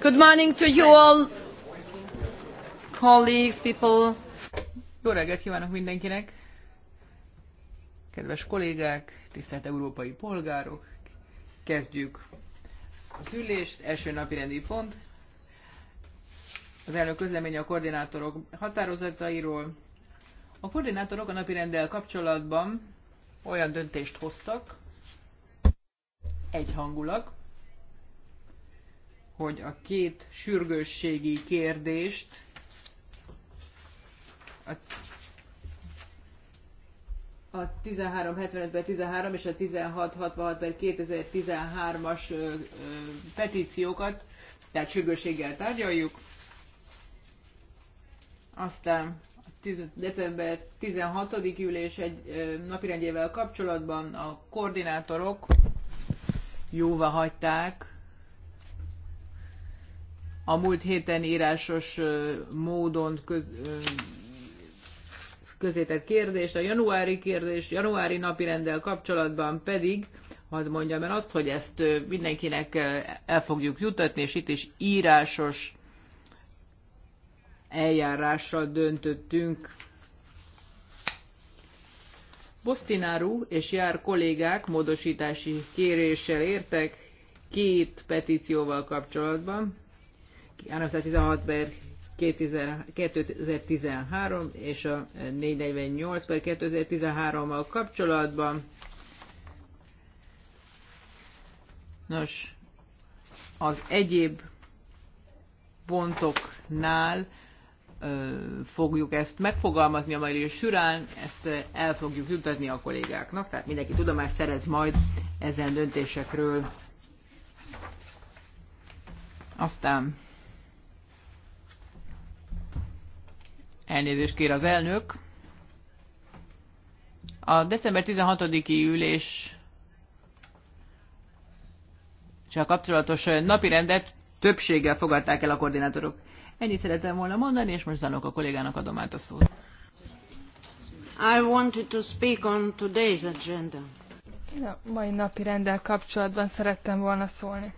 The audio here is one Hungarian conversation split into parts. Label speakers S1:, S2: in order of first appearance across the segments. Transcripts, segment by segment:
S1: Good morning to
S2: you all, colleagues, people.
S1: Jó
S3: reggelt kívánok mindenkinek! Kedves kollégák, tisztelt európai polgárok! Kezdjük az ülést. Első napi rendi pont. Az elnök közleménye a koordinátorok határozatairól, a koordinátorok a napirenddel kapcsolatban olyan döntést hoztak, egyhangulak, hogy a két sürgősségi kérdést a a 1375 ben 13 és a 1666 per 2013-as petíciókat, tehát sürgősséggel tárgyaljuk. Aztán december 16. ülés egy napirendjével kapcsolatban a koordinátorok jóva hagyták a múlt héten írásos módon köz, közétett kérdést, a januári kérdés, januári napirenddel kapcsolatban pedig, hadd mondjam el azt, hogy ezt mindenkinek el fogjuk jutatni, és itt is írásos eljárásra döntöttünk. Bosztinárú és jár kollégák módosítási kéréssel értek két petícióval kapcsolatban. 316 per 2013 és a 448 per 2013-mal kapcsolatban. Nos, az egyéb pontoknál fogjuk ezt megfogalmazni, a amelyről sürán, ezt el fogjuk jutatni a kollégáknak, tehát mindenki tudomást szerez majd ezen döntésekről. Aztán elnézést kér az elnök. A december 16-i ülés csak kapcsolatos napirendet többséggel fogadták el a koordinátorok. Ennyit szeretem volna mondani, és most Zanok a kollégának adom át a szót. I wanted to speak on today's agenda.
S1: A mai napi rendel kapcsolatban szerettem volna szólni.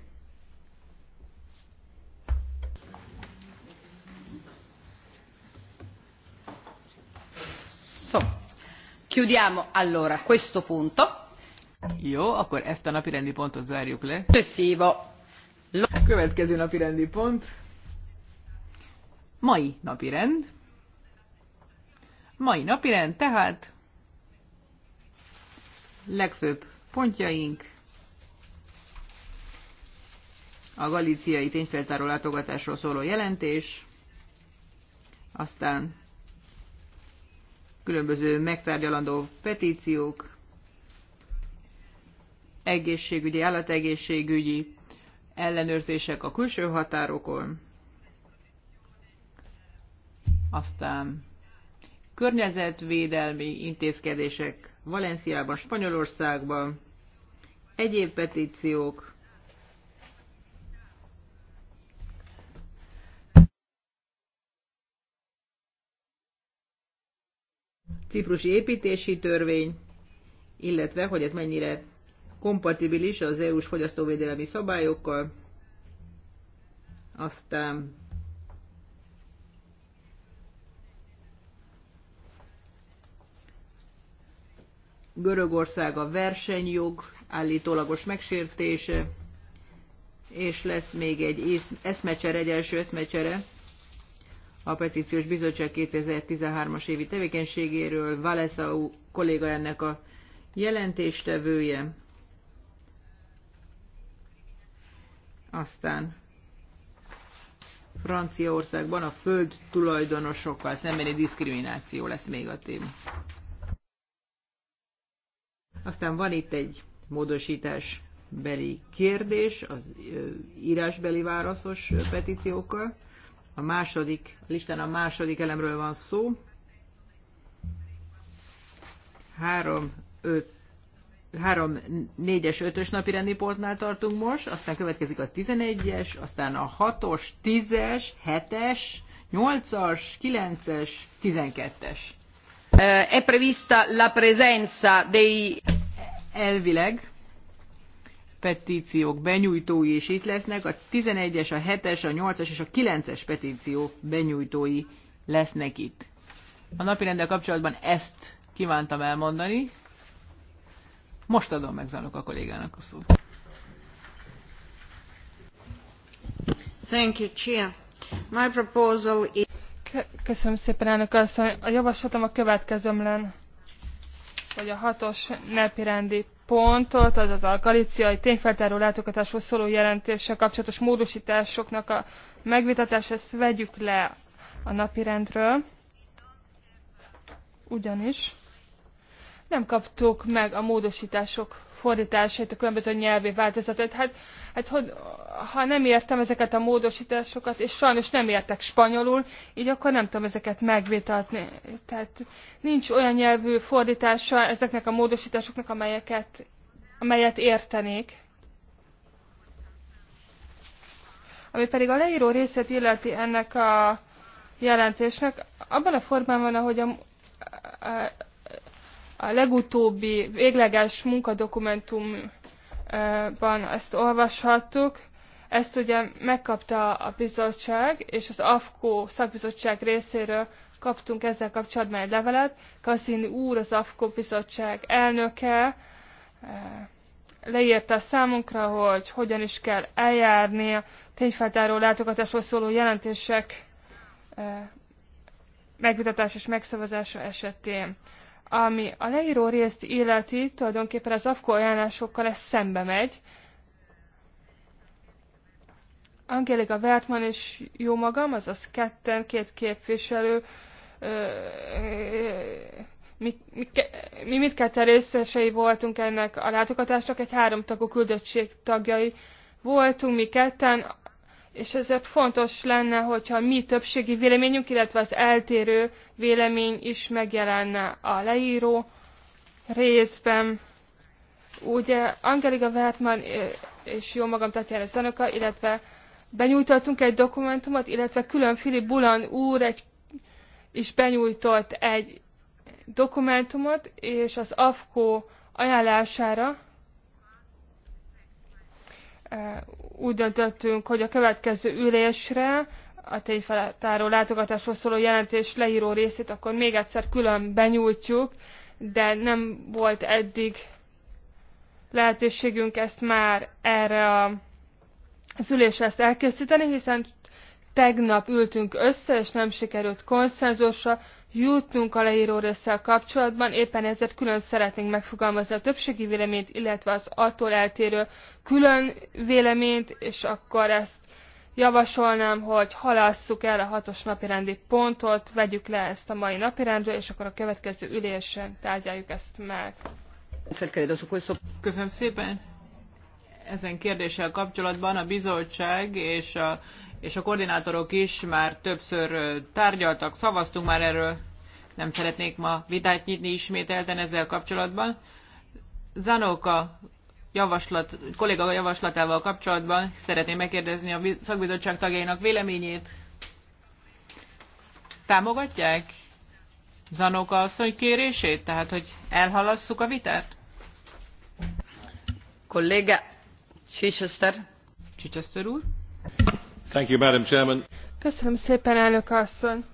S3: So, chiudiamo allora questo punto. Jó, akkor ezt a napirendi pontot zárjuk le. Köszívó. Következő napirendi pont mai napirend. Mai napirend, tehát legfőbb pontjaink a galíciai tényfeltáró látogatásról szóló jelentés, aztán különböző megtárgyalandó petíciók, egészségügyi, állategészségügyi ellenőrzések a külső határokon, aztán környezetvédelmi intézkedések Valenciában, Spanyolországban, egyéb petíciók, ciprusi építési törvény, illetve hogy ez mennyire kompatibilis az EU-s fogyasztóvédelmi szabályokkal, aztán Görögország a versenyjog állítólagos megsértése, és lesz még egy eszmecsere, egy első eszmecsere a Petíciós Bizottság 2013-as évi tevékenységéről. Valesza kolléga ennek a jelentéstevője. Aztán Franciaországban a föld tulajdonosokkal szembeni diszkrimináció lesz még a téma. Aztán van itt egy módosításbeli kérdés az írásbeli válaszos petíciókkal. A második, a listán a második elemről van szó. 3, 5, 3, 4-es, 5-ös napi rendi portnál tartunk most, aztán következik a 11-es, aztán a 6-os, 10-es, 7-es, 8-as, 9-es, 12-es.
S1: È prevista la presenza dei
S3: elvileg petíciók benyújtói is itt lesznek, a 11-es, a 7-es, a 8-as és a 9-es petíció benyújtói lesznek itt. A rendel kapcsolatban ezt kívántam elmondani. Most adom meg Zanok a kollégának
S1: a szót. Thank you, Chia. My proposal is... Köszönöm szépen, elnök asszony. A javaslatom a következőm lenne vagy a hatos napirendi pontot, azaz a galiciai tényfeltáró látogatáshoz szóló jelentéssel kapcsolatos módosításoknak a megvitatását, ezt vegyük le a napirendről. Ugyanis nem kaptuk meg a módosítások fordításait, a különböző nyelvi változatait. Hát, hát hogy, ha nem értem ezeket a módosításokat, és sajnos nem értek spanyolul, így akkor nem tudom ezeket megvitatni. Tehát nincs olyan nyelvű fordítása ezeknek a módosításoknak, amelyeket, amelyet értenék. Ami pedig a leíró részét illeti ennek a jelentésnek, abban a formában, ahogy a, a legutóbbi végleges munkadokumentumban ezt olvashattuk. Ezt ugye megkapta a bizottság, és az AFKO szakbizottság részéről kaptunk ezzel kapcsolatban egy levelet. Kaszini úr, az AFKO bizottság elnöke eh, leírta számunkra, hogy hogyan is kell eljárni a tényfeltáró látogatásról szóló jelentések eh, megvitatása és megszavazása esetén. Ami a leíró részt illeti, tulajdonképpen az afko ajánlásokkal ez szembe megy. Angelika Wertmann és jó magam, azaz ketten, két képviselő, mi, mi, mi mindketten részesei voltunk ennek a látogatásnak, egy háromtagú küldöttség tagjai voltunk mi ketten, és ezért fontos lenne, hogyha mi többségi véleményünk, illetve az eltérő vélemény is megjelenne a leíró részben. Ugye Angelika Wertmann eh, és jó magam Tatjana Zanoka, illetve benyújtottunk egy dokumentumot, illetve külön Filip Bulan úr egy, is benyújtott egy dokumentumot, és az AFKO ajánlására úgy döntöttünk, hogy a következő ülésre a tényfeltáró látogatásról szóló jelentés leíró részét akkor még egyszer külön benyújtjuk, de nem volt eddig lehetőségünk ezt már erre a az ülésre ezt elkészíteni, hiszen tegnap ültünk össze, és nem sikerült konszenzusra, jutnunk a leíró a kapcsolatban, éppen ezért külön szeretnénk megfogalmazni a többségi véleményt, illetve az attól eltérő külön véleményt, és akkor ezt javasolnám, hogy halasszuk el a hatos napirendi pontot, vegyük le ezt a mai napirendről, és akkor a következő ülésen tárgyaljuk ezt meg. Köszönöm szépen!
S3: Ezen kérdéssel kapcsolatban a bizottság és a és a koordinátorok is már többször tárgyaltak, szavaztunk már erről, nem szeretnék ma vitát nyitni ismételten ezzel kapcsolatban. Zanóka javaslat, kolléga javaslatával kapcsolatban szeretném megkérdezni a szakbizottság tagjainak véleményét. Támogatják Zanóka asszony kérését, tehát hogy elhalasszuk a vitát?
S1: Kolléga Chichester. Chichester úr. Köszönöm szépen, elnök asszony.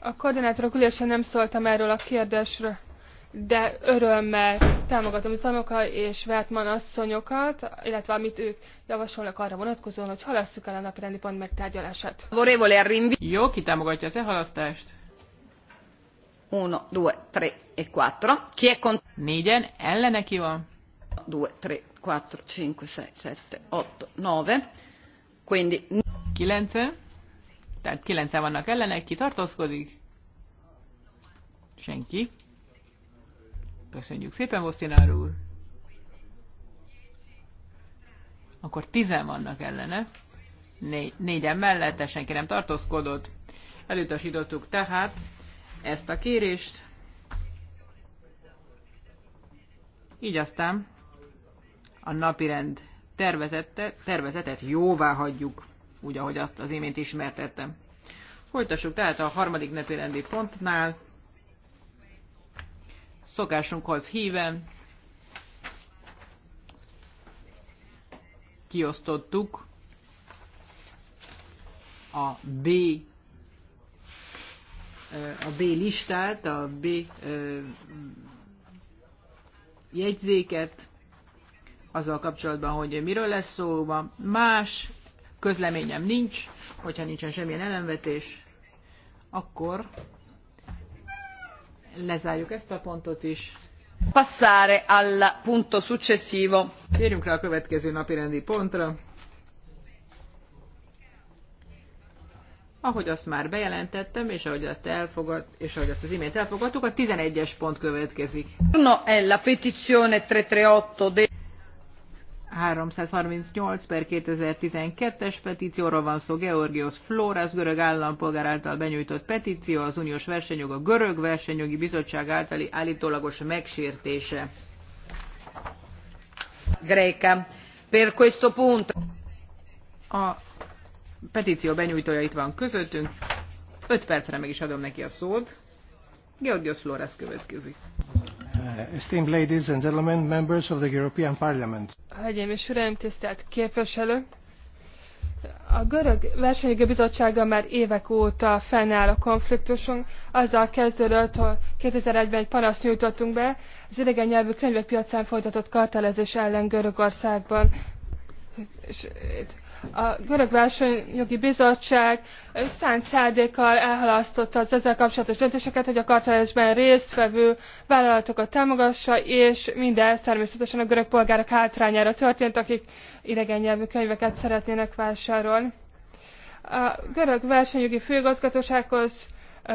S1: A koordinátorok ülésen nem szóltam erről a kérdésről, de örömmel támogatom Zanoka és Vertman asszonyokat, illetve amit ők javasolnak arra vonatkozóan, hogy halasszuk el a napirendi pont megtárgyalását.
S3: Jó, ki támogatja az elhalasztást? 1, 2, 3 e 4. Chi è contro? Négyen, ellene ki van? 2, 3, 4, 5, 6, 7, 8, 9. Quindi... 9. Tehát 9 vannak ellene, ki tartózkodik? Senki. Köszönjük szépen, Bosztinár úr. Akkor 10 vannak ellene. Négy, négyen mellette, senki nem tartózkodott. Elutasítottuk tehát ezt a kérést. Így aztán a rend tervezette tervezetet jóvá hagyjuk, úgy, ahogy azt az imént ismertettem. Folytassuk tehát a harmadik napirendi pontnál. Szokásunkhoz híven kiosztottuk a B a B listát, a B jegyzéket, azzal kapcsolatban, hogy miről lesz szó, más, közleményem nincs, hogyha nincsen semmilyen ellenvetés, akkor lezárjuk ezt a pontot is.
S1: Passare al punto successivo.
S3: Térjünk rá a következő napirendi pontra. Ahogy azt már bejelentettem, és ahogy azt, elfogad, és ahogy azt az imént elfogadtuk, a 11-es pont következik.
S1: No, è la petizione 338 de...
S3: 338 per 2012-es petícióról van szó, Georgios Flores görög állampolgár által benyújtott petíció, az uniós versenyjog a görög versenyjogi bizottság általi állítólagos megsértése. Greca. Per questo punto. A petíció benyújtója itt van közöttünk. 5 percre meg is adom neki a szót. Georgios Flores következik.
S1: Uh, esteemed ladies and gentlemen, members of the European Parliament. Hölgyeim és uraim, tisztelt képviselő! A görög versenyügyi bizottsága már évek óta fennáll a konfliktusunk. Azzal kezdődött, hogy 2001-ben egy panaszt nyújtottunk be az idegen nyelvű könyvek piacán folytatott kartelezés ellen Görögországban. És a Görög Versenyjogi Bizottság szánt szándékkal elhalasztotta az ezzel kapcsolatos döntéseket, hogy a kartelezésben résztvevő vállalatokat támogassa, és mindez természetesen a görög polgárok hátrányára történt, akik idegen nyelvű könyveket szeretnének vásárolni. A görög versenyjogi főigazgatósághoz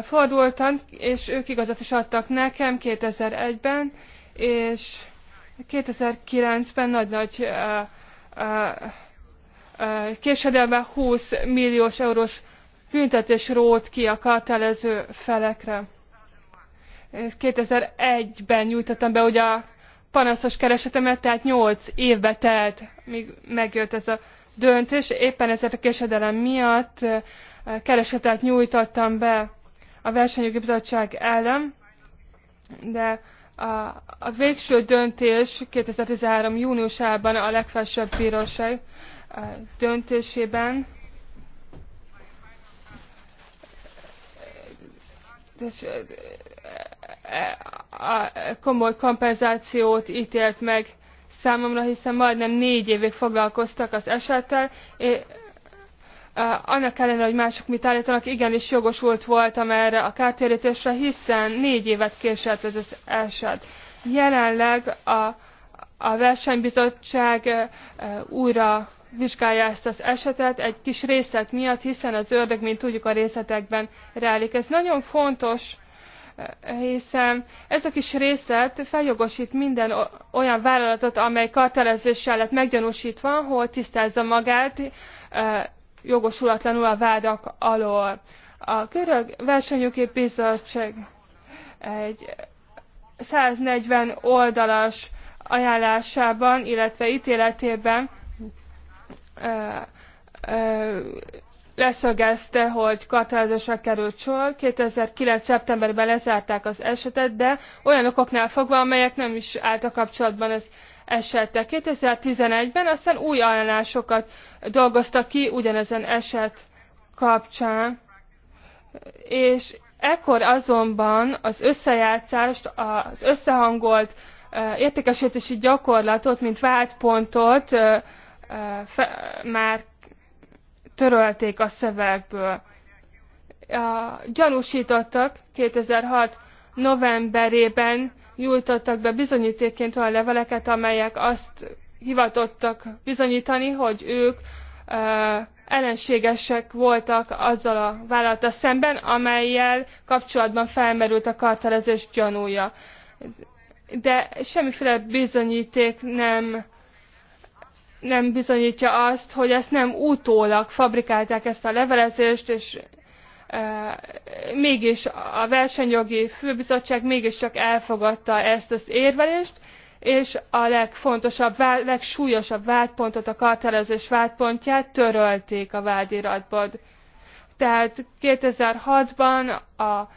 S1: fordultam, és ők igazat is adtak nekem 2001-ben, és 2009-ben nagy-nagy uh, uh, késedelme 20 milliós eurós büntetés rót ki a kartelező felekre. 2001-ben nyújtottam be ugye a panaszos keresetemet, tehát 8 évbe telt, míg megjött ez a döntés. Éppen ezért a késedelem miatt keresetet nyújtottam be a versenyjogi bizottság ellen, de a, a végső döntés 2013. júniusában a legfelsőbb bíróság döntésében e, e, e, komoly kompenzációt ítélt meg számomra, hiszen majdnem négy évig foglalkoztak az esettel. És annak ellenére, hogy mások mit állítanak, igenis jogosult voltam erre a kártérítésre, hiszen négy évet késett ez az eset. Jelenleg a, a versenybizottság újra vizsgálja ezt az esetet egy kis részlet miatt, hiszen az ördög, mint tudjuk, a részletekben rejlik. Ez nagyon fontos, eh, hiszen ez a kis részlet feljogosít minden olyan vállalatot, amely kartelezéssel lett meggyanúsítva, hogy tisztázza magát eh, jogosulatlanul a vádak alól. A Körög Versenyjogi Bizottság egy 140 oldalas ajánlásában, illetve ítéletében leszögezte, hogy kartelezésre került sor. 2009. szeptemberben lezárták az esetet, de olyan okoknál fogva, amelyek nem is álltak kapcsolatban az esettel. 2011-ben aztán új ajánlásokat dolgoztak ki ugyanezen eset kapcsán, és ekkor azonban az összejátszást, az összehangolt értékesítési gyakorlatot, mint pontot fe, már törölték a szövegből. A gyanúsítottak 2006 novemberében nyújtottak be bizonyítéként olyan leveleket, amelyek azt hivatottak bizonyítani, hogy ők ellenségesek voltak azzal a vállalata szemben, amelyel kapcsolatban felmerült a kartelezés gyanúja. De semmiféle bizonyíték nem nem bizonyítja azt, hogy ezt nem utólag fabrikálták ezt a levelezést, és e, mégis a versenyjogi főbizottság mégiscsak elfogadta ezt az érvelést, és a legfontosabb, legsúlyosabb vádpontot, a kartelezés vádpontját törölték a vádiratból. Tehát 2006-ban a, a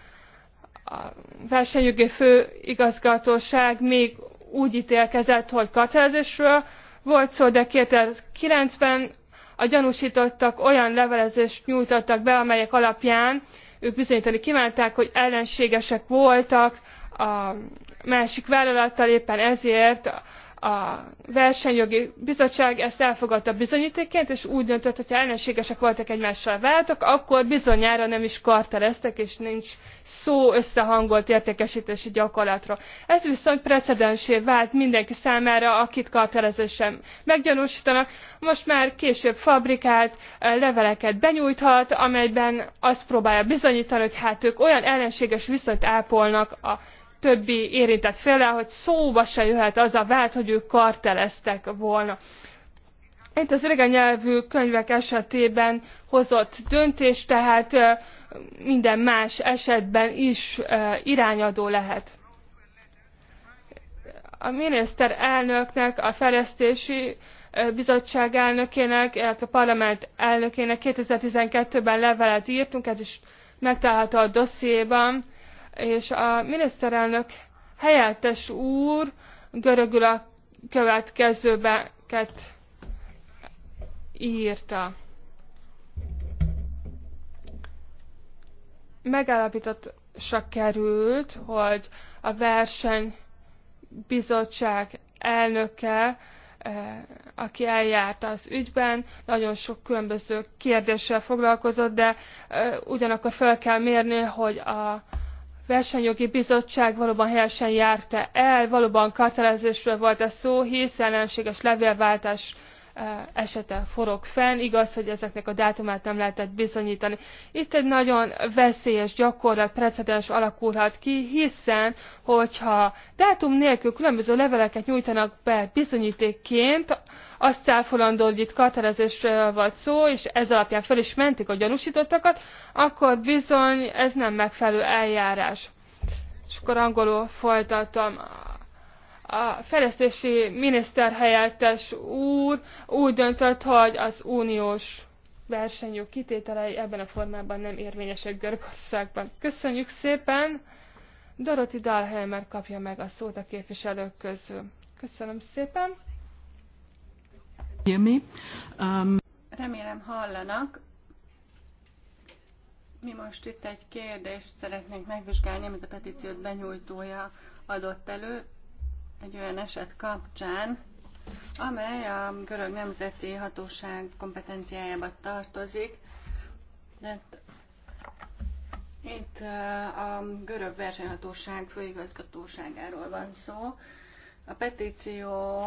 S1: versenyjogi főigazgatóság még úgy ítélkezett, hogy kartelezésről, volt szó, de 2009-ben a gyanúsítottak olyan levelezést nyújtottak be, amelyek alapján ők bizonyítani kívánták, hogy ellenségesek voltak a másik vállalattal, éppen ezért a versenyjogi bizottság ezt elfogadta bizonyítékként, és úgy döntött, hogy ha ellenségesek voltak egymással váltak, akkor bizonyára nem is karteleztek, és nincs szó összehangolt értékesítési gyakorlatról. Ez viszont precedensé vált mindenki számára, akit kartelezésen meggyanúsítanak. Most már később fabrikált leveleket benyújthat, amelyben azt próbálja bizonyítani, hogy hát ők olyan ellenséges viszonyt ápolnak a többi érintett félel, hogy szóba se jöhet az a vált, hogy ők karteleztek volna. Itt az idegen nyelvű könyvek esetében hozott döntés, tehát minden más esetben is irányadó lehet. A miniszter elnöknek, a fejlesztési bizottság elnökének, illetve a parlament elnökének 2012-ben levelet írtunk, ez is megtalálható a dossziéban, és a miniszterelnök helyettes úr görögül a következőbeket írta. Megállapításra került, hogy a versenybizottság elnöke, eh, aki eljárta az ügyben, nagyon sok különböző kérdéssel foglalkozott, de eh, ugyanakkor fel kell mérni, hogy a versenyjogi bizottság valóban helyesen járta el, valóban kartellezésről volt e szó, hiszen ellenséges levélváltás esete forog fenn. Igaz, hogy ezeknek a dátumát nem lehetett bizonyítani. Itt egy nagyon veszélyes gyakorlat, precedens alakulhat ki, hiszen, hogyha dátum nélkül különböző leveleket nyújtanak be bizonyítékként, azt cáfolandó, hogy itt katerezésről volt szó, és ez alapján fel is mentik a gyanúsítottakat, akkor bizony ez nem megfelelő eljárás. És akkor angolul folytatom a fejlesztési miniszter helyettes úr úgy döntött, hogy az uniós versenyjog kitételei ebben a formában nem érvényesek Görögországban. Köszönjük szépen! Doroti Dahlheimer kapja meg a szót a képviselők közül. Köszönöm szépen!
S3: Um,
S1: Remélem hallanak.
S2: Mi most itt egy kérdést szeretnénk megvizsgálni, amit a petíciót benyújtója adott elő egy olyan eset kapcsán, amely a görög nemzeti hatóság kompetenciájába tartozik. De hát, itt eh, a görög versenyhatóság főigazgatóságáról van szó. A petíció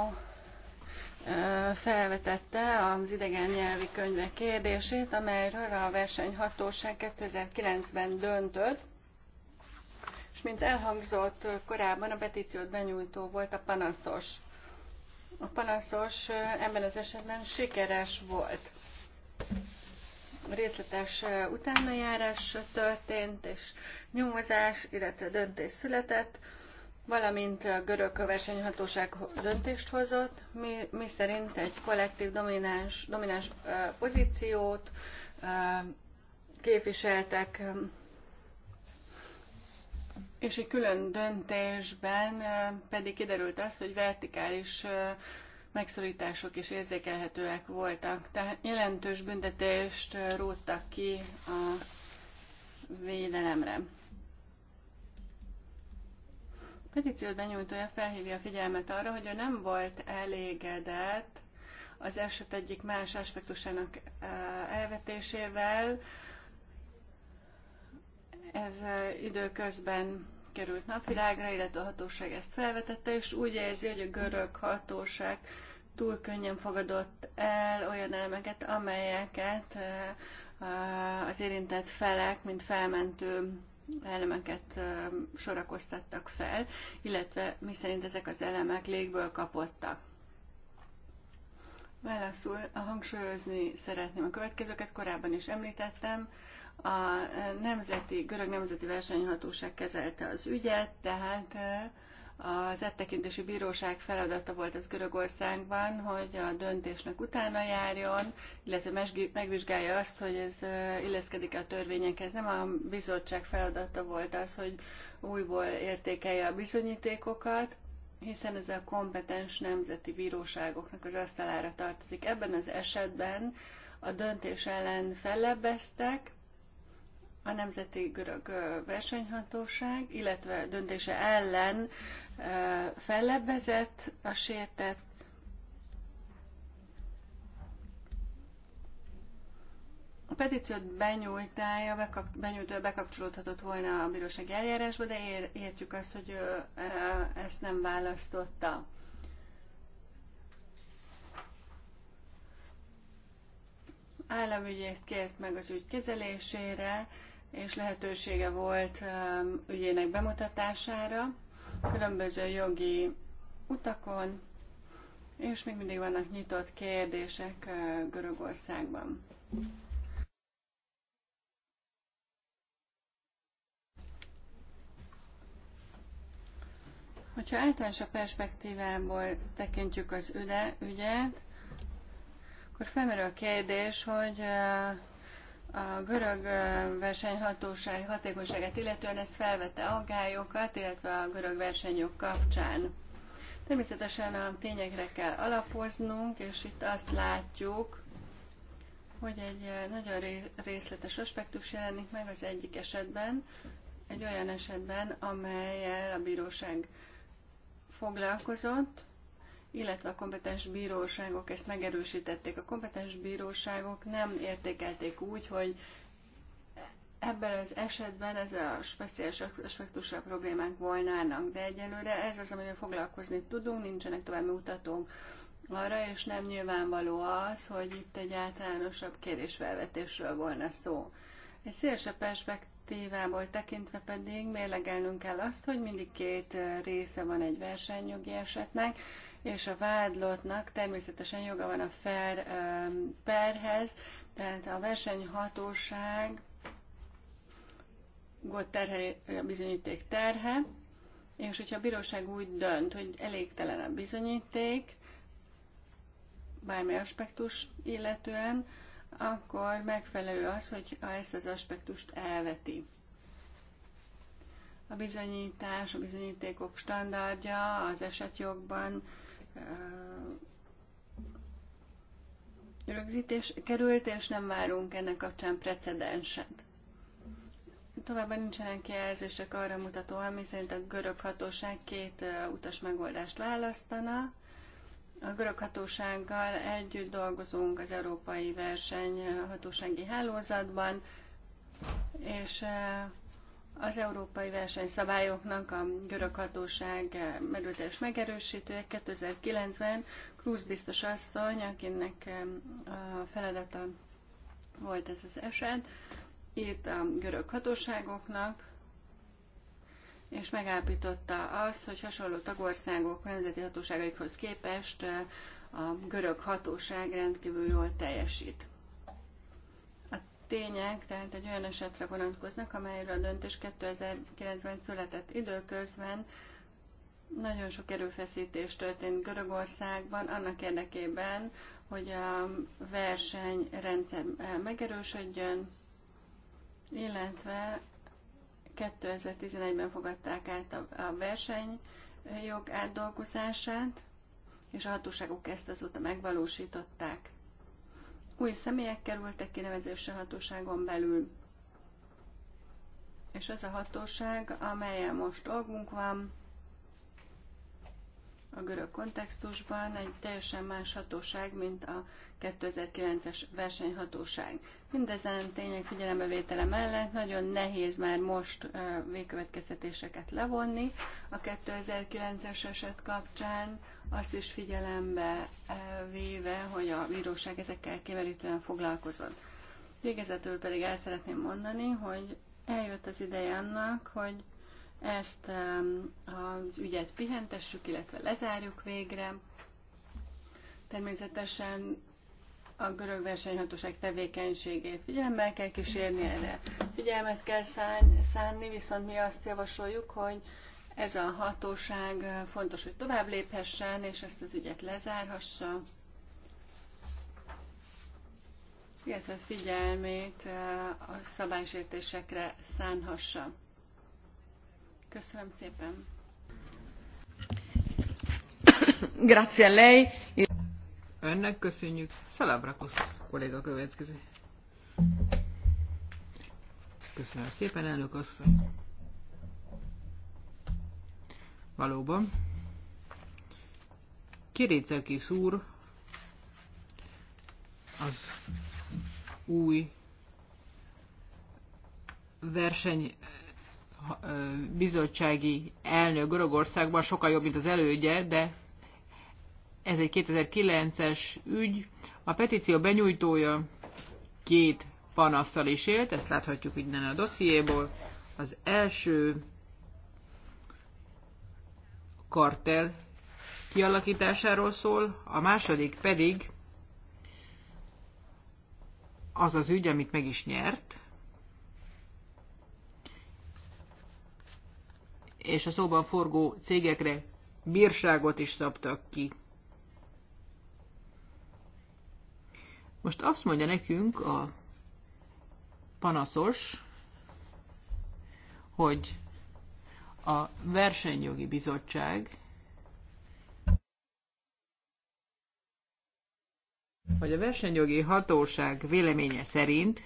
S2: eh, felvetette az idegen nyelvi könyvek kérdését, amelyről a versenyhatóság 2009-ben döntött, és mint elhangzott korábban, a petíciót benyújtó volt a panaszos. A panaszos ebben az esetben sikeres volt. Részletes utánajárás történt, és nyomozás, illetve döntés született, valamint a görög versenyhatóság döntést hozott, mi, mi szerint egy kollektív domináns, domináns pozíciót képviseltek és egy külön döntésben eh, pedig kiderült az, hogy vertikális eh, megszorítások is érzékelhetőek voltak. Tehát jelentős büntetést eh, róttak ki a védelemre. A petíciót benyújtója felhívja a figyelmet arra, hogy ő nem volt elégedett az eset egyik más aspektusának elvetésével. Ez időközben került napvilágra, illetve a hatóság ezt felvetette, és úgy érzi, hogy a görög hatóság túl könnyen fogadott el olyan elemeket, amelyeket eh, eh, az érintett felek, mint felmentő elemeket eh, sorakoztattak fel, illetve miszerint ezek az elemek légből kapottak. Válaszul hangsúlyozni szeretném a következőket, korábban is említettem, a e, nemzeti, görög nemzeti versenyhatóság kezelte az ügyet, tehát e, az áttekintési e bíróság feladata volt az Görögországban, hogy a döntésnek utána járjon, illetve megvizsgálja azt, hogy ez illeszkedik a törvényekhez. Nem a bizottság feladata volt az, hogy újból értékelje a bizonyítékokat, hiszen ez a kompetens nemzeti bíróságoknak az asztalára tartozik. Ebben az esetben a döntés ellen fellebbeztek, a Nemzeti Görög Versenyhatóság, illetve döntése ellen fellebbezett a sértett A petíciót benyújtája, benyújtója bekapcsolódhatott volna a bíróság eljárásba, de értjük azt, hogy ő ezt nem választotta. Államügyészt kért meg az ügy kezelésére, és lehetősége volt um, ügyének bemutatására különböző jogi utakon, és még mindig vannak nyitott kérdések uh, Görögországban. Hogyha általános a perspektívából tekintjük az üde, ügyet, akkor felmerül a kérdés, hogy uh, a görög versenyhatóság hatékonyságát illetően ez felvette aggályokat, illetve a görög versenyok kapcsán. Természetesen a tényekre kell alapoznunk, és itt azt látjuk, hogy egy nagyon részletes aspektus jelenik meg az egyik esetben, egy olyan esetben, amelyel a bíróság foglalkozott, illetve a kompetens bíróságok ezt megerősítették. A kompetens bíróságok nem értékelték úgy, hogy ebben az esetben ez a speciális aspektusra problémák volnának, de egyelőre ez az, amivel foglalkozni tudunk, nincsenek további mutatók arra, és nem nyilvánvaló az, hogy itt egy általánosabb kérésfelvetésről volna szó. Egy szélesebb perspektívából tekintve pedig mérlegelnünk kell azt, hogy mindig két része van egy versenyjogi esetnek, és a vádlottnak természetesen joga van a fair perhez, um, tehát a versenyhatóság gott terhe, a bizonyíték terhe, és hogyha a bíróság úgy dönt, hogy elégtelen a bizonyíték, bármi aspektus illetően, akkor megfelelő az, hogy ezt az aspektust elveti. A bizonyítás, a bizonyítékok standardja az esetjogban rögzítés került, és nem várunk ennek kapcsán precedenset. Továbbá nincsenek jelzések arra ami szerint a görög hatóság két utas megoldást választana. A görög hatósággal együtt dolgozunk az Európai Verseny hatósági hálózatban, és az európai versenyszabályoknak a görög hatóság merültes megerősítője 2009-ben Krúz biztos asszony, akinek a feladata volt ez az eset, írt a görög hatóságoknak, és megállapította azt, hogy hasonló tagországok nemzeti hatóságaikhoz képest eh, a görög hatóság rendkívül jól teljesít tények, tehát egy olyan esetre vonatkoznak, amelyről a döntés 2009-ben született időközben, nagyon sok erőfeszítés történt Görögországban annak érdekében, hogy a versenyrendszer megerősödjön, illetve 2011-ben fogadták át a versenyjog átdolgozását, és a hatóságok ezt azóta megvalósították új személyek kerültek kinevezésre hatóságon belül. És ez a hatóság, amelyen most dolgunk van, a görög kontextusban egy teljesen más hatóság, mint a 2009-es versenyhatóság. Mindezen tények figyelembevétele mellett nagyon nehéz már most végkövetkeztetéseket levonni. A 2009-es eset kapcsán azt is figyelembe véve, hogy a bíróság ezekkel kimerítően foglalkozott. Végezetül pedig el szeretném mondani, hogy eljött az ideje annak, hogy ezt az ügyet pihentessük, illetve lezárjuk végre. Természetesen a görög versenyhatóság tevékenységét figyelemmel kell kísérni erre. Figyelmet kell szánni, viszont mi azt javasoljuk, hogy ez a hatóság fontos, hogy tovább léphessen, és ezt az ügyet lezárhassa, illetve figyelmét a szabálysértésekre szánhassa. Köszönöm szépen.
S1: Grazie a lei.
S3: Önnek köszönjük. Szalabrakusz kolléga következik. Köszönöm szépen, elnök asszony. Valóban. Kiricekis úr az új verseny bizottsági elnök Görögországban sokkal jobb, mint az elődje, de ez egy 2009-es ügy. A petíció benyújtója két panasszal is élt, ezt láthatjuk innen a dossziéból. Az első kartel kialakításáról szól, a második pedig az az ügy, amit meg is nyert, és a szóban forgó cégekre bírságot is szabtak ki. Most azt mondja nekünk a panaszos, hogy a versenyjogi bizottság hogy a versenyjogi hatóság véleménye szerint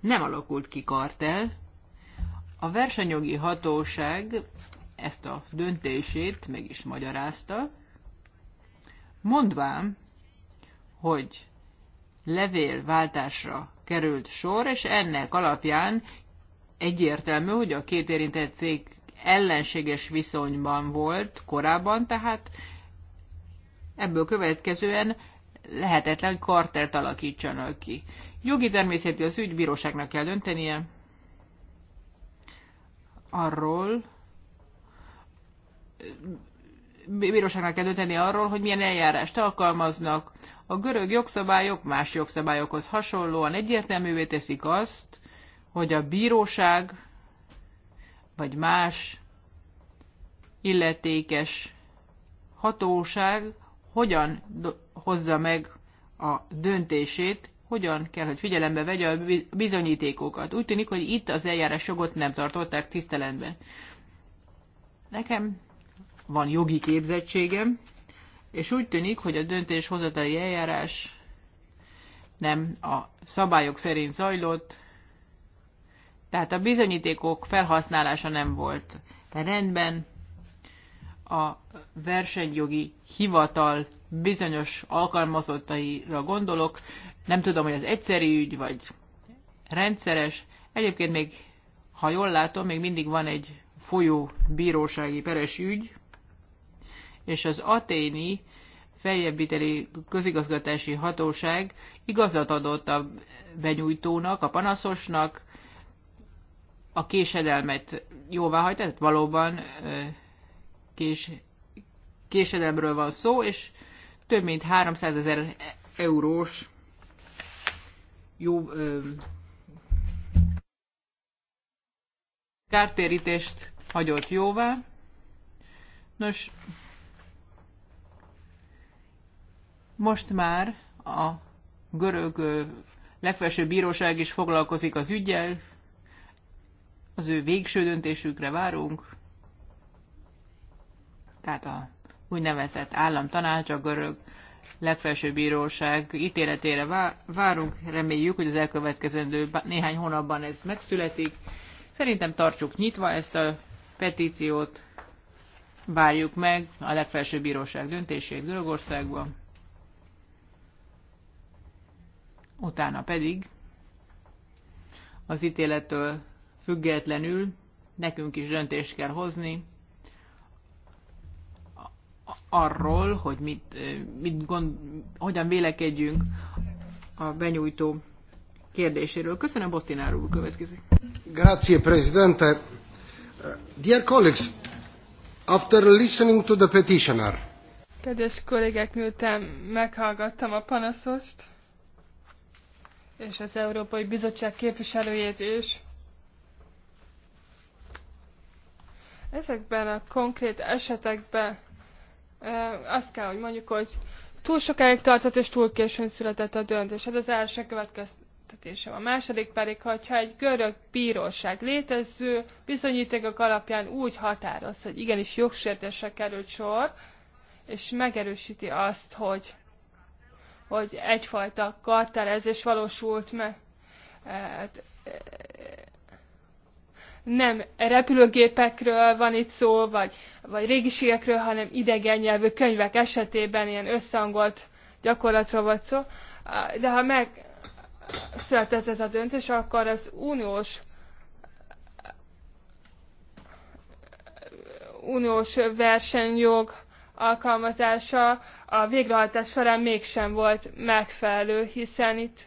S3: nem alakult ki kartel, a versenyjogi hatóság ezt a döntését meg is magyarázta, mondván, hogy levélváltásra került sor, és ennek alapján egyértelmű, hogy a két érintett cég ellenséges viszonyban volt korábban, tehát ebből következően lehetetlen kartelt alakítsanak ki. Jogi természetű az ügy, bíróságnak kell döntenie, arról, bíróságnak kell dönteni arról, hogy milyen eljárást alkalmaznak. A görög jogszabályok más jogszabályokhoz hasonlóan egyértelművé teszik azt, hogy a bíróság vagy más illetékes hatóság hogyan hozza meg a döntését hogyan kell, hogy figyelembe vegye a bizonyítékokat. Úgy tűnik, hogy itt az eljárás jogot nem tartották tiszteletben. Nekem van jogi képzettségem, és úgy tűnik, hogy a döntéshozatali eljárás nem a szabályok szerint zajlott, tehát a bizonyítékok felhasználása nem volt rendben, a versenyjogi hivatal bizonyos alkalmazottaira gondolok, nem tudom, hogy az egyszerű ügy, vagy rendszeres. Egyébként még, ha jól látom, még mindig van egy folyó bírósági peres ügy, és az aténi feljebbíteli közigazgatási hatóság igazat adott a benyújtónak, a panaszosnak, a késedelmet jóváhagyta. tehát valóban kés, késedelmről van szó, és több mint 300 ezer eurós jó ö, kártérítést hagyott jóvá. Nos, most már a görög ö, legfelsőbb bíróság is foglalkozik az ügyel, az ő végső döntésükre várunk, tehát a úgynevezett államtanács, a görög legfelsőbb bíróság ítéletére várunk, reméljük, hogy az elkövetkezendő néhány hónapban ez megszületik. Szerintem tartsuk nyitva ezt a petíciót, várjuk meg a legfelsőbb bíróság döntését Görögországban, utána pedig az ítélettől függetlenül nekünk is döntést kell hozni, arról, hogy mit, mit gond, hogyan vélekedjünk a benyújtó kérdéséről. Köszönöm, Bostinár úr
S1: következik. Grazie, Presidente. Uh, dear colleagues, after listening to the petitioner. Kedves kollégák, miután meghallgattam a panaszost, és az Európai Bizottság képviselőjét is, ezekben a konkrét esetekben azt kell, hogy mondjuk, hogy túl sokáig tartott és túl későn született a döntés. Ez hát az első következtetése A második pedig, hogyha egy görög bíróság létező bizonyítékok alapján úgy határoz, hogy igenis jogsértésre került sor, és megerősíti azt, hogy, hogy egyfajta kartelezés valósult meg. Hát, nem repülőgépekről van itt szó, vagy, vagy régiségekről, hanem idegen nyelvű könyvek esetében ilyen összehangolt gyakorlatról volt szó. De ha meg született ez a döntés, akkor az uniós uniós versenyjog alkalmazása a végrehajtás során mégsem volt megfelelő, hiszen itt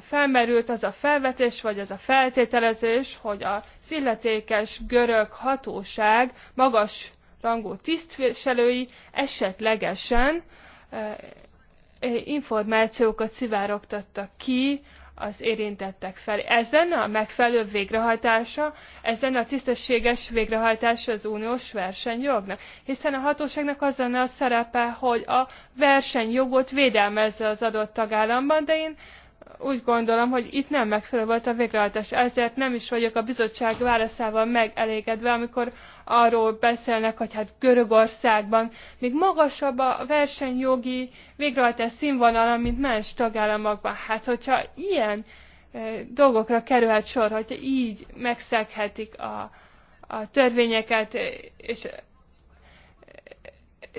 S1: felmerült az a felvetés, vagy az a feltételezés, hogy az illetékes görög hatóság magas rangú tisztviselői esetlegesen információkat szivárogtattak ki az érintettek felé. Ez lenne a megfelelő végrehajtása, ez lenne a tisztességes végrehajtása az uniós versenyjognak. Hiszen a hatóságnak az lenne a szerepe, hogy a versenyjogot védelmezze az adott tagállamban, de én úgy gondolom, hogy itt nem megfelelő volt a végrehajtás. Ezért nem is vagyok a bizottság válaszával megelégedve, amikor arról beszélnek, hogy hát Görögországban még magasabb a versenyjogi végrehajtás színvonala, mint más tagállamokban. Hát, hogyha ilyen dolgokra kerülhet sor, hogyha így megszeghetik a, a törvényeket, és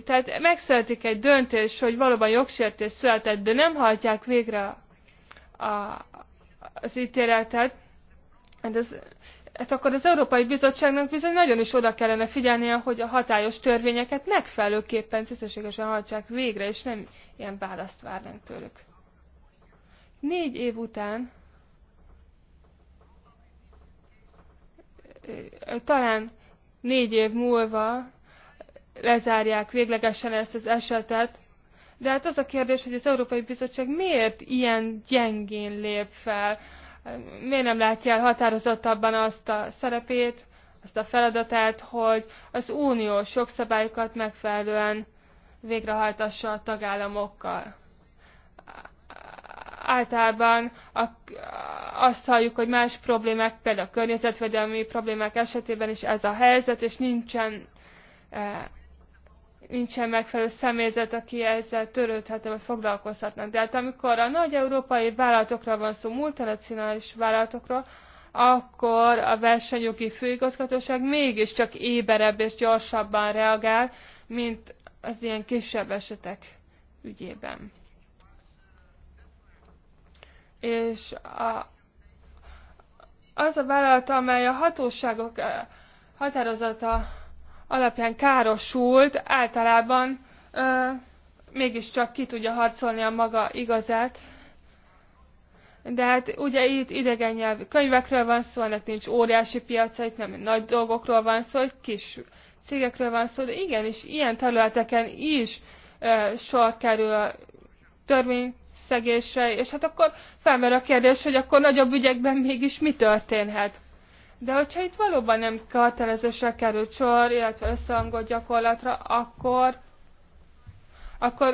S1: tehát megszületik egy döntés, hogy valóban jogsértés született, de nem hajtják végre a, az ítéletet, hát, ez, hát akkor az Európai Bizottságnak bizony nagyon is oda kellene figyelnie, hogy a hatályos törvényeket megfelelőképpen tisztességesen hajtsák végre, és nem ilyen választ várnánk tőlük. Négy év után talán négy év múlva lezárják véglegesen ezt az esetet, de hát az a kérdés, hogy az Európai Bizottság miért ilyen gyengén lép fel, miért nem látja el határozottabban azt a szerepét, azt a feladatát, hogy az uniós jogszabályokat megfelelően végrehajtassa a tagállamokkal. Általában azt halljuk, hogy más problémák, például a környezetvédelmi problémák esetében is ez a helyzet, és nincsen eh, nincsen megfelelő személyzet, aki ezzel törődhetne vagy foglalkozhatna. De hát amikor a nagy európai vállalatokra van szó, multinacionális vállalatokra, akkor a versenyjogi főigazgatóság mégiscsak éberebb és gyorsabban reagál, mint az ilyen kisebb esetek ügyében. És a, az a vállalat, amely a hatóságok eh, határozata alapján károsult, általában ö, mégiscsak ki tudja harcolni a maga igazát. De hát ugye itt idegen nyelvű könyvekről van szó, ennek nincs óriási piaca, itt nem nagy dolgokról van szó, itt kis cégekről van szó, de igenis ilyen területeken is ö, sor kerül a törvényszegésre, és hát akkor felmer a kérdés, hogy akkor nagyobb ügyekben mégis mi történhet. De hogyha itt valóban nem kötelezősre kerül sor, illetve összehangolt gyakorlatra, akkor akkor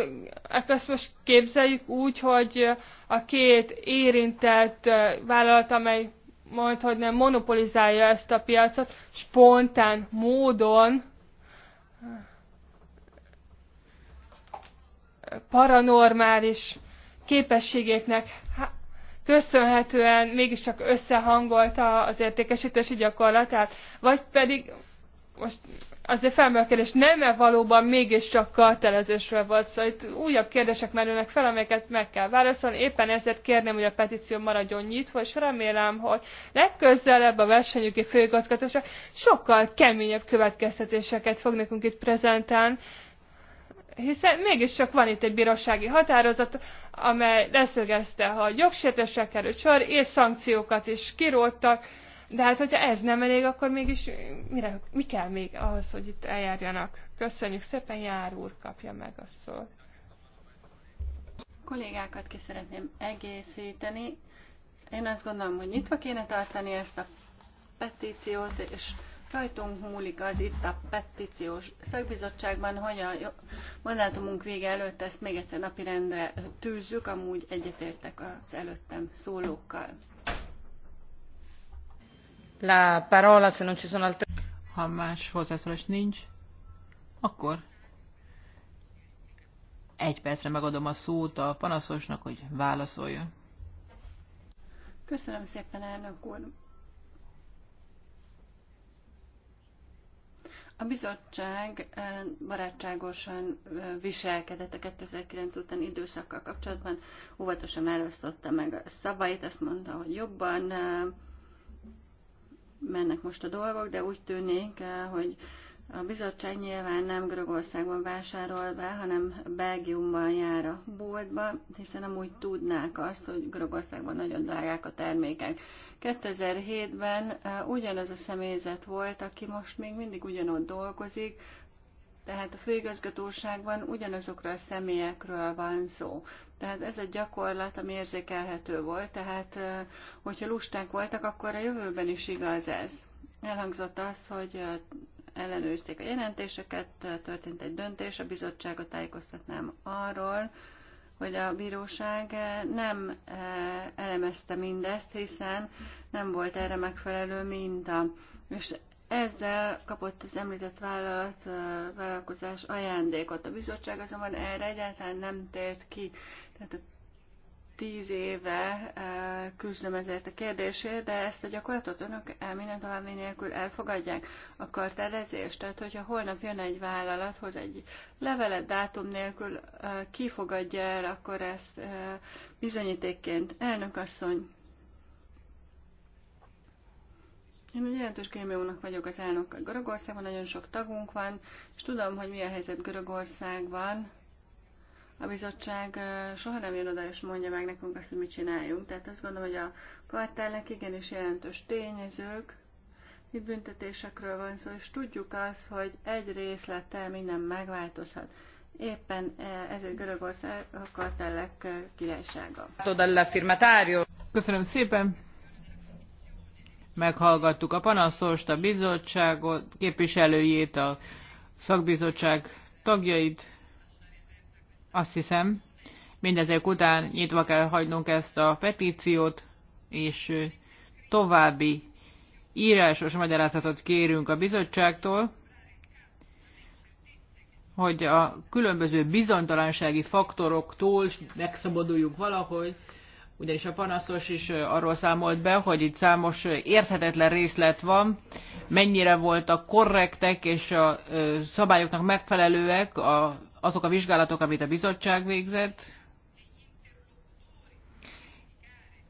S1: e- ezt most képzeljük úgy, hogy a két érintett vállalat, amely majd, hogy nem monopolizálja ezt a piacot, spontán módon paranormális képességeknek köszönhetően mégiscsak összehangolta az értékesítési gyakorlatát, vagy pedig most azért felmerül a kérdés, nem-e valóban mégiscsak kartelezésről volt szó? itt újabb kérdések merülnek fel, amelyeket meg kell válaszolni. Éppen ezért kérném, hogy a petíció maradjon nyitva, és remélem, hogy legközelebb a versenyügyi főigazgatóság sokkal keményebb következtetéseket fog nekünk itt prezentálni, hiszen mégiscsak van itt egy bírósági határozat, amely leszögezte, hogy jogsértésre került sor, és szankciókat is kiróltak, de hát, hogyha ez nem elég, akkor mégis mire, mi kell még ahhoz, hogy itt eljárjanak? Köszönjük szépen, Jár úr kapja meg a szót.
S2: Kollégákat ki szeretném egészíteni. Én azt gondolom, hogy nyitva kéne tartani ezt a petíciót, és Rajtunk múlik az itt a petíciós szakbizottságban, hogy a mandátumunk vége előtt ezt még egyszer napirendre tűzzük, amúgy egyetértek az előttem szólókkal.
S3: La parola, se non ci sono altre... Ha más hozzászólás nincs, akkor egy percre megadom a szót a panaszosnak, hogy válaszoljon.
S2: Köszönöm szépen, elnök úr. A bizottság barátságosan viselkedett a 2009 után időszakkal kapcsolatban, óvatosan választotta meg a szavait, azt mondta, hogy jobban mennek most a dolgok, de úgy tűnik, hogy a bizottság nyilván nem Görögországban vásárol be, hanem Belgiumban jár a boltba, hiszen amúgy tudnák azt, hogy Görögországban nagyon drágák a termékek. 2007-ben ugyanaz a személyzet volt, aki most még mindig ugyanott dolgozik, tehát a főigazgatóságban ugyanazokra a személyekről van szó. Tehát ez a gyakorlat, ami érzékelhető volt, tehát hogyha lusták voltak, akkor a jövőben is igaz ez. Elhangzott az, hogy ellenőrizték a jelentéseket, történt egy döntés, a bizottságot tájékoztatnám arról, hogy a bíróság nem eh, elemezte mindezt, hiszen nem volt erre megfelelő minta. És ezzel kapott az említett vállalat eh, vállalkozás ajándékot. A bizottság azonban erre egyáltalán nem tért ki. Tehát a tíz éve eh, küzdöm ezért a kérdésért, de ezt a gyakorlatot önök minden további nélkül elfogadják a kartelezést. Tehát, hogyha holnap jön egy vállalathoz egy levelet dátum nélkül, eh, kifogadja el, akkor ezt eh, bizonyítékként. Elnök asszony, én egy jelentős grémiumnak vagyok az elnök. Görögországban nagyon sok tagunk van, és tudom, hogy mi a helyzet Görögországban a bizottság soha nem jön oda és mondja meg nekünk azt, hogy mit csináljunk. Tehát azt gondolom, hogy a kartellnek igenis jelentős tényezők, itt büntetésekről van szó, és tudjuk azt, hogy egy részlettel minden megváltozhat. Éppen e, ezért Görögország a kartellek királysága.
S3: Köszönöm szépen! Meghallgattuk a panaszost, a bizottságot, képviselőjét, a szakbizottság tagjait. Azt hiszem, mindezek után nyitva kell hagynunk ezt a petíciót, és további írásos magyarázatot kérünk a bizottságtól, hogy a különböző bizonytalansági faktoroktól megszabaduljunk valahogy, ugyanis a panaszos is arról számolt be, hogy itt számos érthetetlen részlet van, mennyire voltak korrektek és a szabályoknak megfelelőek a azok a vizsgálatok, amit a bizottság végzett,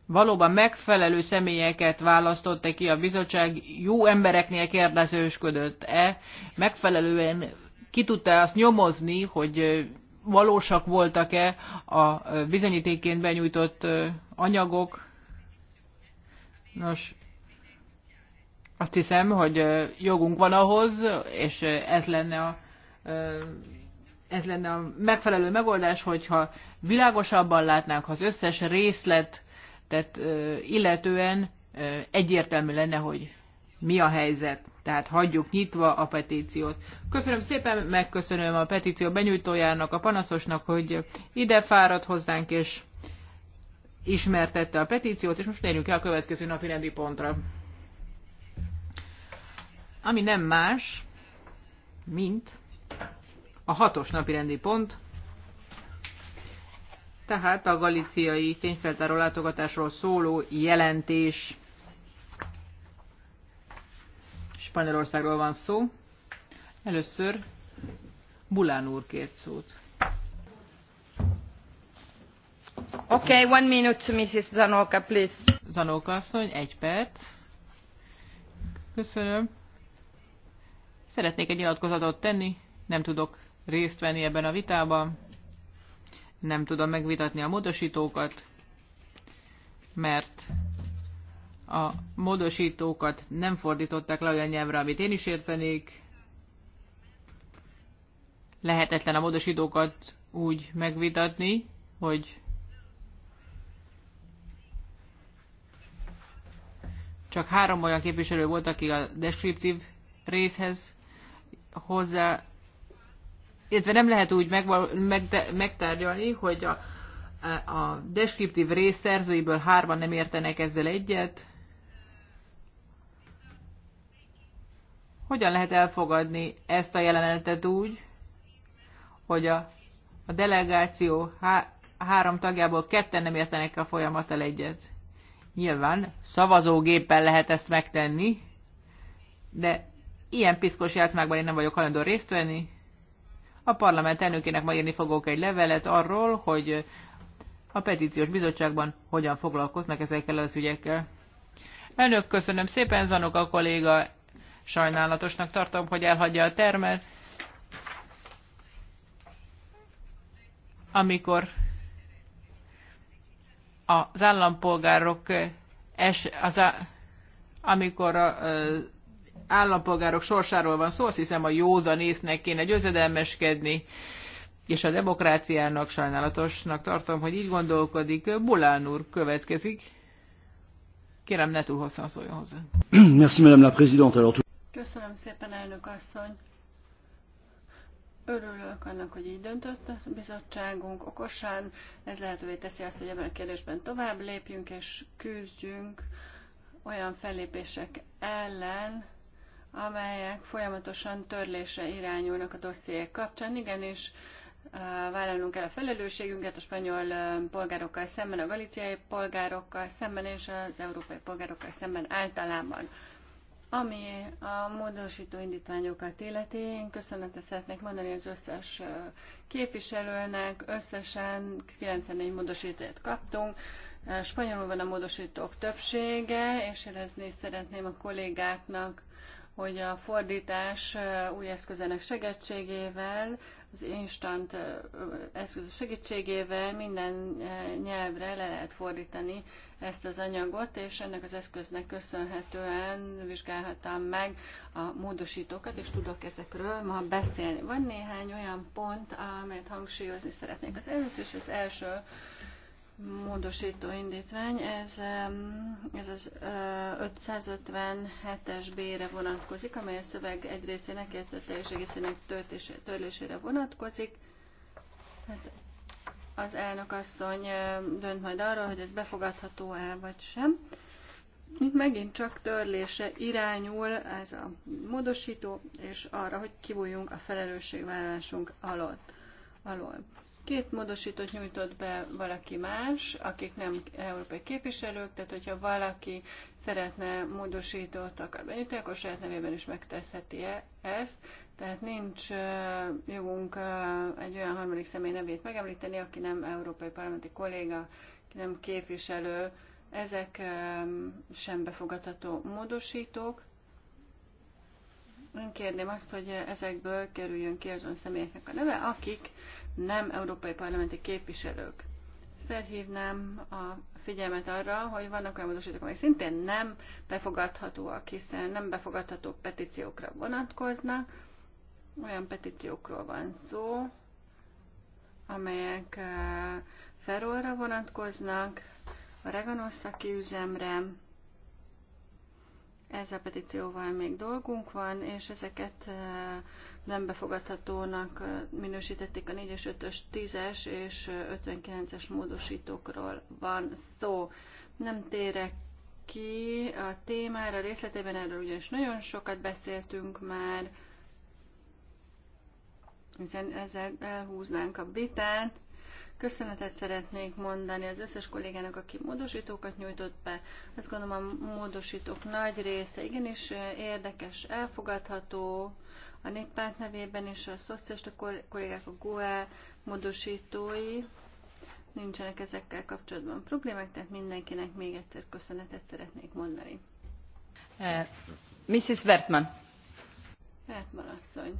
S3: valóban megfelelő személyeket választotta -e ki a bizottság, jó embereknél kérdezősködött-e, megfelelően ki tudta azt nyomozni, hogy valósak voltak-e a bizonyítékként benyújtott anyagok. Nos, azt hiszem, hogy jogunk van ahhoz, és ez lenne a ez lenne a megfelelő megoldás, hogyha világosabban látnánk, ha az összes részlet, tehát illetően egyértelmű lenne, hogy mi a helyzet. Tehát hagyjuk nyitva a petíciót. Köszönöm szépen, megköszönöm a petíció benyújtójának, a panaszosnak, hogy ide fáradt hozzánk, és ismertette a petíciót, és most térjünk el a következő napi rendi pontra. Ami nem más, mint a hatos napi rendi pont, tehát a galiciai tényfeltáró látogatásról szóló jelentés. Spanyolországról van szó. Először Bulán úr kért szót. Okay, one minute to Mrs. Zanolka, please. Zanolka asszony, egy perc. Köszönöm. Szeretnék egy nyilatkozatot tenni, nem tudok részt venni ebben a vitában. Nem tudom megvitatni a módosítókat, mert a módosítókat nem fordították le olyan nyelvre, amit én is értenék. Lehetetlen a módosítókat úgy megvitatni, hogy csak három olyan képviselő volt, aki a deskriptív részhez hozzá illetve nem lehet úgy megval, meg, megtárgyalni, hogy a, a deskriptív rész szerzőiből hárman nem értenek ezzel egyet. Hogyan lehet elfogadni ezt a jelenetet úgy, hogy a, a delegáció há, három tagjából ketten nem értenek a folyamattal egyet? Nyilván szavazógéppel lehet ezt megtenni, de ilyen piszkos játszmákban én nem vagyok hajlandó részt venni. A parlament elnökének ma írni fogok egy levelet arról, hogy a petíciós bizottságban hogyan foglalkoznak ezekkel az ügyekkel. Elnök, köszönöm szépen, Zanok a kolléga. Sajnálatosnak tartom, hogy elhagyja a termet. Amikor az állampolgárok es, az a, amikor a, állampolgárok sorsáról van szó, azt hiszem a józan észnek kéne győzedelmeskedni, és a demokráciának sajnálatosnak tartom, hogy így gondolkodik. Bulán úr következik. Kérem, ne túl hosszan szóljon hozzá.
S2: Köszönöm szépen, elnök asszony. Örülök annak, hogy így döntött a bizottságunk okosan. Ez lehetővé teszi azt, hogy ebben a kérdésben tovább lépjünk és küzdjünk olyan fellépések ellen, amelyek folyamatosan törlésre irányulnak a dossziék kapcsán. Igenis, uh, vállalnunk el a felelősségünket a spanyol uh, polgárokkal szemben, a galiciai polgárokkal szemben és az európai polgárokkal szemben általában. Ami a módosító indítványokat illeti, én köszönetet szeretnék mondani az összes uh, képviselőnek, összesen 94 módosítót kaptunk. Spanyolul van a módosítók többsége, és érezni szeretném a kollégáknak hogy a fordítás új eszközenek segítségével, az instant eszköz segítségével minden nyelvre le lehet fordítani ezt az anyagot, és ennek az eszköznek köszönhetően vizsgálhattam meg a módosítókat, és tudok ezekről ma beszélni. Van néhány olyan pont, amelyet hangsúlyozni szeretnék. Az először és az első módosító indítvány, ez, ez az 557-es B-re vonatkozik, amely a szöveg egy részének, illetve teljes egészének törlésére vonatkozik. Hát az elnök asszony dönt majd arról, hogy ez befogadható-e vagy sem. Itt megint csak törlése irányul ez a módosító, és arra, hogy kivuljunk a felelősségvállalásunk alatt, alól. Két módosítót nyújtott be valaki más, akik nem európai képviselők, tehát hogyha valaki szeretne módosítót akar benyújtani, akkor saját nevében is megteszheti -e ezt. Tehát nincs jogunk egy olyan harmadik személy nevét megemlíteni, aki nem európai parlamenti kolléga, aki nem képviselő. Ezek sem befogadható módosítók. Én kérném azt, hogy ezekből kerüljön ki azon személyeknek a neve, akik nem európai parlamenti képviselők. Felhívnám a figyelmet arra, hogy vannak olyan módosítók, amelyek szintén nem befogadhatóak, hiszen nem befogadható petíciókra vonatkoznak. Olyan petíciókról van szó, amelyek eh, Ferolra vonatkoznak, a Reganosszaki üzemre. Ezzel a petícióval még dolgunk van, és ezeket eh, nem befogadhatónak minősítették a 4-es, 5-ös, 10-es és 59-es módosítókról van szó. Nem térek ki a témára részletében, erről ugyanis nagyon sokat beszéltünk már, hiszen ezzel elhúznánk a vitát. Köszönetet szeretnék mondani az összes kollégának, aki módosítókat nyújtott be. Azt gondolom a módosítók nagy része igenis érdekes, elfogadható, a néppárt nevében és a szocialista kollégák, a GOE módosítói. Nincsenek ezekkel kapcsolatban problémák, tehát mindenkinek még egyszer köszönetet szeretnék mondani. Uh, eh, Mrs. Wertmann. Wertmann asszony.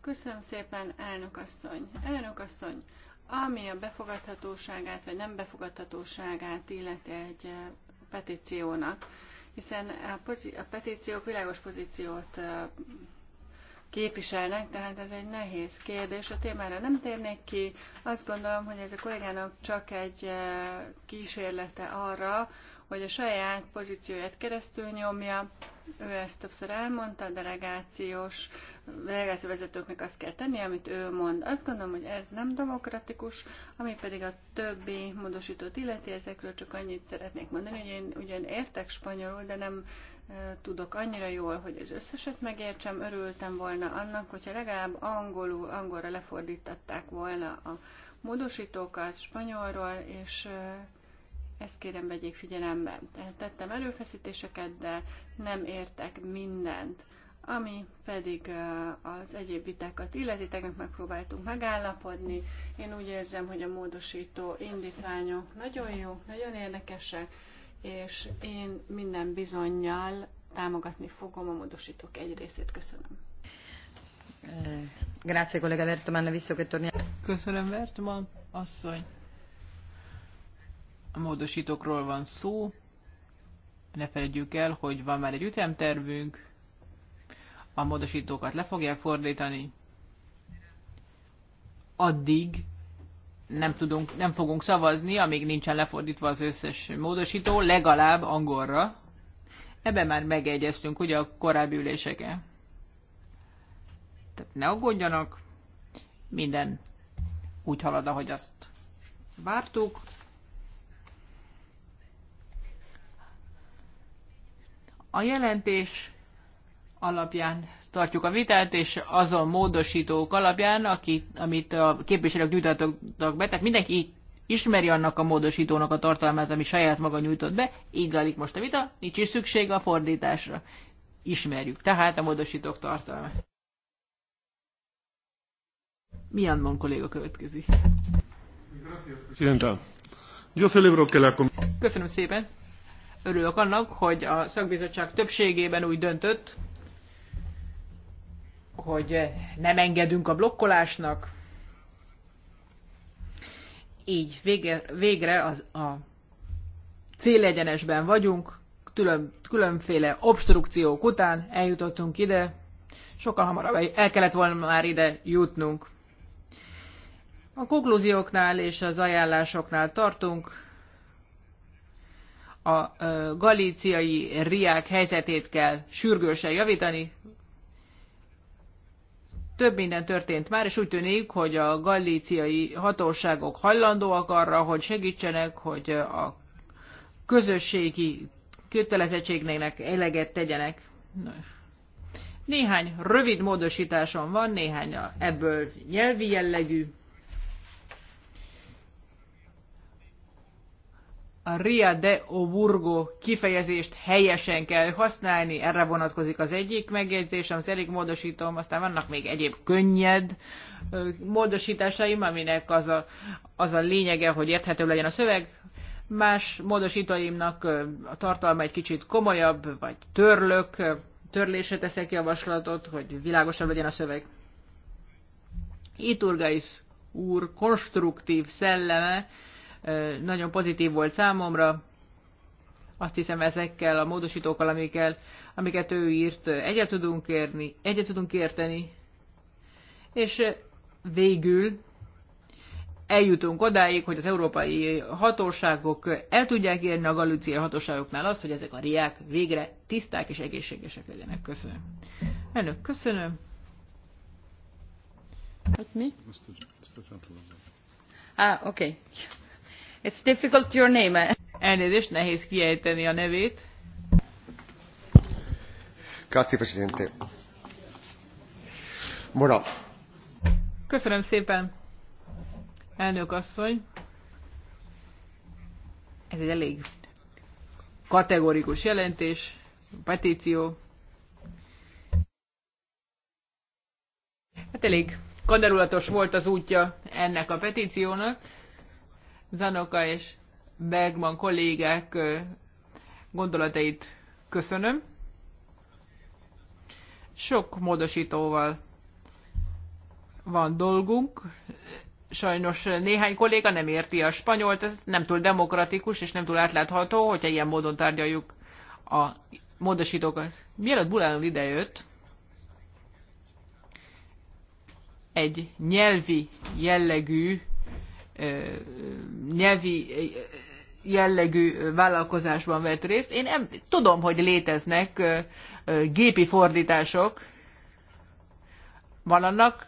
S2: Köszönöm szépen, elnök asszony. Elnök asszony, ami a befogadhatóságát vagy nem befogadhatóságát illeti egy eh, petíciónak, hiszen a, pozí- a petíciók világos pozíciót eh, képviselnek, tehát ez egy nehéz kérdés. A témára nem térnék ki. Azt gondolom, hogy ez a kollégának csak egy eh, kísérlete arra, hogy a saját pozícióját keresztül nyomja, ő ezt többször elmondta, a delegációs, delegáció vezetőknek azt kell tenni, amit ő mond. Azt gondolom, hogy ez nem demokratikus, ami pedig a többi módosítót illeti, ezekről csak annyit szeretnék mondani, hogy én ugyan értek spanyolul, de nem tudok annyira jól, hogy az összeset megértsem, örültem volna annak, hogyha legalább angolul, angolra lefordítatták volna a módosítókat spanyolról, és ezt kérem vegyék figyelembe. Tehát tettem erőfeszítéseket, de nem értek mindent. Ami pedig az egyéb vitákat illeti, tegnap megpróbáltunk megállapodni. Én úgy érzem, hogy a módosító indítványok nagyon jók, nagyon érdekesek, és én minden bizonyjal támogatni fogom a módosítók egy részét. Köszönöm.
S3: Grazie, kollega Vertman, visto che torniamo. Köszönöm, Vertman, asszony. A módosítókról van szó. Ne felejtjük el, hogy van már egy ütemtervünk. A módosítókat le fogják fordítani. Addig nem, tudunk, nem fogunk szavazni, amíg nincsen lefordítva az összes módosító, legalább angolra. Ebben már megegyeztünk ugye a korábbi üléseken. Tehát ne aggódjanak, minden úgy halad, ahogy azt vártuk. A jelentés alapján tartjuk a vitát, és azon módosítók alapján, aki, amit a képviselők nyújtottak be, tehát mindenki ismeri annak a módosítónak a tartalmát, ami saját maga nyújtott be, így zajlik most a vita, nincs is szükség a fordításra. Ismerjük tehát a módosítók tartalmát. Milyen mond, kolléga következik? Köszönöm szépen. Örülök annak, hogy a szakbizottság többségében úgy döntött, hogy nem engedünk a blokkolásnak. Így vége, végre az, a célegyenesben vagyunk, külön, különféle obstrukciók után eljutottunk ide, sokkal hamarabb el kellett volna már ide jutnunk. A konklúzióknál és az ajánlásoknál tartunk, a galíciai riák helyzetét kell sürgősen javítani. Több minden történt már, és úgy tűnik, hogy a galíciai hatóságok hajlandóak arra, hogy segítsenek, hogy a közösségi kötelezettségnek eleget tegyenek. Néhány rövid módosításom van, néhány ebből nyelvi jellegű. a Ria de Oburgo kifejezést helyesen kell használni, erre vonatkozik az egyik megjegyzésem, az elég módosítom, aztán vannak még egyéb könnyed módosításaim, aminek az a, az a lényege, hogy érthető legyen a szöveg. Más módosítóimnak a tartalma egy kicsit komolyabb, vagy törlök, törlésre teszek javaslatot, hogy világosabb legyen a szöveg. Iturgais úr konstruktív szelleme, nagyon pozitív volt számomra. Azt hiszem ezekkel a módosítókkal, amikkel, amiket ő írt, egyet tudunk, érni, egyet tudunk érteni. És végül eljutunk odáig, hogy az európai hatóságok el tudják érni a galícia hatóságoknál azt, hogy ezek a riák végre tiszták és egészségesek legyenek. Köszönöm. Önök, köszönöm. Hát mi? Ah, oké. Okay. It's difficult your name. Elnézést, nehéz kiejteni a nevét.
S1: Grazie, Presidente. Bueno.
S3: Köszönöm szépen, elnök asszony. Ez egy elég kategorikus jelentés, petíció. Hát elég kanderulatos volt az útja ennek a petíciónak. Zanoka és Bergman kollégák gondolatait köszönöm. Sok módosítóval van dolgunk. Sajnos néhány kolléga nem érti a spanyolt, ez nem túl demokratikus és nem túl átlátható, hogyha ilyen módon tárgyaljuk a módosítókat. Mielőtt Bulán idejött, egy nyelvi jellegű nyelvi jellegű vállalkozásban vett részt. Én nem, tudom, hogy léteznek gépi fordítások. Van annak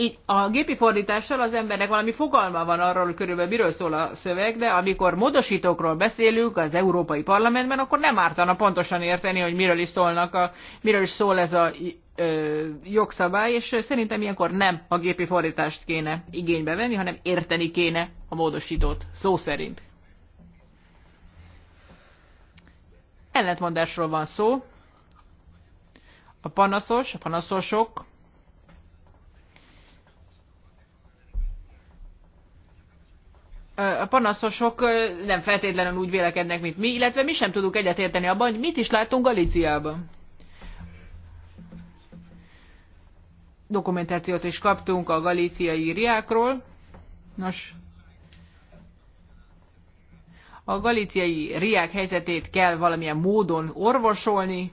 S3: így a gépi fordítással az embernek valami fogalma van arról, hogy körülbelül miről szól a szöveg, de amikor módosítókról beszélünk az Európai Parlamentben, akkor nem ártana pontosan érteni, hogy miről is, szólnak a, miről is szól ez a ö, jogszabály, és szerintem ilyenkor nem a gépi fordítást kéne igénybe venni, hanem érteni kéne a módosítót szó szerint. Ellentmondásról van szó. A panaszos, a panaszosok a panaszosok nem feltétlenül úgy vélekednek, mint mi, illetve mi sem tudunk egyetérteni abban, hogy mit is látunk Galíciában. Dokumentációt is kaptunk a galíciai riákról. Nos, a galíciai riák helyzetét kell valamilyen módon orvosolni.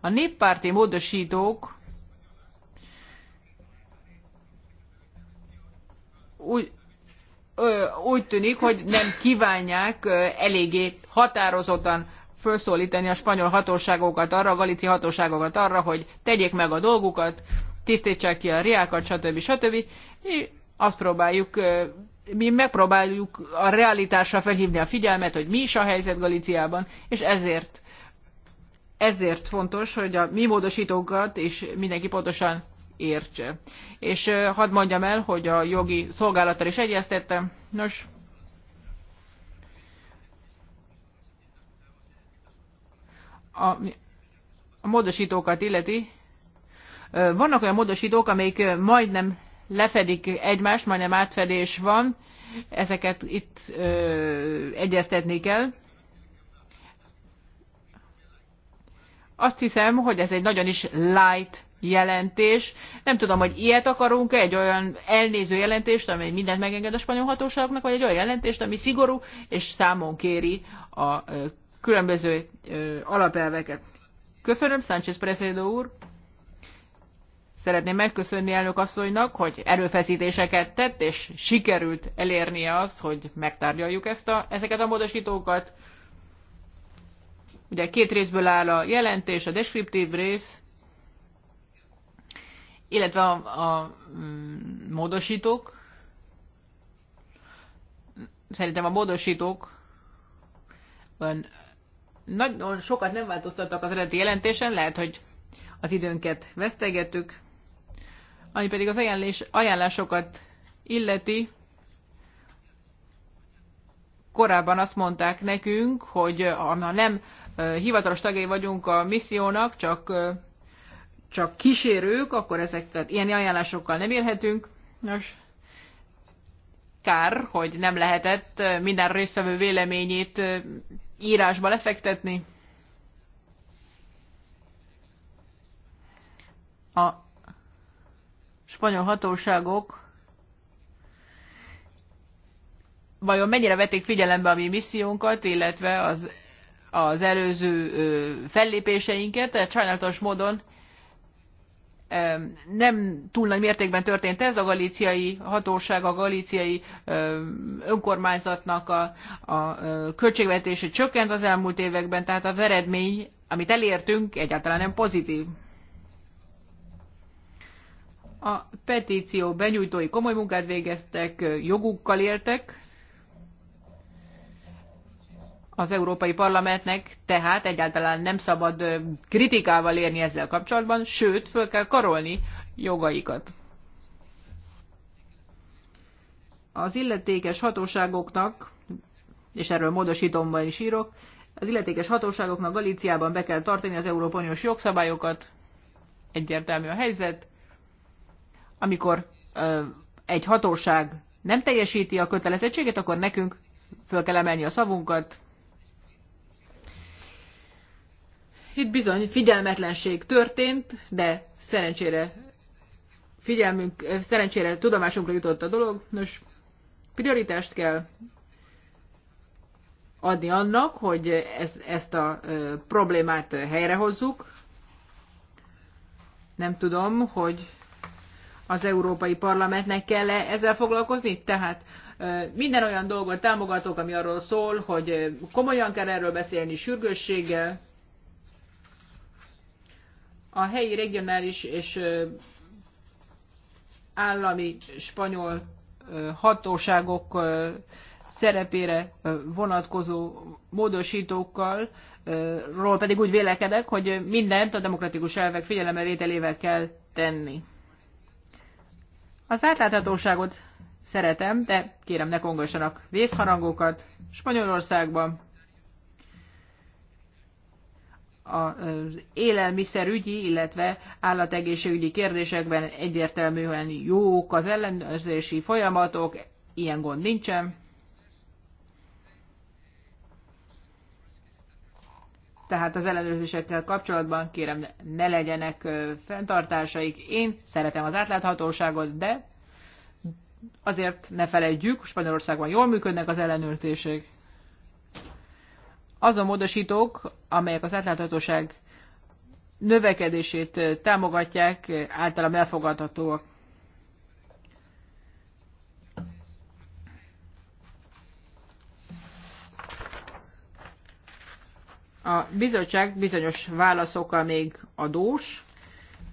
S3: A néppárti módosítók úgy, úgy tűnik, hogy nem kívánják eléggé határozottan felszólítani a spanyol hatóságokat arra, a galici hatóságokat arra, hogy tegyék meg a dolgukat, tisztítsák ki a riákat, stb. stb. Mi azt próbáljuk, mi megpróbáljuk a realitásra felhívni a figyelmet, hogy mi is a helyzet Galiciában, és ezért ezért fontos, hogy a mi módosítókat, és mindenki pontosan értse. És hadd mondjam el, hogy a jogi szolgálattal is egyeztettem. Nos, a, a módosítókat illeti, vannak olyan módosítók, amelyik majdnem lefedik egymást, majdnem átfedés van, ezeket itt ö, egyeztetni kell. Azt hiszem, hogy ez egy nagyon is light jelentés. Nem tudom, hogy ilyet akarunk-e, egy olyan elnéző jelentést, amely mindent megenged a spanyol hatóságoknak, vagy egy olyan jelentést, ami szigorú és számon kéri a különböző alapelveket. Köszönöm, Sánchez Presedo úr! Szeretném megköszönni elnök asszonynak, hogy erőfeszítéseket tett, és sikerült elérnie azt, hogy megtárgyaljuk ezt a, ezeket a módosítókat. Ugye két részből áll a jelentés, a deskriptív rész, illetve a, a mm, módosítók, szerintem a módosítók nagyon sokat nem változtattak az eredeti jelentésen, lehet, hogy az időnket vesztegettük, ami pedig az ajánlás, ajánlásokat illeti, korábban azt mondták nekünk, hogy ha nem hivatalos tagjai vagyunk a missziónak, csak csak kísérők, akkor ezeket ilyen ajánlásokkal nem élhetünk. Nos, kár, hogy nem lehetett eh, minden résztvevő véleményét eh, írásba lefektetni. A spanyol hatóságok vajon mennyire vették figyelembe a mi missziónkat, illetve az, az előző fellépéseinket, sajnálatos módon nem túl nagy mértékben történt ez, a galíciai hatóság, a galíciai önkormányzatnak a, a költségvetése csökkent az elmúlt években, tehát az eredmény, amit elértünk, egyáltalán nem pozitív. A petíció benyújtói komoly munkát végeztek, jogukkal éltek, az Európai Parlamentnek tehát egyáltalán nem szabad kritikával érni ezzel kapcsolatban, sőt, föl kell karolni jogaikat. Az illetékes hatóságoknak, és erről módosítomban is írok, az illetékes hatóságoknak Galíciában be kell tartani az Európai Uniós jogszabályokat, egyértelmű a helyzet, amikor ö, egy hatóság nem teljesíti a kötelezettséget, akkor nekünk föl kell emelni a szavunkat, Itt bizony figyelmetlenség történt, de szerencsére figyelmünk, szerencsére tudomásunkra jutott a dolog. Nos, prioritást kell adni annak, hogy ez, ezt a ö, problémát helyrehozzuk. Nem tudom, hogy az Európai Parlamentnek kell -e ezzel foglalkozni? Tehát minden olyan dolgot támogatok, ami arról szól, hogy komolyan kell erről beszélni, sürgősséggel, a helyi, regionális és állami spanyol hatóságok szerepére vonatkozó módosítókkal, ról pedig úgy vélekedek, hogy mindent a demokratikus elvek figyelemelvételével kell tenni. Az átláthatóságot szeretem, de kérem ne kongassanak vészharangokat Spanyolországban, az élelmiszerügyi, illetve állategészségügyi kérdésekben egyértelműen jók az ellenőrzési folyamatok, ilyen gond nincsen. Tehát az ellenőrzésekkel kapcsolatban kérem, ne legyenek fenntartásaik. Én szeretem az átláthatóságot, de azért ne felejtjük, Spanyolországban jól működnek az ellenőrzések, azon módosítók, amelyek az átláthatóság növekedését eh, támogatják, eh, általában elfogadhatóak. A bizottság bizonyos válaszokkal még adós,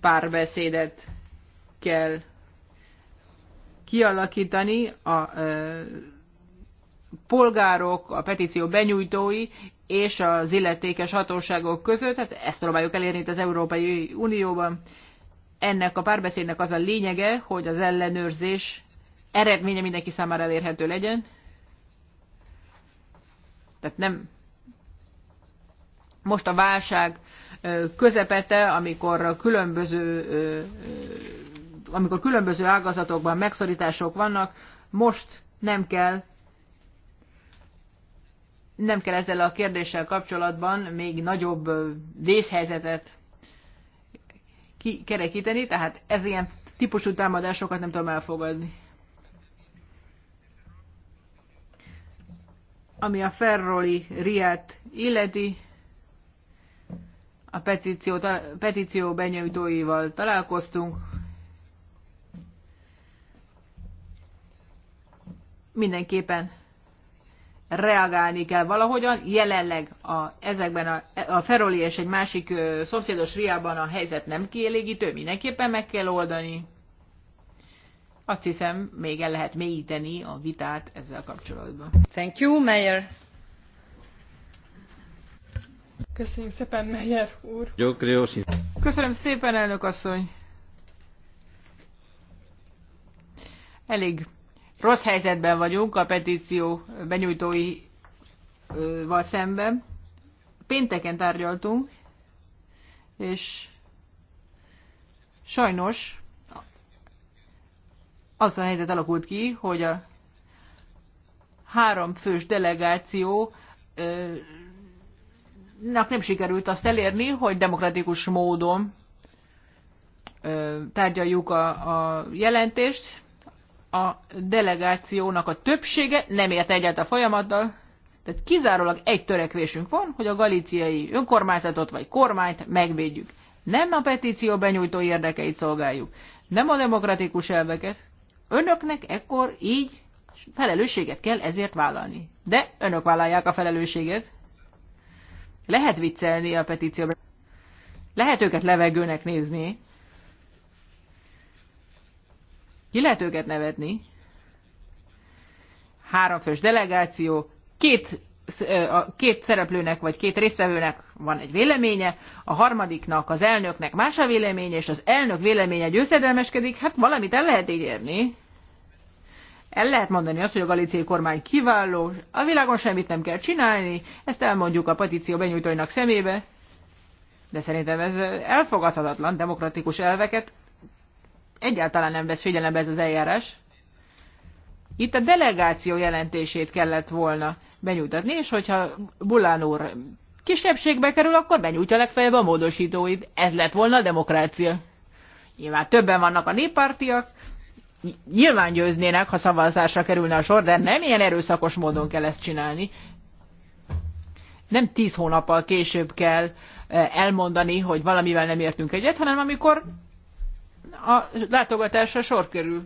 S3: párbeszédet kell kialakítani a eh, polgárok, a petíció benyújtói és az illetékes hatóságok között, hát ezt próbáljuk elérni itt az Európai Unióban. Ennek a párbeszédnek az a lényege, hogy az ellenőrzés eredménye mindenki számára elérhető legyen. Tehát nem most a válság közepete, amikor különböző amikor különböző ágazatokban megszorítások vannak, most nem kell nem kell ezzel a kérdéssel kapcsolatban még nagyobb vészhelyzetet kerekíteni, tehát ez ilyen típusú támadásokat nem tudom elfogadni. Ami a Ferroli Riát illeti, a petíció, petíció benyújtóival találkoztunk. Mindenképpen reagálni kell valahogyan. Jelenleg a, ezekben a, a Feroli és egy másik ö, szomszédos riában a helyzet nem kielégítő, mindenképpen meg kell oldani. Azt hiszem, még el lehet mélyíteni a vitát ezzel kapcsolatban. Thank you, Mayer.
S1: Köszönjük szépen, Meyer úr. Jó,
S3: Köszönöm szépen, elnök asszony. Elég rossz helyzetben vagyunk a petíció benyújtóival szemben. Pénteken tárgyaltunk, és sajnos az a helyzet alakult ki, hogy a három fős delegáció nem sikerült azt elérni, hogy demokratikus módon tárgyaljuk a, a jelentést a delegációnak a többsége nem ért egyet a folyamattal, tehát kizárólag egy törekvésünk van, hogy a galíciai önkormányzatot vagy kormányt megvédjük. Nem a petíció benyújtó érdekeit szolgáljuk, nem a demokratikus elveket. Önöknek ekkor így felelősséget kell ezért vállalni. De önök vállalják a felelősséget. Lehet viccelni a petícióban. Lehet őket levegőnek nézni, ki lehet őket nevetni? Háromfős delegáció, két a két szereplőnek vagy két résztvevőnek van egy véleménye, a harmadiknak, az elnöknek más a véleménye, és az elnök véleménye győzedelmeskedik, hát valamit el lehet érni. El lehet mondani azt, hogy a galiciai kormány kiváló, a világon semmit nem kell csinálni, ezt elmondjuk a petíció benyújtóinak szemébe, de szerintem ez elfogadhatatlan demokratikus elveket egyáltalán nem vesz figyelembe ez az eljárás. Itt a delegáció jelentését kellett volna benyújtatni, és hogyha Bulán úr kisebbségbe kerül, akkor benyújtja legfeljebb a módosítóit. Ez lett volna a demokrácia. Nyilván többen vannak a néppártiak, nyilván győznének, ha szavazásra kerülne a sor, de nem ilyen erőszakos módon kell ezt csinálni. Nem tíz hónappal később kell eh, elmondani, hogy valamivel nem értünk egyet, hanem amikor a látogatásra sor kerül.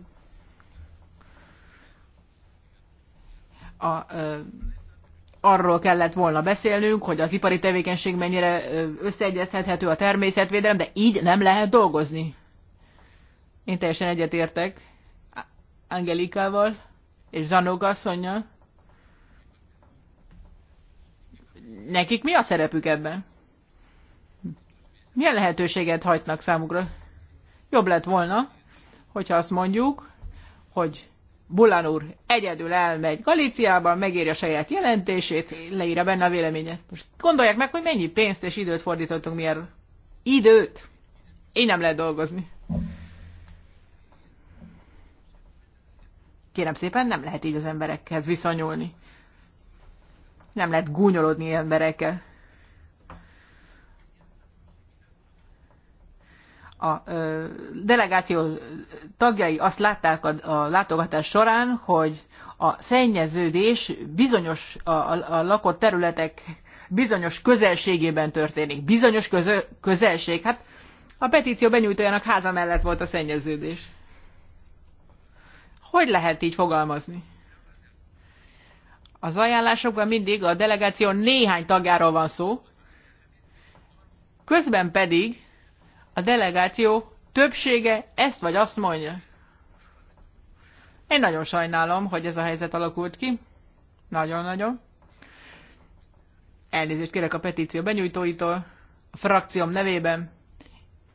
S3: A, ö, arról kellett volna beszélnünk, hogy az ipari tevékenység mennyire összeegyeztethető a természetvédelem, de így nem lehet dolgozni. Én teljesen egyetértek Angelikával és Zanóga asszonynal. Nekik mi a szerepük ebben? Milyen lehetőséget hagynak számukra? Jobb lett volna, hogyha azt mondjuk, hogy Bullán úr egyedül elmegy Galíciába, a saját jelentését, leírja benne a véleményet. Most gondolják meg, hogy mennyi pénzt és időt fordítottunk miért Időt? én nem lehet dolgozni. Kérem szépen, nem lehet így az emberekhez viszonyulni. Nem lehet gúnyolódni emberekkel. a delegáció tagjai azt látták a, a látogatás során, hogy a szennyeződés bizonyos a, a lakott területek bizonyos közelségében történik. Bizonyos közö, közelség, hát a petíció benyújtójának háza mellett volt a szennyeződés. Hogy lehet így fogalmazni? Az ajánlásokban mindig a delegáció néhány tagjáról van szó, közben pedig a delegáció többsége ezt vagy azt mondja. Én nagyon sajnálom, hogy ez a helyzet alakult ki. Nagyon-nagyon. Elnézést kérek a petíció benyújtóitól. A frakcióm nevében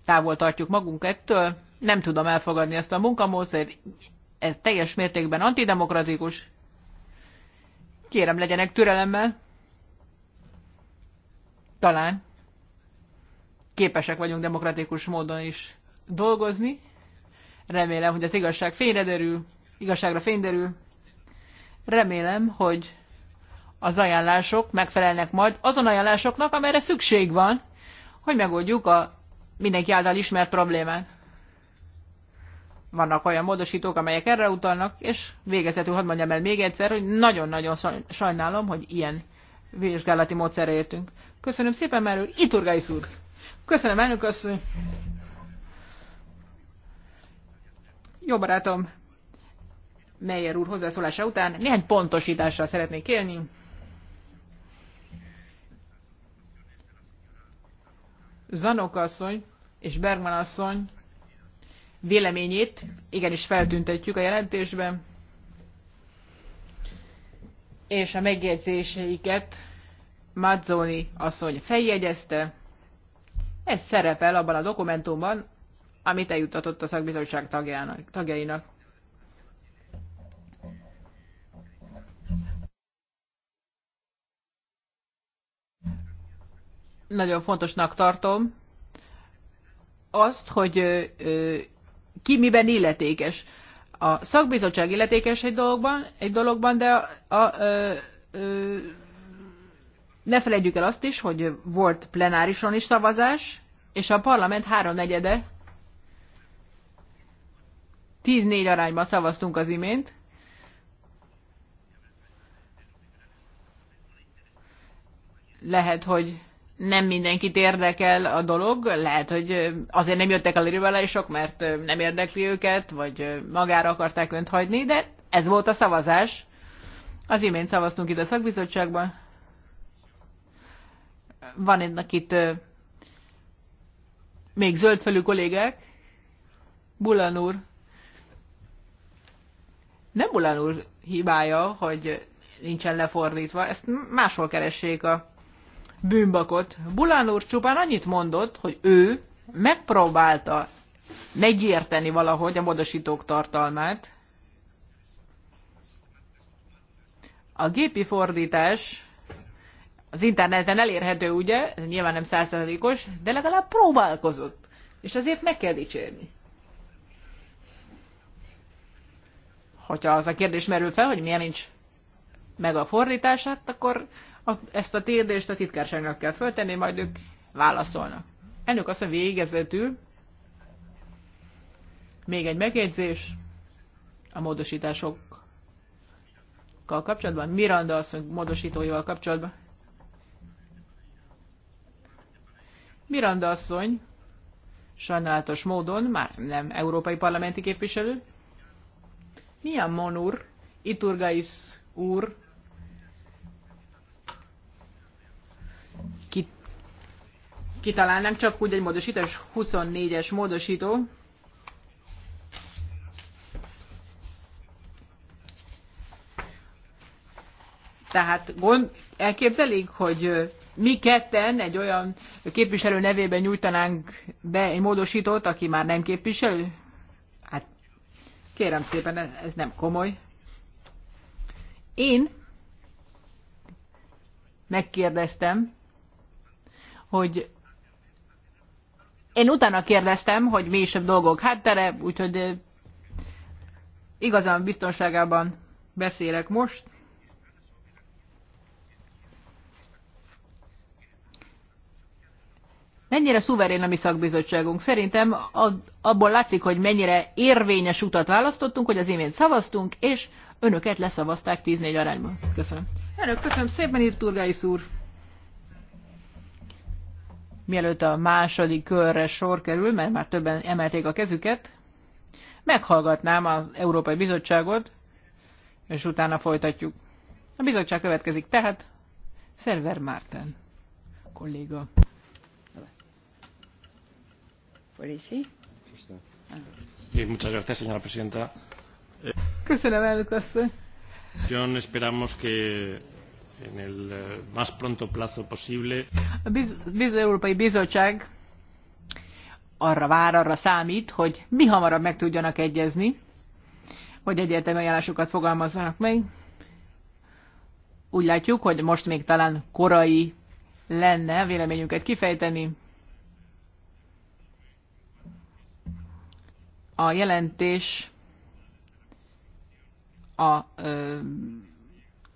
S3: távol tartjuk magunk ettől. Nem tudom elfogadni ezt a munkamódszert. Ez teljes mértékben antidemokratikus. Kérem, legyenek türelemmel. Talán képesek vagyunk demokratikus módon is dolgozni. Remélem, hogy az igazság fényre derül, igazságra derül. Remélem, hogy az ajánlások megfelelnek majd azon ajánlásoknak, amelyre szükség van, hogy megoldjuk a mindenki által ismert problémát. Vannak olyan módosítók, amelyek erre utalnak, és végezetül hadd mondjam el még egyszer, hogy nagyon-nagyon sajnálom, hogy ilyen vizsgálati módszerre értünk. Köszönöm szépen, Merő, Iturgai szúr! Köszönöm, elnök asszony. Jó barátom, Meyer úr hozzászólása után néhány pontosítással szeretnék élni. Zanok asszony és Bergman asszony véleményét igenis feltüntetjük a jelentésben, és a megjegyzéseiket Mazzoni asszony feljegyezte, ez szerepel abban a dokumentumban, amit eljuttatott a szakbizottság tagjának, tagjainak. Nagyon fontosnak tartom azt, hogy ki miben illetékes. A szakbizottság illetékes egy dologban, egy dologban de a, a, a ne felejtjük el azt is, hogy volt plenárison is szavazás, és a parlament háromnegyede 10-4 arányban szavaztunk az imént. Lehet, hogy nem mindenkit érdekel a dolog, lehet, hogy azért nem jöttek a liberálisok, mert nem érdekli őket, vagy magára akarták önt hagyni, de ez volt a szavazás. Az imént szavaztunk itt a szakbizottságban van ennek itt még zöldfelű kollégák. Bulan úr. Nem Bulan úr hibája, hogy nincsen lefordítva, ezt máshol keressék a bűnbakot. Bulán úr csupán annyit mondott, hogy ő megpróbálta megérteni valahogy a módosítók tartalmát. A gépi fordítás az interneten elérhető, ugye, ez nyilván nem százszerzadékos, de legalább próbálkozott. És azért meg kell dicsérni. Hogyha az a kérdés merül fel, hogy miért nincs meg a fordítását, akkor a, ezt a kérdést a titkárságnak kell föltenni, majd ők válaszolnak. Ennek az a végezetül még egy megjegyzés a módosításokkal kapcsolatban, Miranda asszony módosítóival kapcsolatban. Miranda asszony sajnálatos módon már nem európai parlamenti képviselő. Milyen Monur, Iturgais úr, kit, kitalálnánk csak úgy egy módosítás, 24-es módosító, Tehát gond, elképzelik, hogy mi ketten egy olyan képviselő nevében nyújtanánk be egy módosítót, aki már nem képviselő? Hát kérem szépen, ez nem komoly. Én megkérdeztem, hogy én utána kérdeztem, hogy mi is a dolgok háttere, úgyhogy eh, igazán biztonságában beszélek most. Mennyire szuverén a mi szakbizottságunk? Szerintem abból látszik, hogy mennyire érvényes utat választottunk, hogy az imént szavaztunk, és önöket leszavazták 14 arányban. Köszönöm. Önök, köszönöm szépen, írt Turgáis úr. Mielőtt a második körre sor kerül, mert már többen emelték a kezüket, meghallgatnám az Európai Bizottságot, és utána folytatjuk. A bizottság következik tehát. Szerver Márten kolléga
S2: señora presidenta.
S3: Köszönöm, elnök asszony.
S2: John, esperamos que en el eh, más pronto plazo posible.
S3: A biz Európai Bizottság arra vár, arra számít, hogy mi hamarabb meg tudjanak egyezni, hogy egyértelmű ajánlásokat fogalmazzanak meg. Úgy látjuk, hogy most még talán korai lenne véleményünket kifejteni. A jelentés a,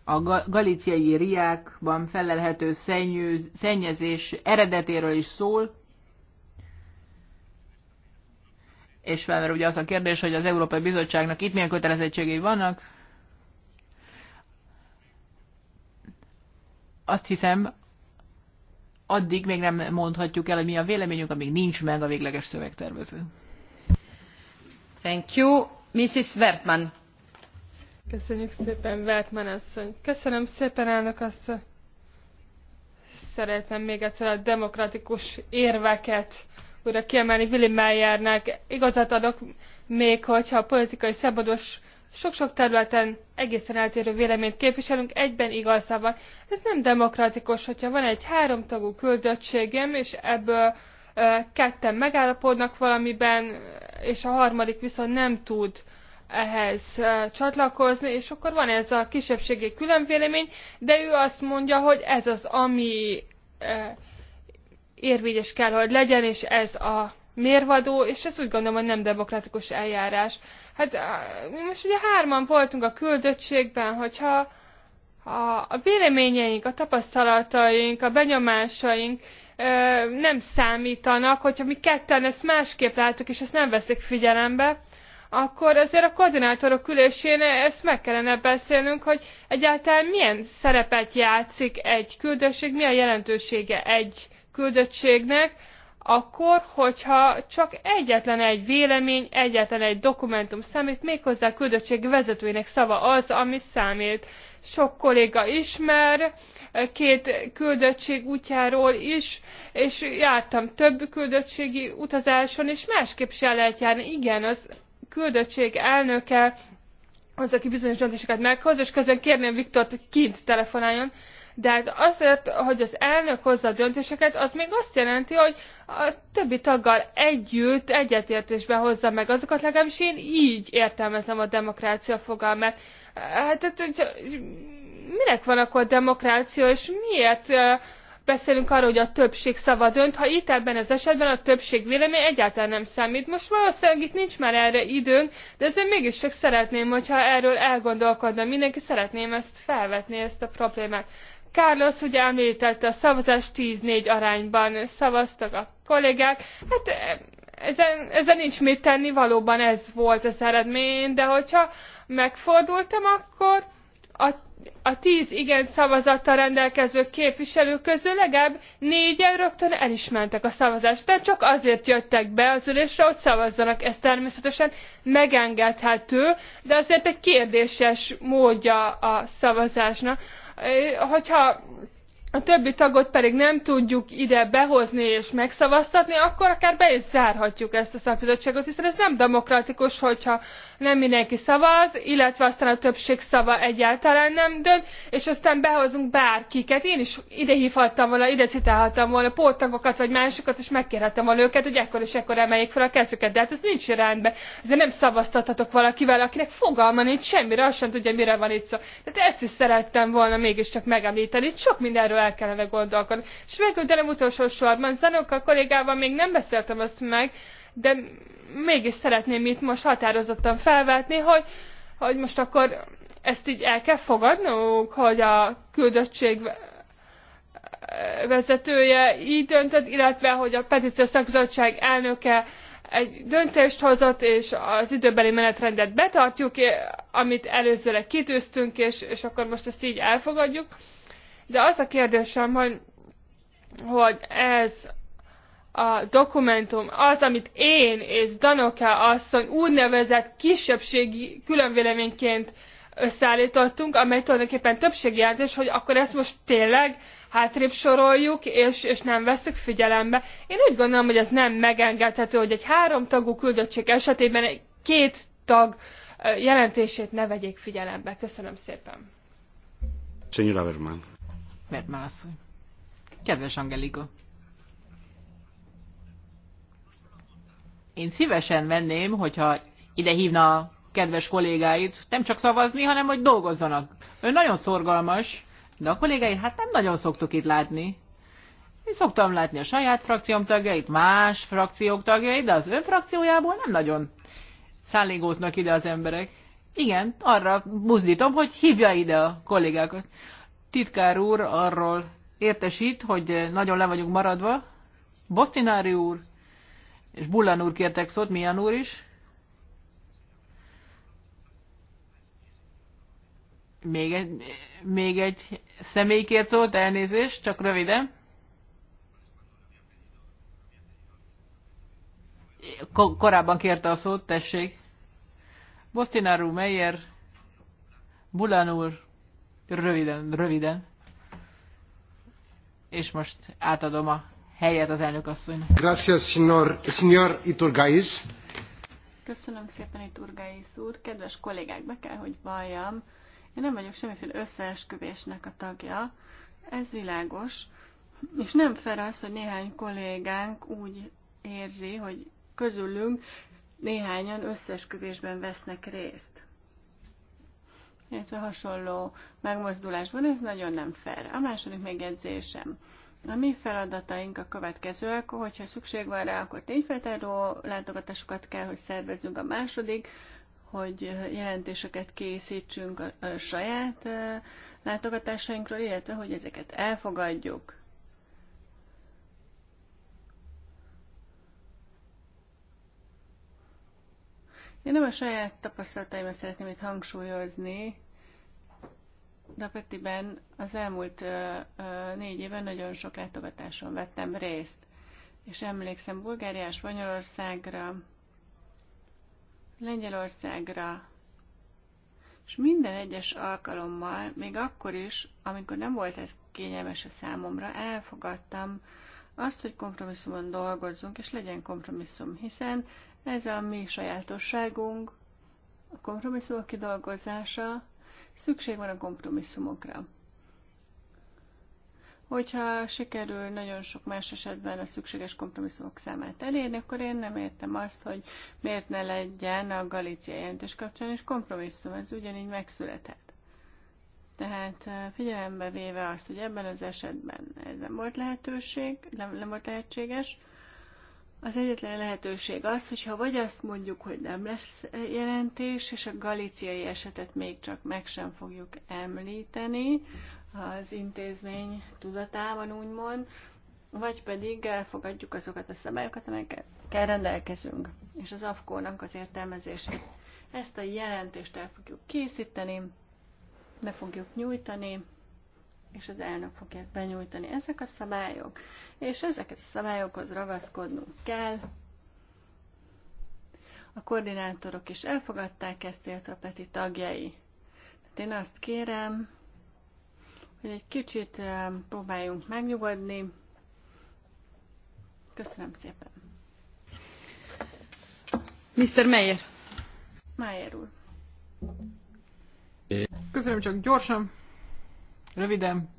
S3: a galiciai riákban felelhető szennyezés eredetéről is szól, és felmerül ugye az a kérdés, hogy az Európai Bizottságnak itt milyen kötelezettségei vannak. Azt hiszem, addig még nem mondhatjuk el, hogy mi a véleményünk, amíg nincs meg a végleges szövegtervező. Mrs.
S1: Köszönjük szépen, Wertmann asszony. Köszönöm szépen, elnök asszony. Szeretném még egyszer a demokratikus érveket újra kiemelni Willy Meyernek. Igazat adok, még hogyha a politikai szabados sok-sok területen egészen eltérő véleményt képviselünk, egyben igaza van. Ez nem demokratikus, hogyha van egy háromtagú küldöttségem, és ebből ketten megállapodnak valamiben, és a harmadik viszont nem tud ehhez csatlakozni, és akkor van ez a kisebbségi különvélemény, de ő azt mondja, hogy ez az, ami érvényes kell, hogy legyen, és ez a mérvadó, és ez úgy gondolom, hogy nem demokratikus eljárás. Hát most ugye hárman voltunk a küldöttségben, hogyha a, a véleményeink, a tapasztalataink, a benyomásaink, nem számítanak, hogyha mi ketten ezt másképp látjuk, és ezt nem veszik figyelembe, akkor azért a koordinátorok ülésén ezt meg kellene beszélnünk, hogy egyáltalán milyen szerepet játszik egy küldöttség, mi a jelentősége egy küldöttségnek, akkor, hogyha csak egyetlen egy vélemény, egyetlen egy dokumentum számít, méghozzá a küldöttség vezetőinek szava az, ami számít sok kolléga ismer, két küldöttség útjáról is, és jártam több küldöttségi utazáson, és másképp se lehet járni. Igen, az küldöttség elnöke az, aki bizonyos döntéseket meghoz, és közben kérném Viktort, hogy kint telefonáljon, de hát azért, hogy az elnök hozza a döntéseket, az még azt jelenti, hogy a többi taggal együtt, egyetértésben hozza meg azokat, legalábbis én így értelmezem a demokrácia fogalmát. Hát, hát hogy minek van akkor demokrácia, és miért beszélünk arról, hogy a többség szava dönt, ha itt ebben az esetben a többség vélemény egyáltalán nem számít. Most valószínűleg itt nincs már erre időnk, de azért mégis csak szeretném, hogyha erről elgondolkodna mindenki, szeretném ezt felvetni, ezt a problémát. Carlos ugye említette, a szavazás 10-4 arányban szavaztak a kollégák. Hát ezen, ezen nincs mit tenni, valóban ez volt az eredmény, de hogyha megfordultam, akkor a, a tíz igen szavazattal rendelkező képviselők közül legalább négyen rögtön el is mentek a szavazást, de csak azért jöttek be az ülésre, hogy szavazzanak. Ez természetesen megengedhető, de azért egy kérdéses módja a szavazásnak. Hogyha a többi tagot pedig nem tudjuk ide behozni és megszavaztatni, akkor akár be is zárhatjuk ezt a szakbizottságot, hiszen ez nem demokratikus, hogyha nem mindenki szavaz, illetve aztán a többség szava egyáltalán nem dönt, és aztán behozunk bárkiket. Én is ide hívhattam volna, ide citálhattam volna póttagokat vagy másokat, és megkérhettem volna őket, hogy ekkor és ekkor emeljék fel a kezüket, de hát ez nincs rendben. Ezért nem szavaztathatok valakivel, akinek fogalma nincs semmire, azt sem tudja, mire van itt szó. Tehát ezt is szerettem volna mégiscsak megemlíteni. Sok mindenről el kellene gondolkodni. És végül, de nem utolsó sorban, a kollégával még nem beszéltem ezt meg, de mégis szeretném itt most határozottan felvetni, hogy, hogy most akkor ezt így el kell fogadnunk, hogy a küldöttség vezetője így döntött, illetve hogy a petíciós szakbizottság elnöke egy döntést hozott, és az időbeli menetrendet betartjuk, amit előzőleg kitűztünk, és, és akkor most ezt így elfogadjuk. De az a kérdésem, hogy, hogy ez a dokumentum, az, amit én és Danoka asszony úgynevezett kisebbségi különvéleményként összeállítottunk, amely tulajdonképpen többségi jelentés, hogy akkor ezt most tényleg hátrébb soroljuk, és, és nem veszük figyelembe. Én úgy gondolom, hogy ez nem megengedhető, hogy egy három tagú küldöttség esetében egy két tag jelentését ne vegyék figyelembe. Köszönöm szépen. Señora Berman.
S3: Bertmán asszony. Kedves Angelika! Én szívesen venném, hogyha ide hívna a kedves kollégáit, nem csak szavazni, hanem hogy dolgozzanak. Ő nagyon szorgalmas, de a kollégáit hát nem nagyon szoktuk itt látni. Én szoktam látni a saját frakcióm tagjait, más frakciók tagjait, de az ő frakciójából nem nagyon szállígóznak ide az emberek. Igen, arra buzdítom, hogy hívja ide a kollégákat titkár úr arról értesít, hogy nagyon le vagyunk maradva. Bosztinári úr és Bullan úr kértek szót, Mian úr is. Még egy, még egy személy kért szót, elnézést, csak röviden. Ko korábban kérte a szót, tessék. Bosztinár úr, Meyer, Bulán úr, Röviden, röviden. És most átadom a helyet az elnök asszonynak.
S1: Gracias, signor, signor Iturgaiz.
S2: Köszönöm szépen, Iturgaiz úr. Kedves kollégák, be kell, hogy valljam. Én nem vagyok semmiféle összeesküvésnek a tagja. Ez világos. És nem fel az, hogy néhány kollégánk úgy érzi, hogy közülünk néhányan összeesküvésben vesznek részt illetve hasonló megmozdulás van, ez nagyon nem fair. A második megjegyzésem. A mi feladataink a következőek, hogyha szükség van rá, akkor tényfeltáró látogatásokat kell, hogy szervezzünk a második, hogy jelentéseket készítsünk a, a saját látogatásainkról, illetve hogy ezeket elfogadjuk. Én nem a saját tapasztalataimat szeretném itt hangsúlyozni, Dapetiben az elmúlt négy éven nagyon sok látogatáson vettem részt, és emlékszem Bulgáriás, Spanyolországra, Lengyelországra, és minden egyes alkalommal, még akkor is, amikor nem volt ez kényelmes a számomra, elfogadtam azt, hogy kompromisszumon dolgozzunk, és legyen kompromisszum, hiszen ez a mi sajátosságunk, a kompromisszumok kidolgozása, Szükség van a kompromisszumokra. Hogyha sikerül nagyon sok más esetben a szükséges kompromisszumok számát elérni, akkor én nem értem azt, hogy miért ne legyen a Galícia jelentés kapcsán is kompromisszum, ez ugyanígy megszületett. Tehát eh, figyelembe véve azt, hogy ebben az esetben ez nem volt lehetőség, nem, nem volt lehetséges, az egyetlen lehetőség az, hogyha vagy azt mondjuk, hogy nem lesz jelentés, és a galiciai esetet még csak meg sem fogjuk említeni az intézmény tudatában, úgymond, vagy pedig elfogadjuk azokat a szabályokat, amelyekkel rendelkezünk, és az AFKO-nak az értelmezését. Ezt a jelentést el fogjuk készíteni, be fogjuk nyújtani, és az elnök fogja ezt benyújtani. Ezek a szabályok, és ezeket a szabályokhoz ragaszkodnunk kell. A koordinátorok is elfogadták ezt, illetve a Peti tagjai. Tehát én azt kérem, hogy egy kicsit eh, próbáljunk megnyugodni. Köszönöm szépen. Mr. Meyer.
S3: Meyer úr. Köszönöm csak gyorsan. Röviden,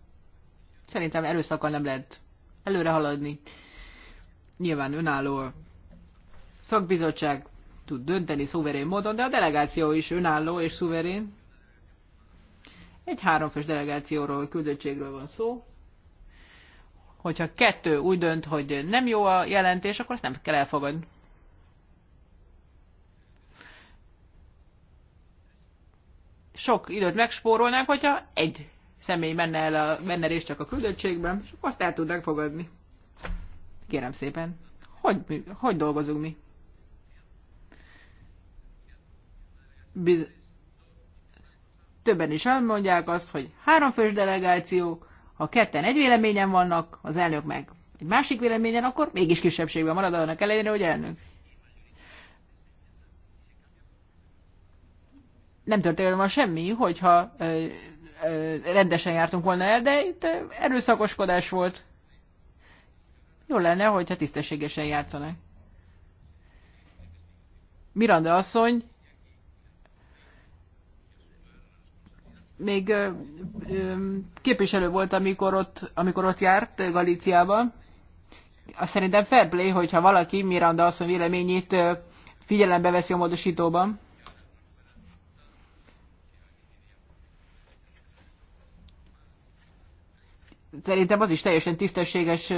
S3: szerintem erőszakkal nem lehet előre haladni. Nyilván önálló szakbizottság tud dönteni szuverén módon, de a delegáció is önálló és szuverén. Egy háromfős delegációról, küldöttségről van szó. Hogyha kettő úgy dönt, hogy nem jó a jelentés, akkor ezt nem kell elfogadni. Sok időt megspórolnánk, hogyha egy személy menne, el a, menne részt csak a küldöttségben, és azt el tudnak fogadni. Kérem szépen, hogy, hogy dolgozunk mi? Biz... Többen is elmondják azt, hogy háromfős delegáció, ha ketten egy véleményen vannak, az elnök meg egy másik véleményen, akkor mégis kisebbségben marad annak ellenére, hogy elnök. Nem történik van semmi, hogyha rendesen jártunk volna el, de itt erőszakoskodás volt. Jó lenne, hogyha tisztességesen játszanak. Miranda asszony még ö, ö, képviselő volt, amikor ott, amikor ott járt Galíciában. Azt szerintem fair play, hogyha valaki Miranda asszony véleményét figyelembe veszi a módosítóban. szerintem az is teljesen tisztességes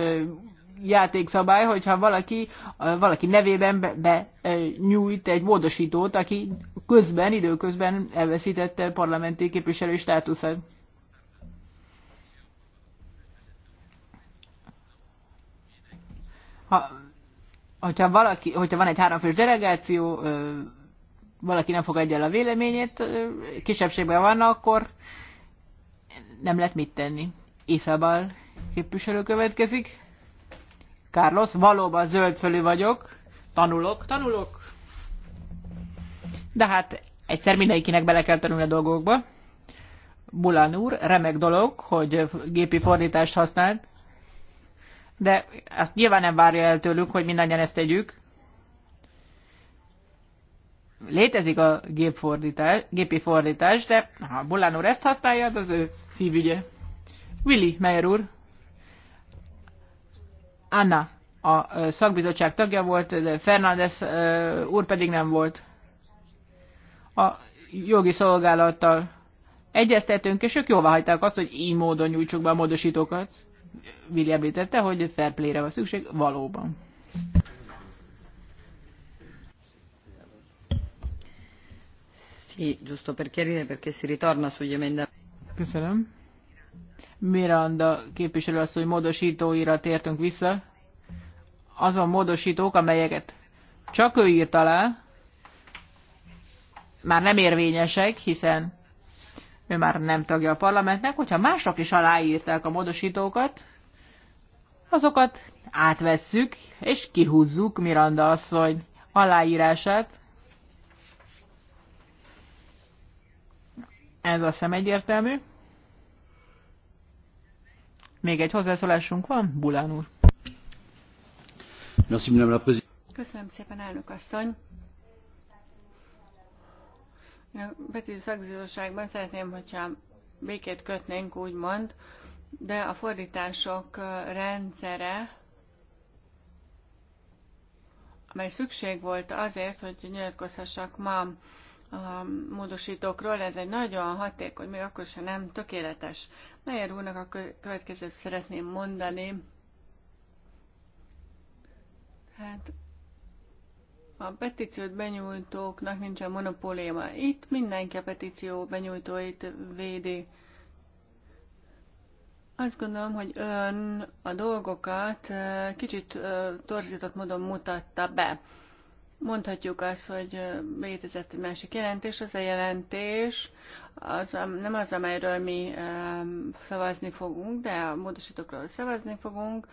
S3: játékszabály, hogyha valaki, valaki nevében be, be nyújt egy módosítót, aki közben, időközben elveszítette parlamenti képviselő státuszát. Ha, hogyha, valaki, hogyha van egy háromfős delegáció, valaki nem fogadja el a véleményét, kisebbségben van, akkor nem lehet mit tenni. Isabel képviselő következik. Carlos, valóban zöld fölű vagyok. Tanulok, tanulok. De hát egyszer mindenkinek bele kell tanulni a dolgokba. Bulán úr, remek dolog, hogy gépi fordítást használ, de azt nyilván nem várja el tőlük, hogy mindannyian ezt tegyük. Létezik a gépfordítás, gépi fordítás, de ha Bulán úr ezt használja, az, az ő szívügye. Willy Meyer úr, Anna a szakbizottság tagja volt, de Fernández úr pedig nem volt. A jogi szolgálattal egyeztetünk, és ők jóvá hagyták azt, hogy így módon nyújtsuk be a módosítókat. Willy említette, hogy fair play-re van szükség, valóban. Sì, giusto per chiarire perché si ritorna sugli emendamenti. Köszönöm. Miranda képviselő azt, hogy módosítóira tértünk vissza. Azon módosítók, amelyeket csak ő írt alá, már nem érvényesek, hiszen ő már nem tagja a parlamentnek, hogyha mások is aláírták a módosítókat, azokat átvesszük, és kihúzzuk Miranda asszony aláírását. Ez a szem egyértelmű. Még egy hozzászólásunk van, Bulán úr.
S2: Köszönöm szépen, elnök asszony. A betű szakbizottságban szeretném, hogyha békét kötnénk, úgymond, de a fordítások rendszere, amely szükség volt azért, hogy nyilatkozhassak ma a módosítókról. Ez egy nagyon hatékony, még akkor sem nem tökéletes. Meyer úrnak a következőt szeretném mondani. Hát a petíciót benyújtóknak nincsen monopóléma. Itt mindenki a petíció benyújtóit védi. Azt gondolom, hogy ön a dolgokat kicsit torzított módon mutatta be. Mondhatjuk azt, hogy létezett egy másik jelentés, az a jelentés az, nem az, amelyről mi szavazni fogunk, de a módosítókról szavazni fogunk.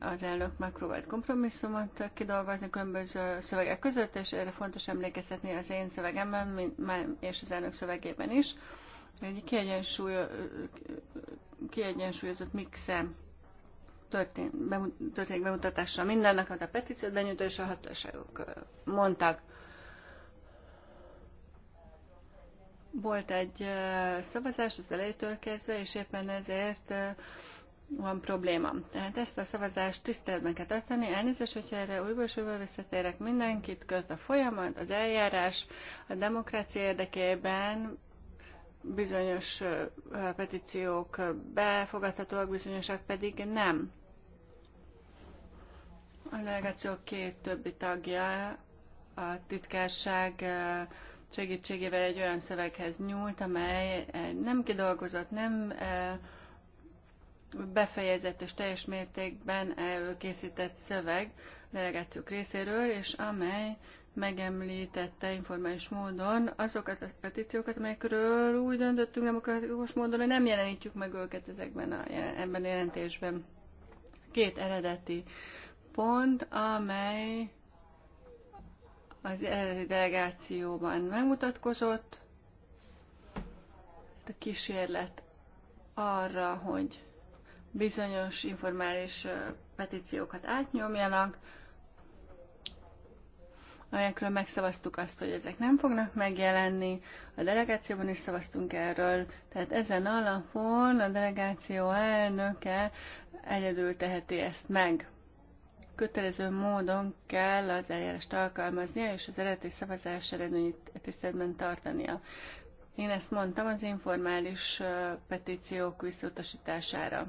S2: Az elnök megpróbált kompromisszumot kidolgozni különböző szövegek között, és erre fontos emlékeztetni az én szövegemben és az elnök szövegében is. Egy kiegyensúly, kiegyensúlyozott mixe történik bemutatása mindennek, hát a petíciót benyújtó és a hatóságok mondtak. Volt egy szavazás az elejétől kezdve, és éppen ezért van probléma. Tehát ezt a szavazást tiszteletben kell tartani. Elnézést, hogyha erre újból és újból visszatérek mindenkit, költ a folyamat, az eljárás, a demokrácia érdekében bizonyos petíciók befogadhatóak, bizonyosak pedig nem. A delegáció két többi tagja a titkárság eh, segítségével egy olyan szöveghez nyúlt, amely eh, nem kidolgozott, nem eh, befejezett és teljes mértékben előkészített szöveg delegációk részéről, és amely megemlítette informális módon azokat a petíciókat, amelyekről úgy döntöttünk demokratikus módon, hogy nem jelenítjük meg őket ezekben a, ebben a jelentésben. Két eredeti uh, pont, amely az eredeti eh, delegációban megmutatkozott, a kísérlet arra, hogy bizonyos informális eh, petíciókat átnyomjanak, amelyekről megszavaztuk azt, hogy ezek nem fognak megjelenni. A delegációban is szavaztunk erről, tehát ezen alapon a delegáció elnöke egyedül teheti ezt meg kötelező módon kell az eljárást alkalmaznia, és az eredeti szavazás eredményét e tiszteletben tartania. Én ezt mondtam az informális petíciók visszautasítására.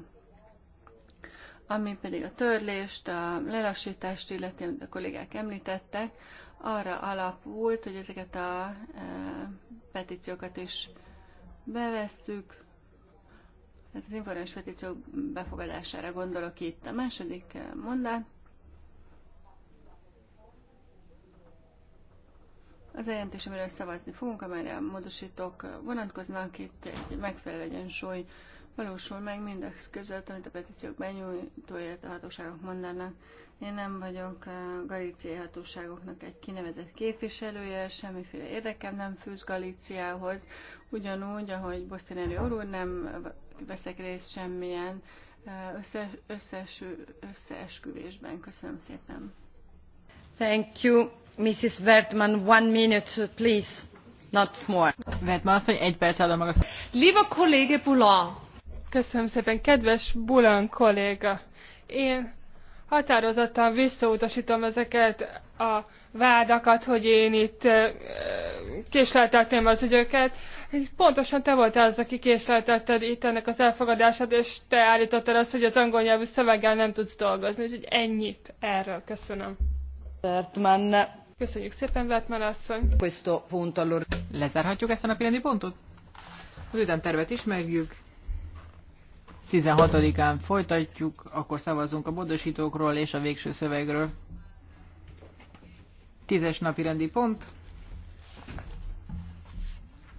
S2: Ami pedig a törlést, a lelassítást illetve amit a kollégák említettek, arra alapult, hogy ezeket a petíciókat is bevesszük, tehát az informális petíciók befogadására gondolok itt. A második mondat, Az a jelentés, amiről szavazni fogunk, amelyre módosítok vonatkoznak, itt egy megfelelő egyensúly valósul meg mindez között, amit a petíciók benyújtója a hatóságok mondanak. Én nem vagyok a galíciai hatóságoknak egy kinevezett képviselője, semmiféle érdekem nem fűz Galíciához, ugyanúgy, ahogy Bosztineri úr nem veszek részt semmilyen összes, összes, összeesküvésben. Köszönöm szépen.
S1: Liebe Kollege Bulan. Köszönöm szépen, kedves Bulan kolléga. Én határozottan visszautasítom ezeket a vádakat, hogy én itt késleltetném az ügyeket. Pontosan te voltál az, aki késleltetted itt ennek az elfogadását, és te álltottad azt, hogy az angol nyelvű szöveggel nem tudsz dolgozni. Úgyhogy ennyit erről. Köszönöm. Köszönjük szépen, Vertman asszony. Questo punto
S3: allora. Lezárhatjuk ezt a napirendi pontot? Az ütemtervet ismerjük. 16-án folytatjuk, akkor szavazunk a módosítókról és a végső szövegről. Tízes napi rendi pont.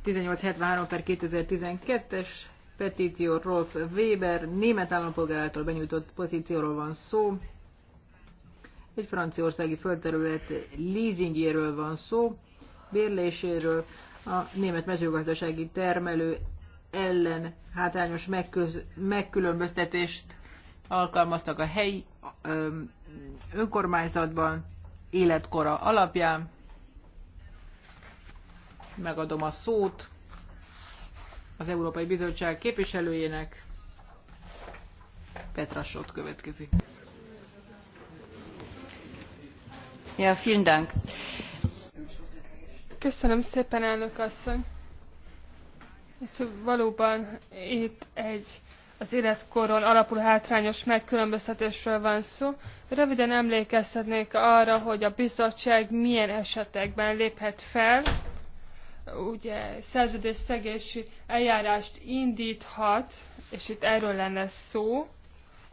S3: 1873 per 2012-es petíció Rolf Weber, német állampolgárától benyújtott petícióról van szó egy franciaországi földterület leasingjéről van szó, bérléséről, a német mezőgazdasági termelő ellen hátrányos megköz, megkülönböztetést alkalmaztak a helyi önkormányzatban életkora alapján. Megadom a szót az Európai Bizottság képviselőjének. Petra Sott következik.
S1: Köszönöm szépen, elnök asszony. Hát valóban itt egy az életkoron alapul hátrányos megkülönböztetésről van szó. Röviden emlékeztetnék arra, hogy a bizottság milyen esetekben léphet fel, ugye szerződésszegési eljárást indíthat, és itt erről lenne szó,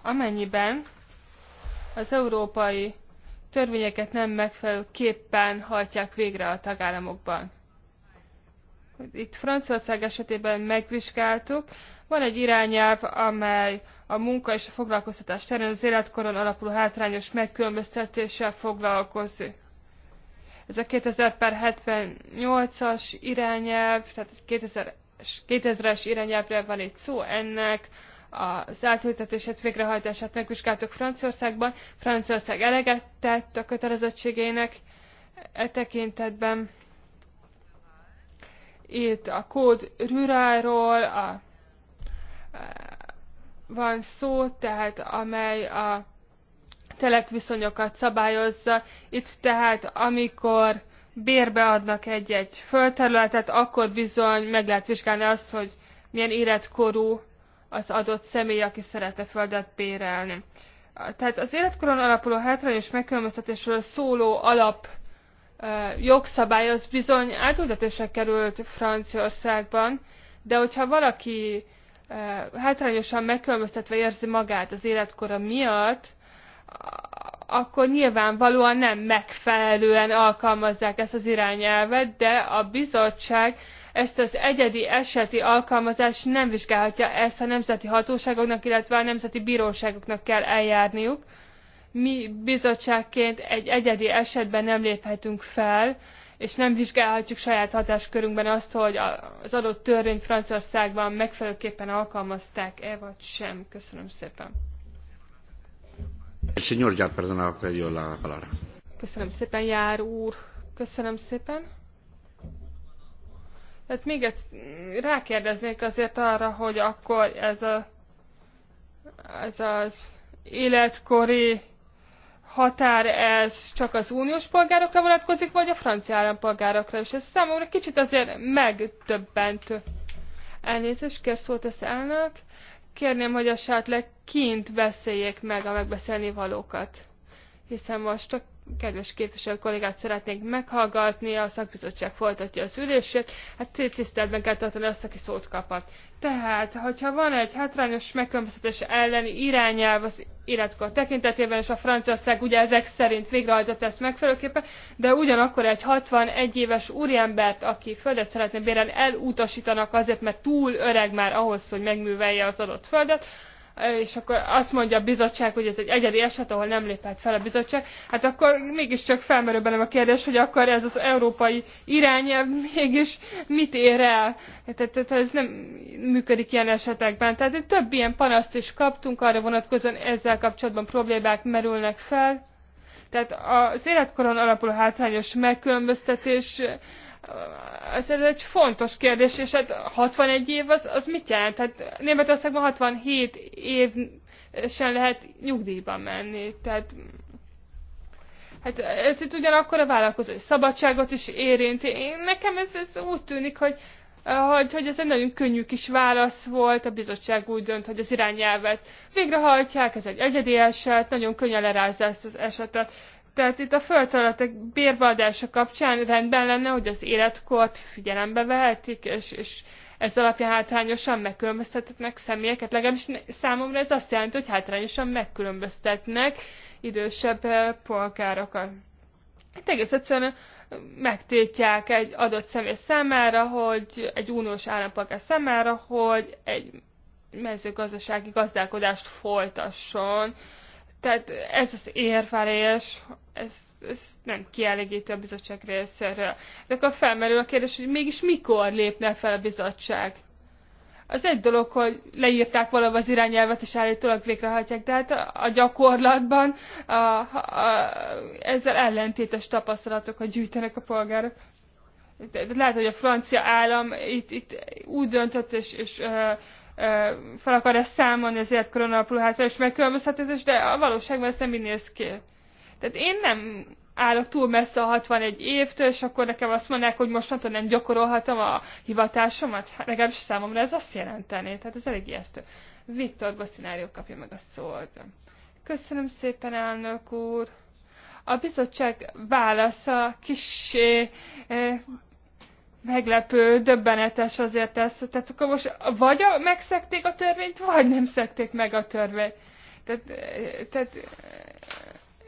S1: amennyiben az Európai törvényeket nem megfelelő képpen hajtják végre a tagállamokban. Itt Franciaország esetében megvizsgáltuk, van egy irányelv, amely a munka és a foglalkoztatás terén az életkoron alapuló hátrányos megkülönböztetéssel foglalkozik. Ez a 2000 per 78-as irányelv, tehát 2000-es irányelvre van itt szó ennek, az átültetését, végrehajtását megvizsgáltuk Franciaországban. Franciaország eleget tett a kötelezettségeinek e tekintetben. Itt a kód rüráról a, a, e, van szó, tehát amely a telekviszonyokat szabályozza. Itt tehát, amikor bérbe adnak egy-egy földterületet, akkor bizony meg lehet vizsgálni azt, hogy milyen életkorú az adott személy, aki szeretne földet bérelni. Tehát az életkoron alapuló hátrányos megkülönböztetésről szóló alap jogszabály az bizony átültetésre került Franciaországban, de hogyha valaki hátrányosan megkülönböztetve érzi magát az életkora miatt, akkor nyilvánvalóan nem megfelelően alkalmazzák ezt az irányelvet, de a bizottság ezt az egyedi eseti alkalmazást nem vizsgálhatja, ezt a nemzeti hatóságoknak, illetve a nemzeti bíróságoknak kell eljárniuk. Mi bizottságként egy egyedi esetben nem léphetünk fel, és nem vizsgálhatjuk saját hatáskörünkben azt, hogy az adott törvényt Franciaországban megfelelőképpen alkalmazták-e vagy sem. Köszönöm szépen. Köszönöm szépen, Jár úr. Köszönöm szépen. Hát még egy, rákérdeznék azért arra, hogy akkor ez, a, ez az életkori határ ez csak az uniós polgárokra vonatkozik, vagy a francia állampolgárokra, és ez számomra kicsit azért megdöbbentő. Elnézést, kér szólt az elnök. Kérném, hogy esetleg kint beszéljék meg a megbeszélni valókat, hiszen most a kedves képviselő kollégát szeretnénk meghallgatni, a szakbizottság folytatja az ülését, hát tiszteletben kell tartani azt, aki szót kapott. Tehát, hogyha van egy hátrányos megkülönböztetés elleni irányelv az életkor tekintetében, és a Franciaország ugye ezek szerint végrehajtott ezt megfelelőképpen, de ugyanakkor egy 61 éves úriembert, aki földet szeretne bérelni, elutasítanak azért, mert túl öreg már ahhoz, hogy megművelje az adott földet, és akkor azt mondja a bizottság, hogy ez egy egyedi eset, ahol nem lépett fel a bizottság, hát akkor mégiscsak felmerül bennem a kérdés, hogy akkor ez az európai irányelv mégis mit ér el? Tehát, ez nem működik ilyen esetekben. Tehát több ilyen panaszt is kaptunk, arra vonatkozóan ezzel kapcsolatban problémák merülnek fel. Tehát az életkoron alapuló hátrányos megkülönböztetés ez egy fontos kérdés, és hát 61 év az, az mit jelent? Hát Németországban 67 év sem lehet nyugdíjba menni, tehát Hát ez itt ugyanakkor a vállalkozói szabadságot is érinti. Én, nekem ez, ez úgy tűnik, hogy, hogy, hogy ez egy nagyon könnyű kis válasz volt, a bizottság úgy dönt, hogy az irányelvet végrehajtják, ez egy egyedi eset, nagyon könnyen lerázza ezt az esetet. Tehát itt a földterületek bérbeadása kapcsán rendben lenne, hogy az életkort figyelembe vehetik, és, és ez alapján hátrányosan megkülönböztetnek személyeket. Legalábbis számomra ez azt jelenti, hogy hátrányosan megkülönböztetnek idősebb eh, polgárokat. Hát egész egyszerűen eh, megtétják egy adott személy számára, hogy egy uniós állampolgár számára, hogy egy mezőgazdasági gazdálkodást folytasson. Tehát ez az érvelés, ez, ez nem kielégítő a bizottság részéről. De akkor felmerül a kérdés, hogy mégis mikor lépne fel a bizottság? Az egy dolog, hogy leírták valahol az irányelvet, és állítólag végrehajtják, de hát a, a gyakorlatban a, a, a, ezzel ellentétes tapasztalatokat gyűjtenek a polgárok. De, de lehet, hogy a francia állam itt, itt úgy döntött, és, és uh, fel akarja számolni az életkoron alapuló hátrányos megkülönböztetés, de a valóságban ez nem így néz ki. Tehát én nem állok túl messze a 61 évtől, és akkor nekem azt mondják, hogy mostantól nem gyakorolhatom a hivatásomat. Hát legalábbis számomra ez azt jelenteni, tehát ez elég ijesztő. Viktor Bosszinárió kapja meg a szót. Köszönöm szépen, elnök úr! A bizottság válasza eh, meglepő, döbbenetes azért ez. Tehát akkor most vagy megszekték a törvényt, vagy nem szekték meg a törvényt. Tehát, tehát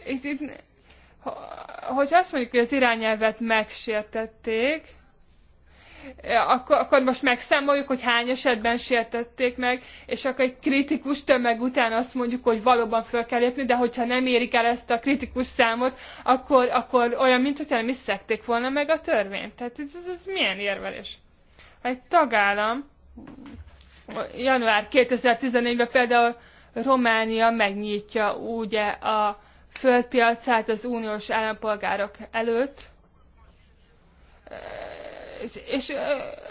S1: itt, itt, hogy azt mondjuk, hogy az irányelvet megsértették, akkor, akkor most megszámoljuk, hogy hány esetben sértették meg, és akkor egy kritikus tömeg után azt mondjuk, hogy valóban föl kell lépni, de hogyha nem érik el ezt a kritikus számot, akkor, akkor olyan, mintha nem is szekték volna meg a törvényt. Tehát ez, ez, ez milyen érvelés? egy tagállam január 2014-ben például Románia megnyitja ugye a földpiacát az uniós állampolgárok előtt, és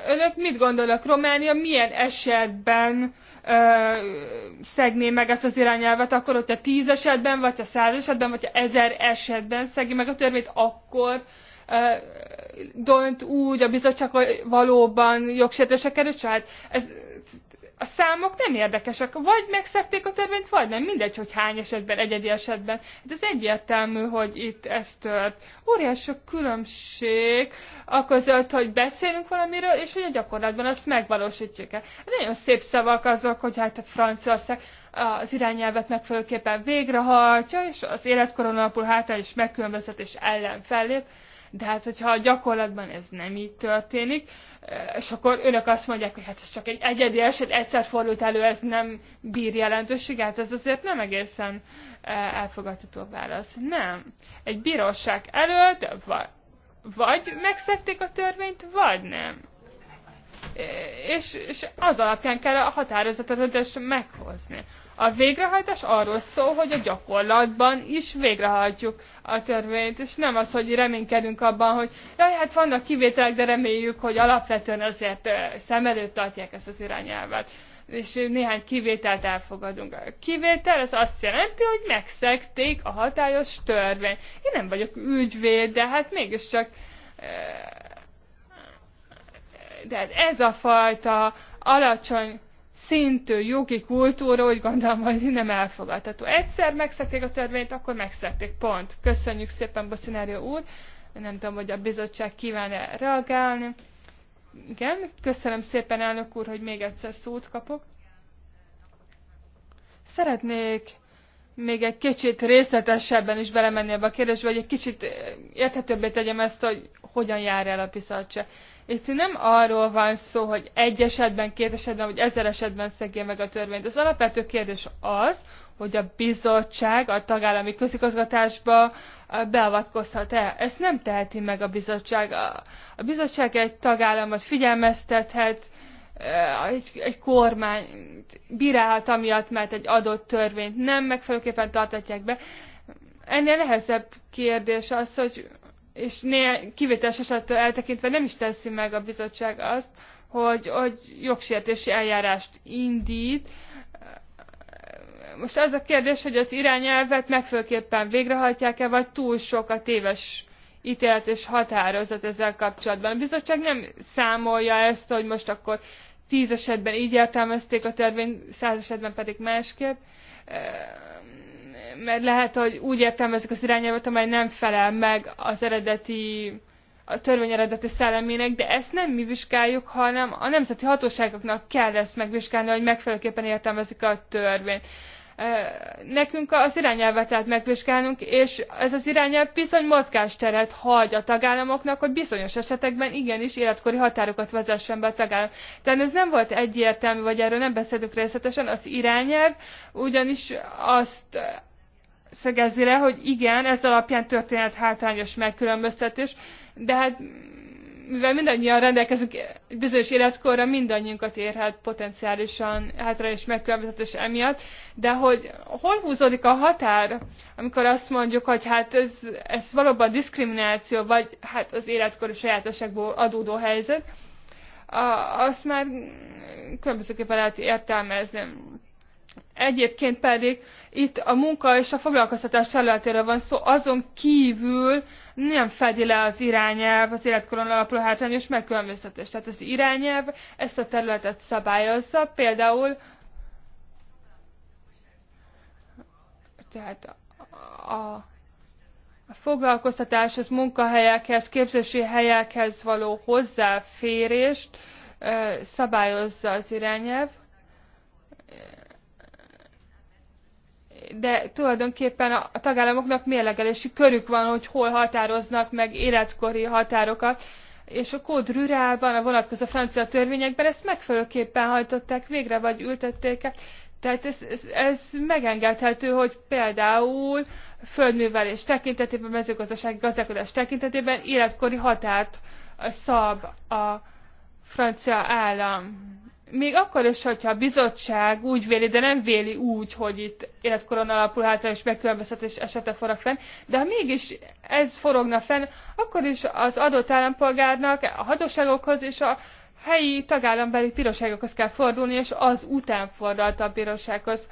S1: önök mit gondolnak, Románia milyen esetben ö, szegné meg ezt az irányelvet, akkor hogyha tíz esetben, vagy ha száz esetben, vagy ha ezer esetben szegi meg a törvényt, akkor ö, dönt úgy a bizottság, hogy valóban jogsértésre kerül, hát ez a számok nem érdekesek. Vagy megszekték a törvényt, vagy nem. Mindegy, hogy hány esetben, egyedi esetben. Hát ez egyértelmű, hogy itt ez tört. Óriás a különbség a között, hogy beszélünk valamiről, és hogy a gyakorlatban azt megvalósítjuk el. Ez nagyon szép szavak azok, hogy hát a Franciaország az irányelvet megfelelőképpen végrehajtja, és az életkoron alapul és megkülönböztetés ellen fellép. De hát, hogyha a gyakorlatban ez nem így történik, eh, és akkor önök azt mondják, hogy hát ez csak egy egyedi eset, egyszer fordult elő, ez nem bír jelentőséget, ez azért nem egészen eh, elfogadható válasz. Nem. Egy bíróság előtt vagy megszekték a törvényt, vagy nem. Eh, és, és az alapján kell a határozatot meghozni. A végrehajtás arról szól, hogy a gyakorlatban is végrehajtjuk a törvényt, és nem az, hogy reménykedünk abban, hogy jaj, hát vannak kivételek, de reméljük, hogy alapvetően azért szem előtt tartják ezt az irányelvet és néhány kivételt elfogadunk. A kivétel az azt jelenti, hogy megszegték a hatályos törvény. Én nem vagyok ügyvéd, de hát mégiscsak de hát ez a fajta alacsony szintű jogi kultúra úgy gondolom, hogy nem elfogadható. Egyszer megszekték a törvényt, akkor megszekték, pont. Köszönjük szépen, Bocinario úr. Nem tudom, hogy a bizottság kíván-e reagálni. Igen, köszönöm szépen, elnök úr, hogy még egyszer szót kapok. Szeretnék még egy kicsit részletesebben is belemenni ebbe a kérdésbe, hogy egy kicsit eh, érthetőbbé tegyem ezt, hogy hogyan jár el a És Itt nem arról van szó, hogy egy esetben, két esetben, vagy ezer esetben szegje meg a törvényt. Az alapvető kérdés az, hogy a bizottság a tagállami közigazgatásba beavatkozhat-e. Ezt nem teheti meg a bizottság. A bizottság egy tagállamot figyelmeztethet, egy, egy kormány bírálhat amiatt, mert egy adott törvényt nem megfelelőképpen tartatják be. Ennél nehezebb kérdés az, hogy és nél, kivételes esettől eltekintve nem is teszi meg a bizottság azt, hogy, hogy jogsértési eljárást indít. Most az a kérdés, hogy az irányelvet megfőképpen végrehajtják-e, vagy túl sok a téves ítélet és határozat ezzel kapcsolatban. A bizottság nem számolja ezt, hogy most akkor tíz esetben így értelmezték a törvényt, száz esetben pedig másképp mert lehet, hogy úgy értelmezik az irányelvet, amely nem felel meg az eredeti a törvény eredeti szellemének, de ezt nem mi vizsgáljuk, hanem a nemzeti hatóságoknak kell ezt megvizsgálni, hogy megfelelőképpen értelmezik a törvényt. Nekünk az irányelvet lehet megvizsgálnunk, és ez az irányelv bizony mozgásteret hagy a tagállamoknak, hogy bizonyos esetekben igenis életkori határokat vezessen be a tagállam. Tehát ez nem volt egyértelmű, vagy erről nem beszélünk részletesen, az irányelv ugyanis azt szögezi le, hogy igen, ez alapján történhet hátrányos megkülönböztetés, de hát mivel mindannyian rendelkezünk egy bizonyos életkorra, mindannyiunkat érhet potenciálisan hátrányos megkülönböztetés emiatt, de hogy hol húzódik a határ, amikor azt mondjuk, hogy hát ez, ez valóban diszkrimináció, vagy hát az életkori sajátosságból adódó helyzet, azt már különbözőképpen lehet értelmezni. Egyébként pedig itt a munka és a foglalkoztatás területére van szó, azon kívül nem fedi le az irányelv az életkoron alapuló hátrányos megkülönböztetés. Tehát az irányelv ezt a területet szabályozza, például tehát a, a a foglalkoztatáshoz, munkahelyekhez, képzési helyekhez való hozzáférést szabályozza az irányelv de tulajdonképpen a tagállamoknak mérlegelési körük van, hogy hol határoznak meg életkori határokat, és a kód rürában, a vonatkozó francia törvényekben ezt megfelelőképpen hajtották végre, vagy ültették el. Tehát ez, ez, ez megengedhető, hogy például földművelés tekintetében, mezőgazdasági gazdálkodás tekintetében életkori határt szab a francia állam még akkor is, hogyha a bizottság úgy véli, de nem véli úgy, hogy itt életkoron alapul hátrányos megkülönböztetés esete forog fenn, de ha mégis ez forogna fenn, akkor is az adott állampolgárnak a hatóságokhoz és a helyi tagállambeli bíróságokhoz kell fordulni, és az után fordult a bírósághoz.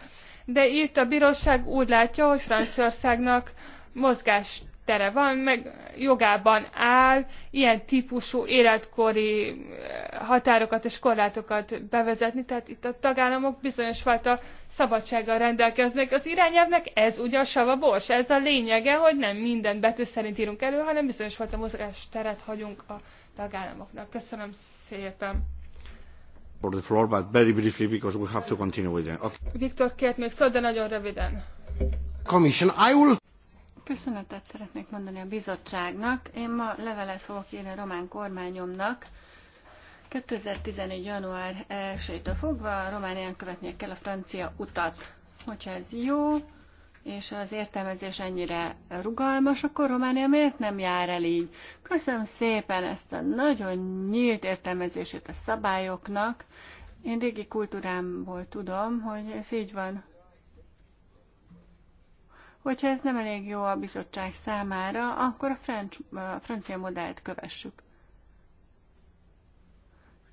S1: De itt a bíróság úgy látja, hogy Franciaországnak mozgás tere van, meg jogában áll ilyen típusú életkori eh, határokat és korlátokat bevezetni, tehát itt a tagállamok bizonyos fajta szabadsággal rendelkeznek. Az irányelvnek ez ugye a sava bors, ez a lényege, hogy nem minden betű szerint írunk elő, hanem bizonyos fajta mozgás teret hagyunk a tagállamoknak. Köszönöm szépen!
S2: For the floor, but very briefly because we have to continue with it. Okay.
S1: Viktor kért még szó, de nagyon röviden.
S2: Commission, I will Köszönetet szeretnék mondani a bizottságnak. Én ma levelet fogok írni a román kormányomnak. 2014. január 1-től fogva Románián követnie kell a francia utat. Hogyha ez jó, és az értelmezés ennyire rugalmas, akkor Románia miért nem jár el így? Köszönöm szépen ezt a nagyon nyílt értelmezését a szabályoknak. Én régi kultúrámból tudom, hogy ez így van. Hogyha ez nem elég jó a bizottság számára, akkor a, French, a francia modellt kövessük.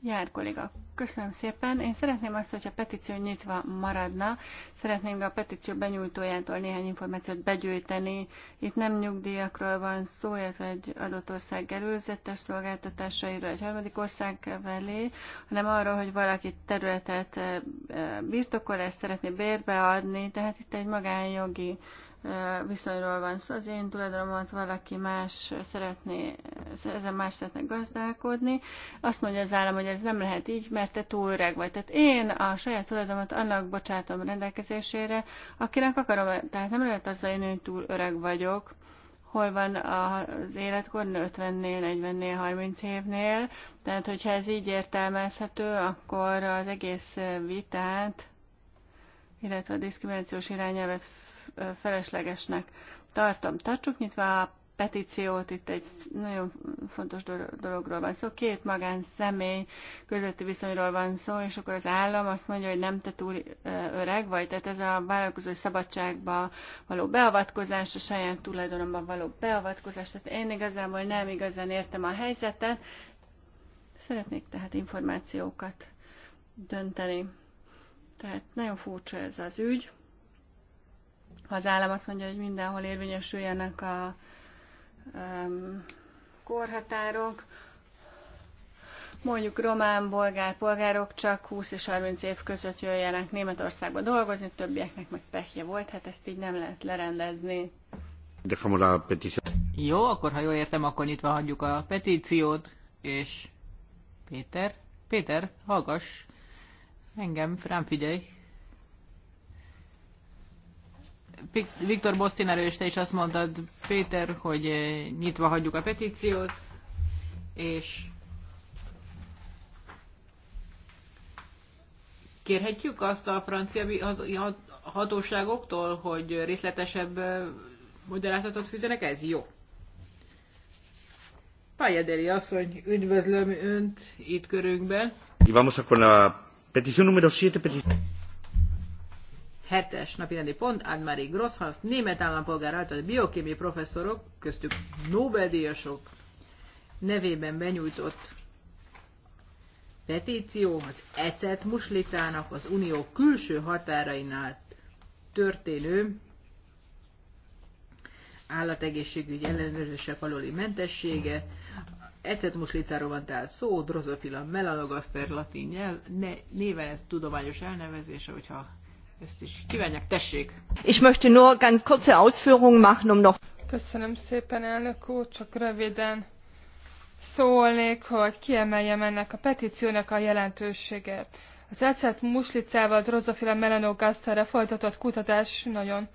S2: Jár kolléga, köszönöm szépen. Én szeretném azt, hogyha a petíció nyitva maradna. Szeretnénk a petíció benyújtójától néhány információt begyűjteni. Itt nem nyugdíjakról van szó, illetve egy adott ország előzetes szolgáltatásairól egy harmadik ország velé, hanem arról, hogy valaki területet eh, eh, birtokol, ezt szeretné bérbe adni, tehát itt egy magánjogi viszonyról van szó, az én tulajdonomat valaki más szeretné, ezen más szeretne gazdálkodni, azt mondja az állam, hogy ez nem lehet így, mert te túl öreg vagy. Tehát én a saját tulajdonomat annak bocsátom rendelkezésére, akinek akarom, tehát nem lehet azzal én, hogy túl öreg vagyok, hol van az életkor, 50-nél, 40-nél, 30 évnél. Tehát, hogyha ez így értelmezhető, akkor az egész vitát, illetve a diszkriminációs irányelvet feleslegesnek tartom. Tartsuk nyitva a petíciót, itt egy nagyon fontos dologról van szó, két személy közötti viszonyról van szó, és akkor az állam azt mondja, hogy nem te túl öreg vagy, tehát ez a vállalkozó szabadságba való beavatkozás, a saját tulajdonomban való beavatkozás, tehát én igazából nem igazán értem a helyzetet, szeretnék tehát információkat dönteni. Tehát nagyon furcsa ez az ügy ha az állam azt mondja, hogy mindenhol érvényesüljenek a um, korhatárok, mondjuk román, bolgár polgárok csak 20 és 30 év között jöjjenek Németországba dolgozni, többieknek meg pehje volt, hát ezt így nem lehet lerendezni.
S3: Jó, akkor ha jól értem, akkor nyitva hagyjuk a petíciót, és Péter, Péter, hallgass, engem, rám figyelj. Viktor Bosztináró és te is azt mondtad, Péter, hogy eh, nyitva hagyjuk a petíciót, és kérhetjük azt a francia hatóságoktól, hogy részletesebb eh, magyarázatot fűzenek? Ez jó. Pályadeli asszony, üdvözlöm Önt itt körünkben.
S1: Y vamos a con la petición número 7, petición
S3: hetes rendi pont, Anne-Marie Grosshans, német állampolgár által biokémiai professzorok, köztük Nobel-díjasok nevében benyújtott petíció az ecet muslicának az unió külső határainál történő állategészségügy ellenőrzések aluli mentessége. Ecet muslicáról van tehát szó, drozofila melanogaster latin nyelv, ne, néven ez tudományos elnevezése, hogyha ezt is kívánják. Tessék! Ich möchte nur ganz kurze Ausführungen machen, um noch...
S1: Köszönöm szépen, elnök úr, csak röviden szólnék, hogy kiemeljem ennek a petíciónak a jelentősége. Az ecet muslicával, drozofila melanogasztára folytatott kutatás nagyon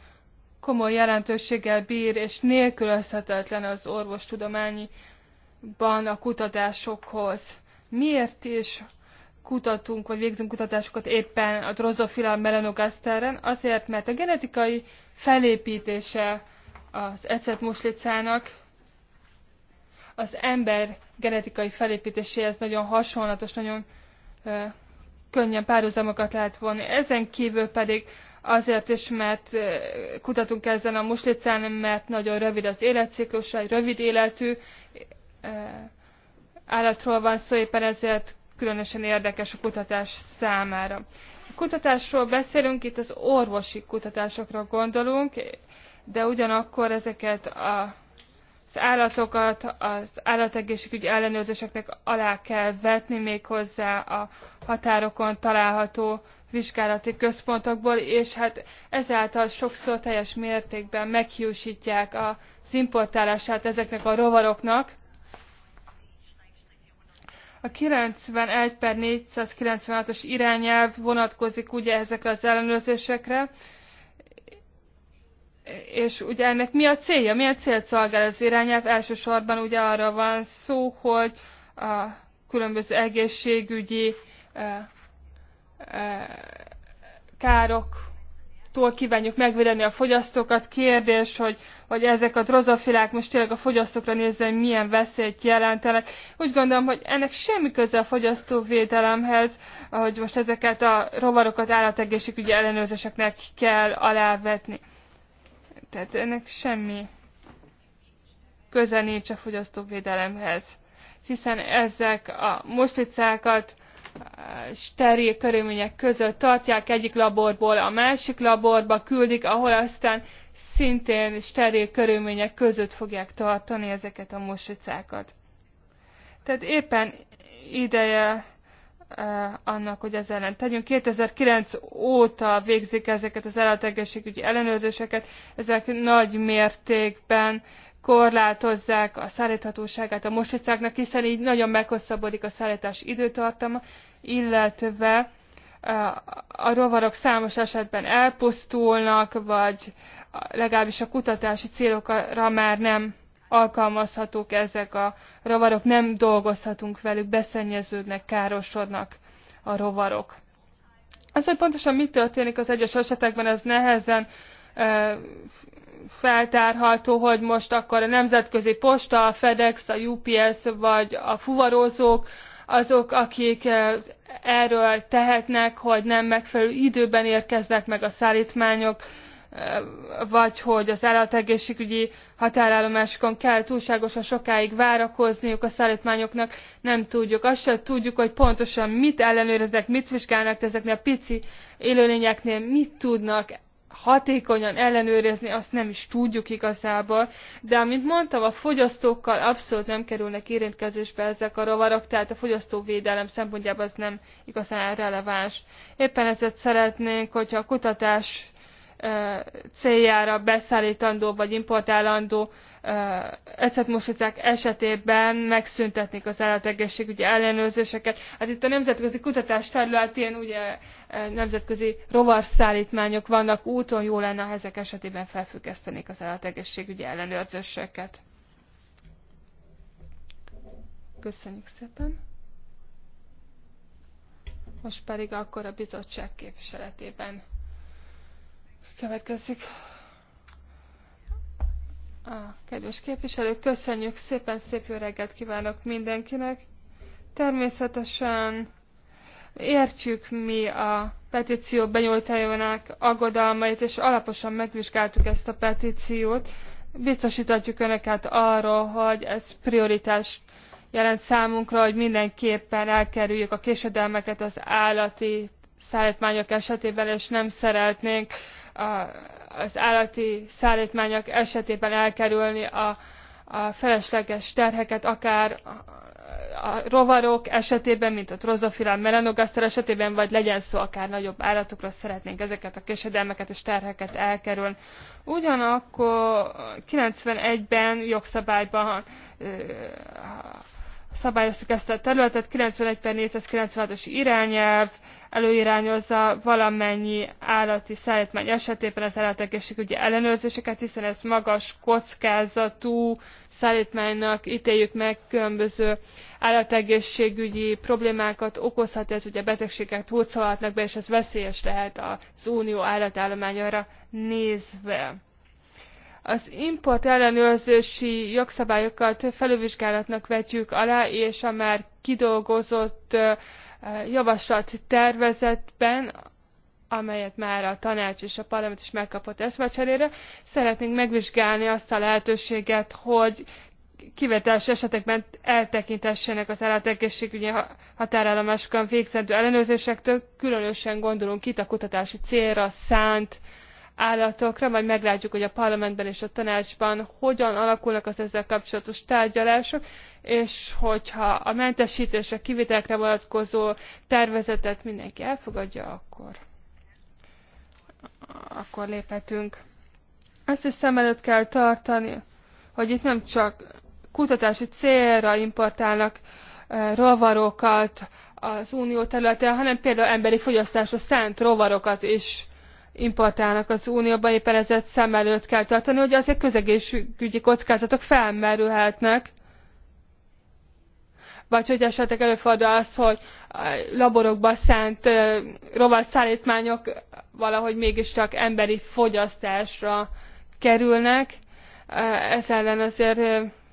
S1: komoly jelentőséggel bír, és nélkülözhetetlen az orvostudományban a kutatásokhoz. Miért is kutatunk, vagy végzünk kutatásokat éppen a drozofila melanogasterren, azért, mert a genetikai felépítése az ecetmuslicának az ember genetikai felépítéséhez nagyon hasonlatos, nagyon ö, könnyen párhuzamokat lehet vonni. Ezen kívül pedig azért is, mert ö, kutatunk ezen a muslicán, mert nagyon rövid az életciklusa, egy rövid életű ö, állatról van szó, éppen ezért különösen érdekes a kutatás számára. A kutatásról beszélünk, itt az orvosi kutatásokra gondolunk, de ugyanakkor ezeket a az állatokat az állategészségügyi ellenőrzéseknek alá kell vetni méghozzá a határokon található vizsgálati központokból, és hát ezáltal sokszor teljes mértékben meghiúsítják az importálását ezeknek a rovaroknak, a 91 per 496-os irányelv vonatkozik ugye ezekre az ellenőrzésekre, és ugye ennek mi a célja, milyen célt szolgál az irányelv? Elsősorban ugye arra van szó, hogy a különböző egészségügyi eh, eh, károk tól kívánjuk megvédeni a fogyasztókat. Kérdés, hogy, hogy ezek a drozofilák most tényleg a fogyasztókra nézve milyen veszélyt jelentenek. Úgy gondolom, hogy ennek semmi köze a fogyasztóvédelemhez, hogy most ezeket a rovarokat állategészségügyi ellenőrzéseknek kell alávetni. Tehát ennek semmi köze nincs a fogyasztóvédelemhez, hiszen ezek a muslicákat steril körülmények között tartják egyik laborból a másik laborba küldik, ahol aztán szintén steril körülmények között fogják tartani ezeket a mosicákat. Tehát éppen ideje eh, annak, hogy ez ellen tegyünk. 2009 óta végzik ezeket az állategészségügyi ellenőrzéseket, ezek nagy mértékben korlátozzák a szállíthatóságát a mosticáknak, hiszen így nagyon meghosszabbodik a szállítás időtartama, illetve a rovarok számos esetben elpusztulnak, vagy legalábbis a kutatási célokra már nem alkalmazhatók ezek a rovarok, nem dolgozhatunk velük, beszennyeződnek, károsodnak a rovarok. Az, hogy pontosan mi történik az egyes esetekben, az nehezen feltárható, hogy most akkor a nemzetközi posta, a FedEx, a UPS vagy a fuvarozók, azok, akik eh, erről tehetnek, hogy nem megfelelő időben érkeznek meg a szállítmányok, eh, vagy hogy az állategészségügyi határállomásokon kell túlságosan sokáig várakozniuk a szállítmányoknak, nem tudjuk. Azt sem tudjuk, hogy pontosan mit ellenőreznek, mit vizsgálnak ezeknél a pici élőlényeknél, mit tudnak hatékonyan ellenőrizni, azt nem is tudjuk igazából. De amint mondtam, a fogyasztókkal abszolút nem kerülnek érintkezésbe ezek a rovarok, tehát a fogyasztóvédelem szempontjából ez nem igazán releváns. Éppen ezért szeretnénk, hogyha a kutatás eh, céljára beszállítandó vagy importálandó ecetmosicák esetében megszüntetnék az állategészségügyi ellenőrzéseket. Hát itt a nemzetközi kutatás területén ugye nemzetközi rovarszállítmányok vannak úton, jó lenne, ha ezek esetében felfüggesztenék az állategészségügyi ellenőrzéseket. Köszönjük szépen. Most pedig akkor a bizottság képviseletében következik. A kedves képviselők, köszönjük szépen, szép jó reggelt kívánok mindenkinek. Természetesen értjük mi a petíció benyújtájának aggodalmait, és alaposan megvizsgáltuk ezt a petíciót. Biztosítatjuk Önöket arról, hogy ez prioritás jelent számunkra, hogy mindenképpen elkerüljük a késedelmeket az állati szállítmányok esetében, és nem szeretnénk az állati szállítmányok esetében elkerülni a, a felesleges terheket, akár a rovarok esetében, mint a trozofilán melanogaster esetében, vagy legyen szó akár nagyobb állatokra, szeretnénk ezeket a késedelmeket és terheket elkerülni. Ugyanakkor 91-ben jogszabályban szabályoztuk ezt a területet, 91 per 496-os irányelv előirányozza valamennyi állati szállítmány esetében az állategészségügyi ellenőrzéseket, hiszen ez magas kockázatú szállítmánynak ítéljük meg különböző állategészségügyi problémákat okozhat, ez ugye betegségek túlszolhatnak be, és ez veszélyes lehet az unió állatállományára nézve. Az import ellenőrzési jogszabályokat felülvizsgálatnak vetjük alá, és a már kidolgozott Javaslati tervezetben, amelyet már a tanács és a parlament is megkapott eszmecserére, szeretnénk megvizsgálni azt a lehetőséget, hogy kivételes esetekben eltekintessenek az állategészségügyi határállomásokon végzendő ellenőrzésektől, különösen gondolunk itt a kutatási célra szánt állatokra, majd meglátjuk, hogy a parlamentben és a tanácsban hogyan alakulnak az ezzel kapcsolatos tárgyalások, és hogyha a mentesítésre, kivitelekre vonatkozó tervezetet mindenki elfogadja, akkor, akkor léphetünk. Azt is szem előtt kell tartani, hogy itt nem csak kutatási célra importálnak eh, rovarokat az unió területén, hanem például emberi fogyasztásra szánt rovarokat is importálnak az unióba, éppen ezért szem előtt kell tartani, hogy azért közegészségügyi kockázatok felmerülhetnek. Vagy hogy esetleg előfordul az, hogy laborokba szánt rovarszállítmányok valahogy mégiscsak emberi fogyasztásra kerülnek. Ez ellen azért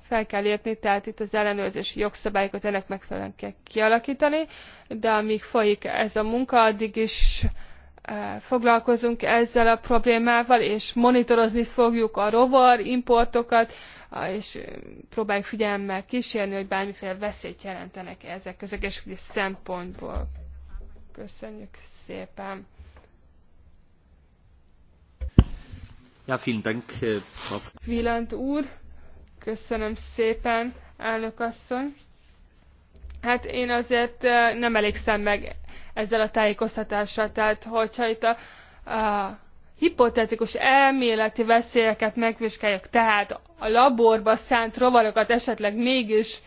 S1: fel kell lépni, tehát itt az ellenőrzési jogszabályokat ennek megfelelően kell kialakítani, de amíg folyik ez a munka, addig is foglalkozunk ezzel a problémával, és monitorozni fogjuk a rovar importokat, és próbáljuk figyelemmel kísérni, hogy bármiféle veszélyt jelentenek -e ezek közlekedési szempontból. Köszönjük szépen! Ja, vielen Dank. Äh, Wieland úr, köszönöm szépen, elnök asszony. Hát én azért nem elégszem meg ezzel a tájékoztatással. Tehát, hogyha itt a, a hipotetikus elméleti veszélyeket megvizsgáljuk, tehát a laborba szánt rovarokat esetleg mégis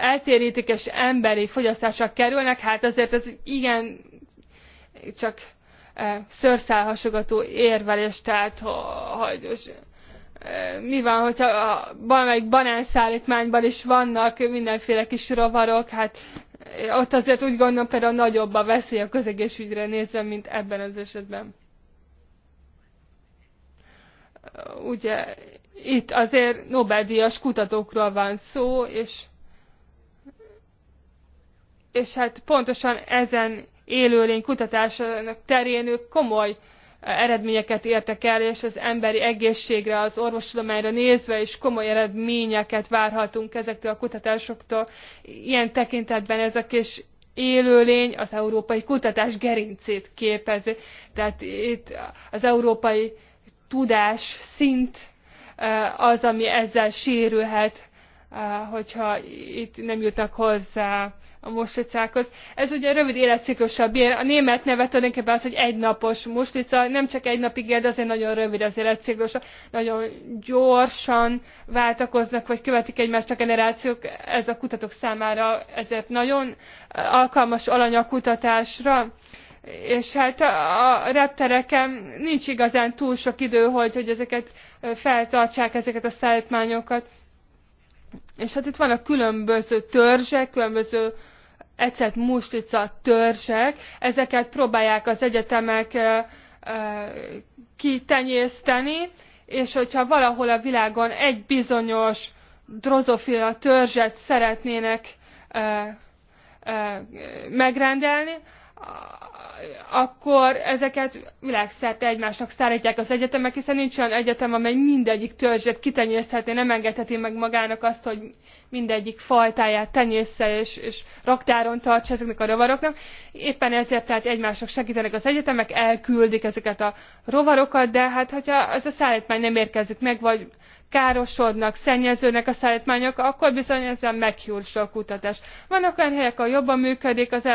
S1: eltérítik és emberi fogyasztásra kerülnek, hát azért ez igen csak e, szőrszálhasogató érvelés, tehát hogy e, mi van, hogyha valamelyik banánszállítmányban is vannak mindenféle kis rovarok, hát ott azért úgy gondolom például nagyobb a veszély a közegészségügyre nézve, mint ebben az esetben. Ugye itt azért Nobel-díjas kutatókról van szó, és, és hát pontosan ezen élőlény kutatásának terén ők komoly eredményeket értek el, és az emberi egészségre, az orvostudományra nézve is komoly eredményeket várhatunk ezektől a kutatásoktól. Ilyen tekintetben ezek kis élőlény az európai kutatás gerincét képezi. Tehát itt az európai tudás szint eh, az, ami ezzel sérülhet Eh, hogyha itt nem jutnak hozzá a muslicákhoz. Ez ugye rövid életciklussal bír. A német neve tulajdonképpen az, hogy egynapos muslica, nem csak egy napig él, de azért nagyon rövid az életciklusa. Nagyon gyorsan váltakoznak, vagy követik egymást a generációk. Ez a kutatók számára ezért nagyon eh, alkalmas alanyakutatásra, kutatásra és hát a reptereken nincs igazán túl sok idő, hogy, hogy ezeket eh, feltartsák, ezeket a szállítmányokat és hát itt vannak különböző törzsek, különböző ecet mustica törzsek, ezeket próbálják az egyetemek kitenyészteni, és hogyha valahol a világon egy bizonyos drozofila törzset szeretnének megrendelni, akkor ezeket világszerte egymásnak szállítják az egyetemek, hiszen nincs olyan egyetem, amely mindegyik törzset kitenyészhetné, nem engedheti meg magának azt, hogy mindegyik fajtáját tenyésze és, és raktáron tartsa ezeknek a rovaroknak. Éppen ezért tehát egymásnak segítenek az egyetemek, elküldik ezeket a rovarokat, de hát hogyha ez a szállítmány nem érkezik meg, vagy károsodnak, szennyeződnek a szállítmányok, akkor bizony ezzel meghiúsul a kutatás. Vannak olyan helyek, ahol jobban működik az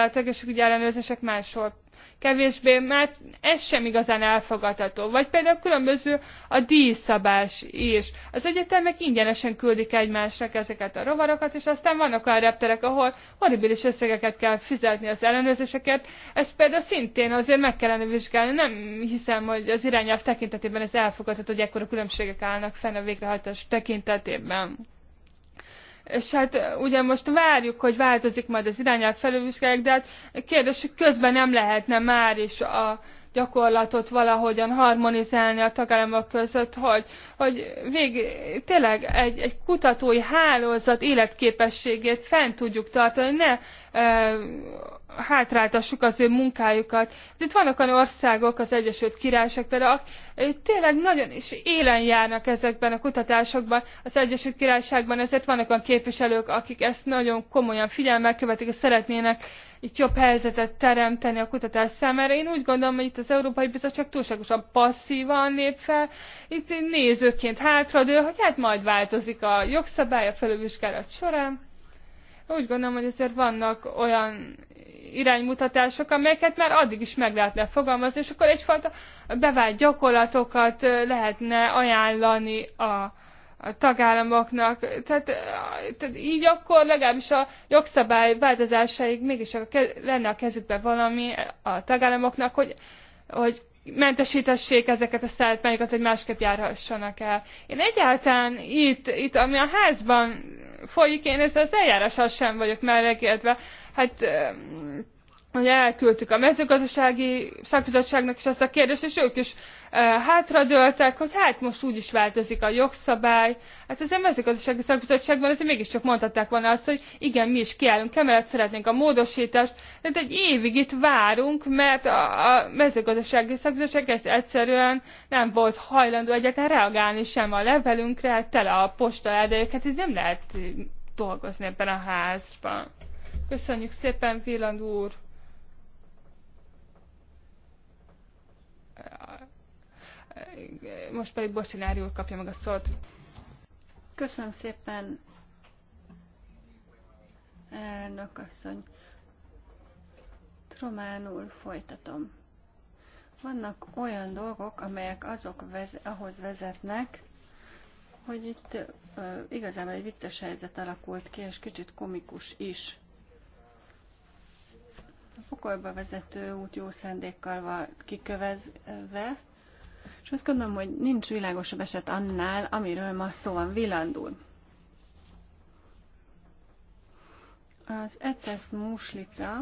S1: ugye ellenőrzések, máshol kevésbé, mert ez sem igazán elfogadható. Vagy például különböző a díjszabás is. Az egyetemek ingyenesen küldik egymásnak ezeket a rovarokat, és aztán vannak olyan repterek, ahol horribilis összegeket kell fizetni az ellenőrzéseket. Ezt például szintén azért meg kellene vizsgálni. Nem hiszem, hogy az irányelv tekintetében ez elfogadható, hogy ekkora különbségek állnak fenn a végrehajtás tekintetében és hát ugye most várjuk, hogy változik majd az irányelv felülvizsgálják, de hát kérdés, hogy közben nem lehetne már is a gyakorlatot valahogyan harmonizálni a tagállamok között, hogy, hogy vég, tényleg egy, egy kutatói hálózat életképességét fent tudjuk tartani, ne e, hátráltassuk az ő munkájukat. Itt vannak olyan országok, az Egyesült Királyság például, tényleg nagyon is élen járnak ezekben a kutatásokban. Az Egyesült Királyságban ezért vannak olyan képviselők, akik ezt nagyon komolyan figyelmel követik, és szeretnének itt jobb helyzetet teremteni a kutatás számára. Én úgy gondolom, hogy itt az Európai Bizottság túlságosan passzívan lép fel, itt nézőként hátradő, hogy hát majd változik a jogszabály a felülvizsgálat során úgy gondolom, hogy azért vannak olyan iránymutatások, amelyeket már addig is meg lehetne fogalmazni, és akkor egyfajta bevált gyakorlatokat lehetne ajánlani a, a tagállamoknak. Tehát, tehát így akkor legalábbis a jogszabály változásaig mégis a, lenne a kezükben valami a tagállamoknak, hogy, hogy mentesítessék ezeket a szállítmányokat, hogy másképp járhassanak el. Én egyáltalán itt, itt ami a házban folyik, én ezzel az eljárással sem vagyok melegedve. Hát hogy elküldtük a mezőgazdasági szakbizottságnak is azt a kérdést, és ők is e, hátradőltek, hogy hát most úgy is változik a jogszabály. Hát az a mezőgazdasági szakbizottságban azért mégiscsak mondhatták volna azt, hogy igen, mi is kiállunk emellett, szeretnénk a módosítást, de hát egy évig itt várunk, mert a, a mezőgazdasági szakbizottság ez egyszerűen nem volt hajlandó egyáltalán reagálni sem a levelünkre, tele a posta erdejük, hát így nem lehet dolgozni ebben a házban. Köszönjük szépen, Villand úr! Most pedig Bocsinári úr kapja meg a szót. Köszönöm
S2: szépen, elnök asszony. Románul folytatom. Vannak olyan dolgok, amelyek azok vez ahhoz vezetnek, hogy itt ö, igazából egy vicces helyzet alakult ki, és kicsit komikus is a pokolba vezető út jó szándékkal van kikövezve, és azt gondolom, hogy nincs világosabb eset annál, amiről ma szó van villandul. Az ecet muslica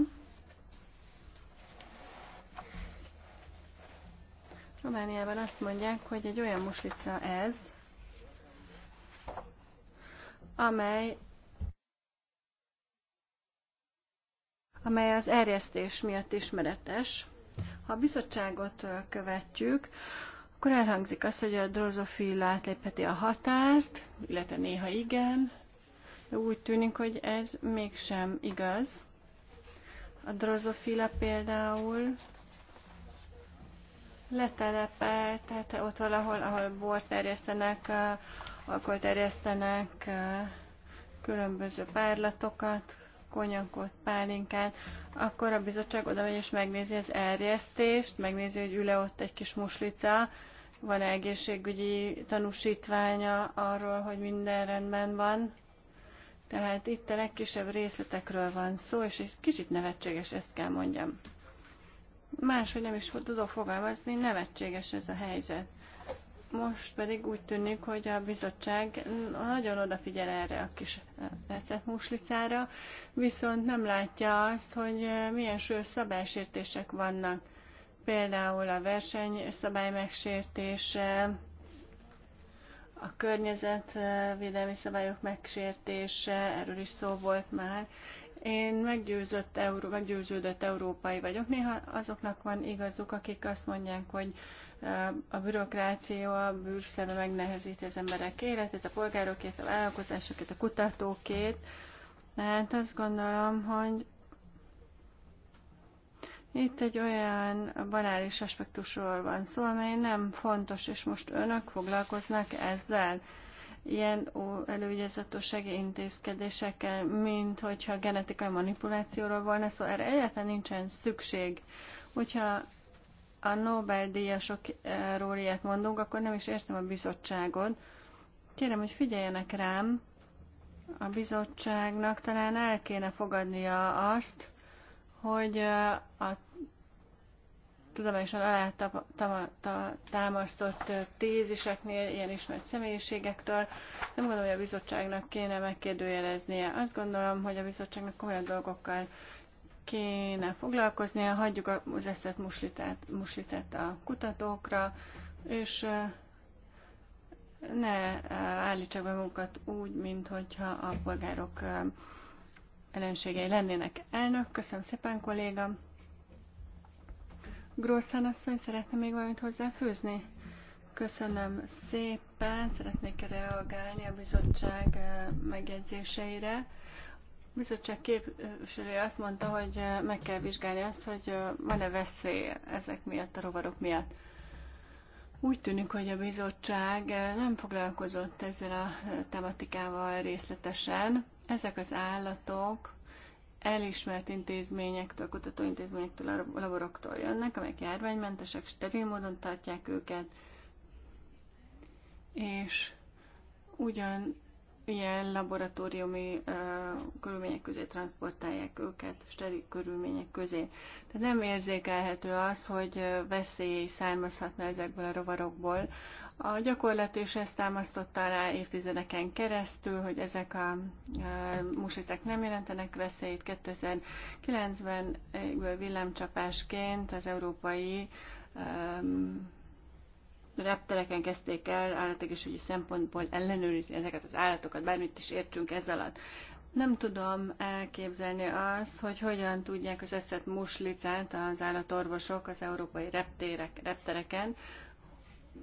S2: Romániában azt mondják, hogy egy olyan muslica ez, amely amely az erjesztés miatt ismeretes. Ha a bizottságot követjük, akkor elhangzik az, hogy a drozofil átlépheti a határt, illetve néha igen, de úgy tűnik, hogy ez mégsem igaz. A drozofila például letelepel, tehát ott valahol, ahol bort terjesztenek, alkohol terjesztenek, különböző párlatokat, konyakot, pálinkát, akkor a bizottság oda megy és megnézi az erjesztést, megnézi, hogy ül-e ott egy kis muslica, van -e egészségügyi tanúsítványa arról, hogy minden rendben van. Tehát itt a legkisebb részletekről van szó, és egy kicsit nevetséges, ezt kell mondjam. Máshogy nem is tudok fogalmazni, nevetséges ez a helyzet. Most pedig úgy tűnik, hogy a bizottság nagyon odafigyel erre a kis receptmuslicára, eh, viszont nem látja azt, hogy eh, milyen súlyos szabálysértések vannak. Például a versenyszabály megsértése, a környezetvédelmi szabályok megsértése, erről is szó volt már. Én meggyőzött, euró, meggyőződött európai vagyok. Néha azoknak van igazuk, akik azt mondják, hogy a bürokráció, a bűrszeme megnehezíti az emberek életét, a polgárokét, a vállalkozásokét, a kutatókét. Hát azt gondolom, hogy itt egy olyan banális aspektusról van szó, amely nem fontos, és most önök foglalkoznak ezzel ilyen előgyezatossági intézkedésekkel, mint hogyha genetikai manipulációról volna szó, szóval erre egyáltalán nincsen szükség. Hogyha a Nobel-díjasokról ilyet mondunk, akkor nem is értem a bizottságot. Kérem, hogy figyeljenek rám, a bizottságnak talán el kéne fogadnia azt, hogy a tudományosan alá támasztott téziseknél, ilyen ismert személyiségektől. Nem gondolom, hogy a bizottságnak kéne megkérdőjeleznie. Azt gondolom, hogy a bizottságnak komolyabb dolgokkal kéne foglalkoznia, hagyjuk az eszet muslitát a kutatókra, és ne állítsa be magukat úgy, mint hogyha a polgárok ellenségei lennének. Elnök, köszönöm szépen, kolléga. Grószán asszony, szeretne még valamit hozzáfőzni? Köszönöm szépen, szeretnék reagálni a bizottság megjegyzéseire bizottság képviselője azt mondta, hogy meg kell vizsgálni azt, hogy van-e veszély ezek miatt, a rovarok miatt. Úgy tűnik, hogy a bizottság nem foglalkozott ezzel a tematikával részletesen. Ezek az állatok elismert intézményektől, kutatóintézményektől, a laboroktól jönnek, amelyek járványmentesek, steril módon tartják őket, és ugyan ilyen laboratóriumi uh, körülmények közé transportálják őket, steril körülmények közé. Tehát nem érzékelhető az, hogy veszély származhatna ezekből a rovarokból. A gyakorlat is ezt támasztotta alá évtizedeken keresztül, hogy ezek a uh, musicek nem jelentenek veszélyt. 2009-ben villámcsapásként az európai reptereken kezdték el állategészségügyi szempontból ellenőrizni ezeket az állatokat, bármit is értsünk ez alatt. Nem tudom elképzelni azt, hogy hogyan tudják az eszet muslicát az állatorvosok az európai reptérek, reptereken,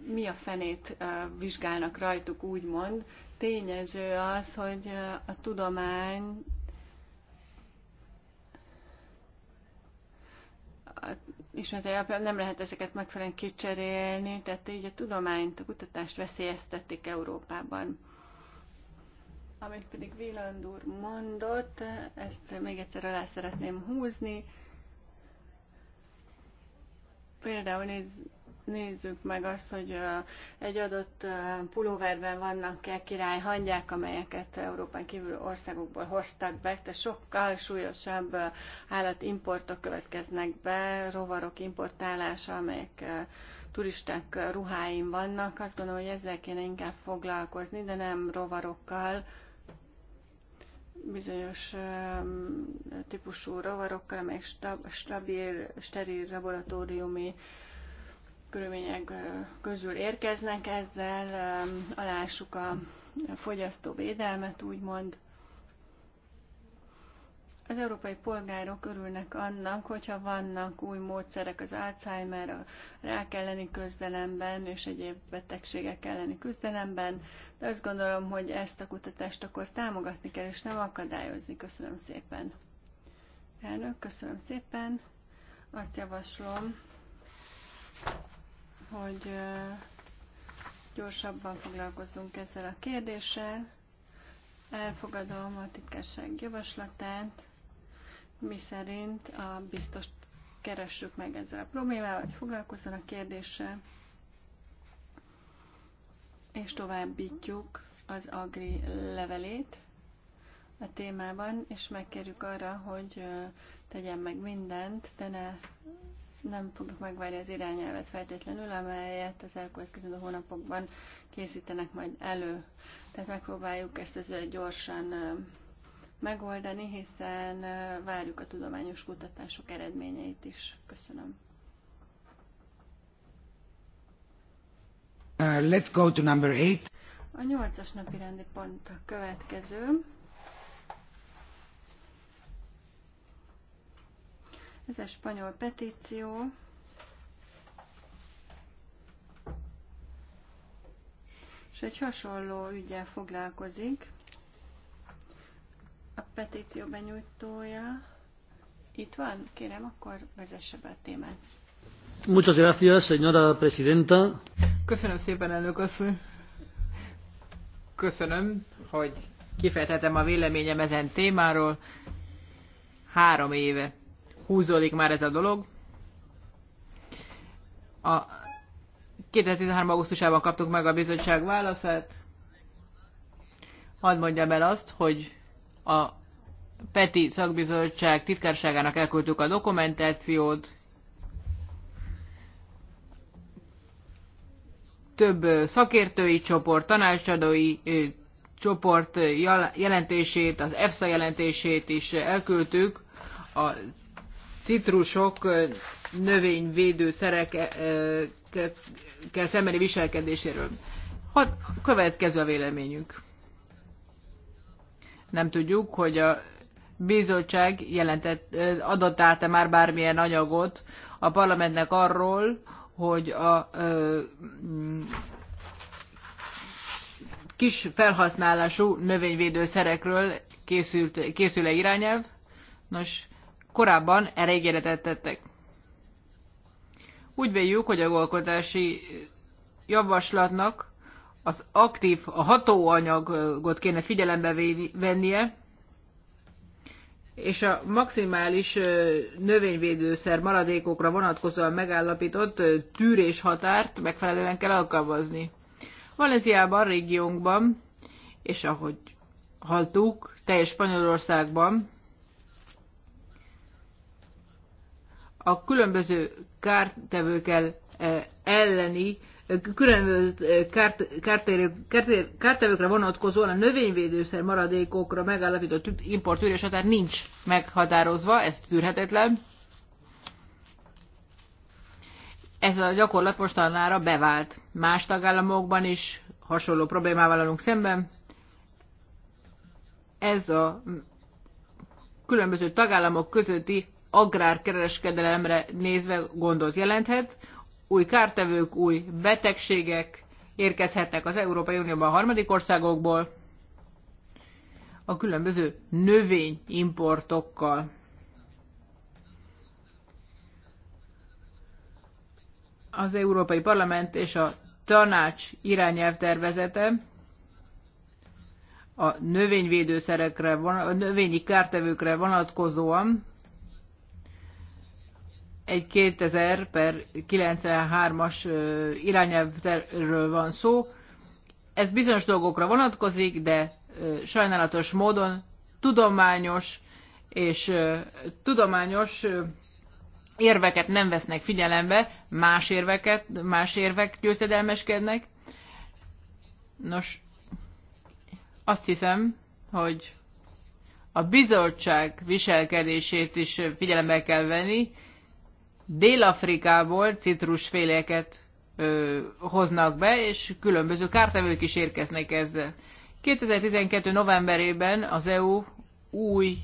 S2: mi a fenét vizsgálnak rajtuk, úgymond. Tényező az, hogy a tudomány ismételjem, nem lehet ezeket megfelelően kicserélni, tehát így a tudományt, a kutatást veszélyeztetik Európában. Amit pedig Véland úr mondott, ezt még egyszer alá szeretném húzni. Például néz, nézzük meg azt, hogy egy adott pulóverben vannak-e király hangyák, amelyeket Európán kívül országokból hoztak be, de sokkal súlyosabb állatimportok következnek be, rovarok importálása, amelyek turisták ruháin vannak. Azt gondolom, hogy ezzel kéne inkább foglalkozni, de nem rovarokkal, bizonyos típusú rovarokkal, amelyek stabil, steril laboratóriumi körülmények közül érkeznek, ezzel alássuk a védelmet, úgymond. Az európai polgárok örülnek annak, hogyha vannak új módszerek az Alzheimer, a rák elleni küzdelemben és egyéb betegségek elleni küzdelemben, de azt gondolom, hogy ezt a kutatást akkor támogatni kell, és nem akadályozni. Köszönöm szépen. Elnök, köszönöm szépen. Azt javaslom, hogy gyorsabban foglalkozzunk ezzel a kérdéssel. Elfogadom a titkesség javaslatát, mi szerint a biztos keressük meg ezzel a problémával, hogy foglalkozzon a kérdéssel, és továbbítjuk az agri levelét a témában, és megkérjük arra, hogy tegyen meg mindent, de ne nem fogjuk megvárni az irányelvet feltétlenül, amelyet az elkövetkező hónapokban készítenek majd elő. Tehát megpróbáljuk ezt az gyorsan megoldani, hiszen várjuk a tudományos kutatások eredményeit is. Köszönöm.
S1: Uh, let's go to number eight.
S2: A nyolcas napi rendi pont a következő. Ez a spanyol petíció. És egy hasonló ügyel foglalkozik. A petíció benyújtója itt van?
S3: Kérem, akkor vezesse be a témát.
S2: Muchas gracias, señora presidenta.
S3: Köszönöm szépen, elnök asszony. Köszönöm, hogy kifejtettem a véleményem ezen témáról. Három éve húzódik már ez a dolog. A 2013. augusztusában kaptuk meg a bizottság válaszát. Hadd mondjam el azt, hogy a Peti szakbizottság titkárságának elküldtük a dokumentációt, több szakértői csoport, tanácsadói csoport jelentését, az EFSA jelentését is elküldtük a citrusok növényvédőszerekkel szembeni viselkedéséről. Hadd következő a véleményünk. Nem tudjuk, hogy a bizottság jelentett, adott át már bármilyen anyagot a parlamentnek arról, hogy a ö, kis felhasználású növényvédőszerekről készült, készül-e irányelv. Nos, korábban erre ígéretet tettek. Úgy véljük, hogy a gondolkodási javaslatnak az aktív, a hatóanyagot kéne figyelembe vennie, és a maximális növényvédőszer maradékokra vonatkozóan megállapított tűrés határt megfelelően kell alkalmazni. Valenciában, régiónkban, és ahogy haltuk teljes Spanyolországban a különböző kártevőkkel eh, elleni, eh, különböző eh, kárt, kártevőkre vonatkozóan a növényvédőszer maradékokra megállapított importűrés határ nincs meghatározva, ez tűrhetetlen. Ez a gyakorlat mostanára bevált. Más tagállamokban is hasonló problémával állunk szemben. Ez a különböző tagállamok közötti agrárkereskedelemre nézve gondot jelenthet. Új kártevők, új betegségek érkezhetnek az Európai Unióban a harmadik országokból a különböző növényimportokkal. Az Európai Parlament és a Tanács irányelvtervezete a növényvédőszerekre, a növényi kártevőkre vonatkozóan egy 2000 per 93-as irányelvről van szó. Ez bizonyos dolgokra vonatkozik, de sajnálatos módon tudományos és tudományos érveket nem vesznek figyelembe, más érveket, más érvek győzedelmeskednek. Nos, azt hiszem, hogy a bizottság viselkedését is figyelembe kell venni, Dél-Afrikából citrusféleket ö, hoznak be, és különböző kártevők is érkeznek ezzel. 2012. novemberében az EU új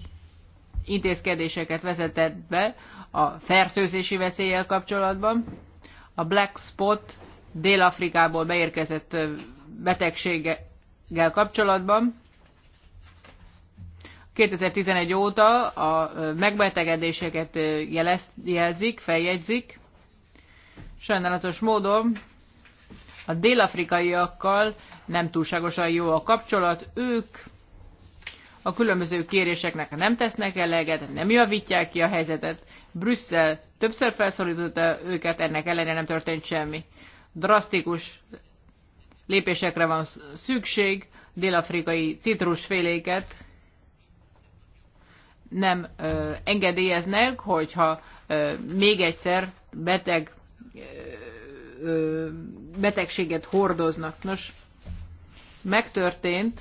S3: intézkedéseket vezetett be a fertőzési veszéllyel kapcsolatban. A Black Spot Dél-Afrikából beérkezett betegséggel kapcsolatban 2011 óta a megbetegedéseket jelez, jelzik, feljegyzik. Sajnálatos módon a délafrikaiakkal nem túlságosan jó a kapcsolat. Ők a különböző kéréseknek nem tesznek eleget, nem javítják ki a helyzetet. Brüsszel többször felszólította őket, ennek ellenére nem történt semmi. Drasztikus lépésekre van szükség, délafrikai citrusféléket nem ö, engedélyeznek, hogyha ö, még egyszer beteg, ö, betegséget hordoznak. Nos, megtörtént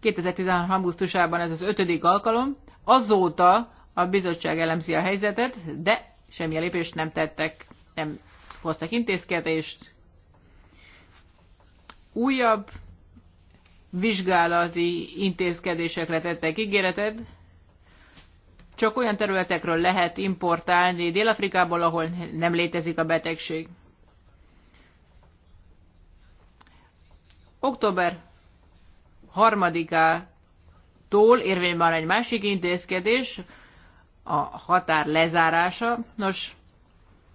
S3: 2013. augusztusában ez az ötödik alkalom, azóta a bizottság elemzi a helyzetet, de semmilyen lépést nem tettek, nem hoztak intézkedést. Újabb vizsgálati intézkedésekre tettek ígéretet, csak olyan területekről lehet importálni Dél-Afrikából, ahol nem létezik a betegség. Október 3-ától érvényben van egy másik intézkedés, a határ lezárása. Nos,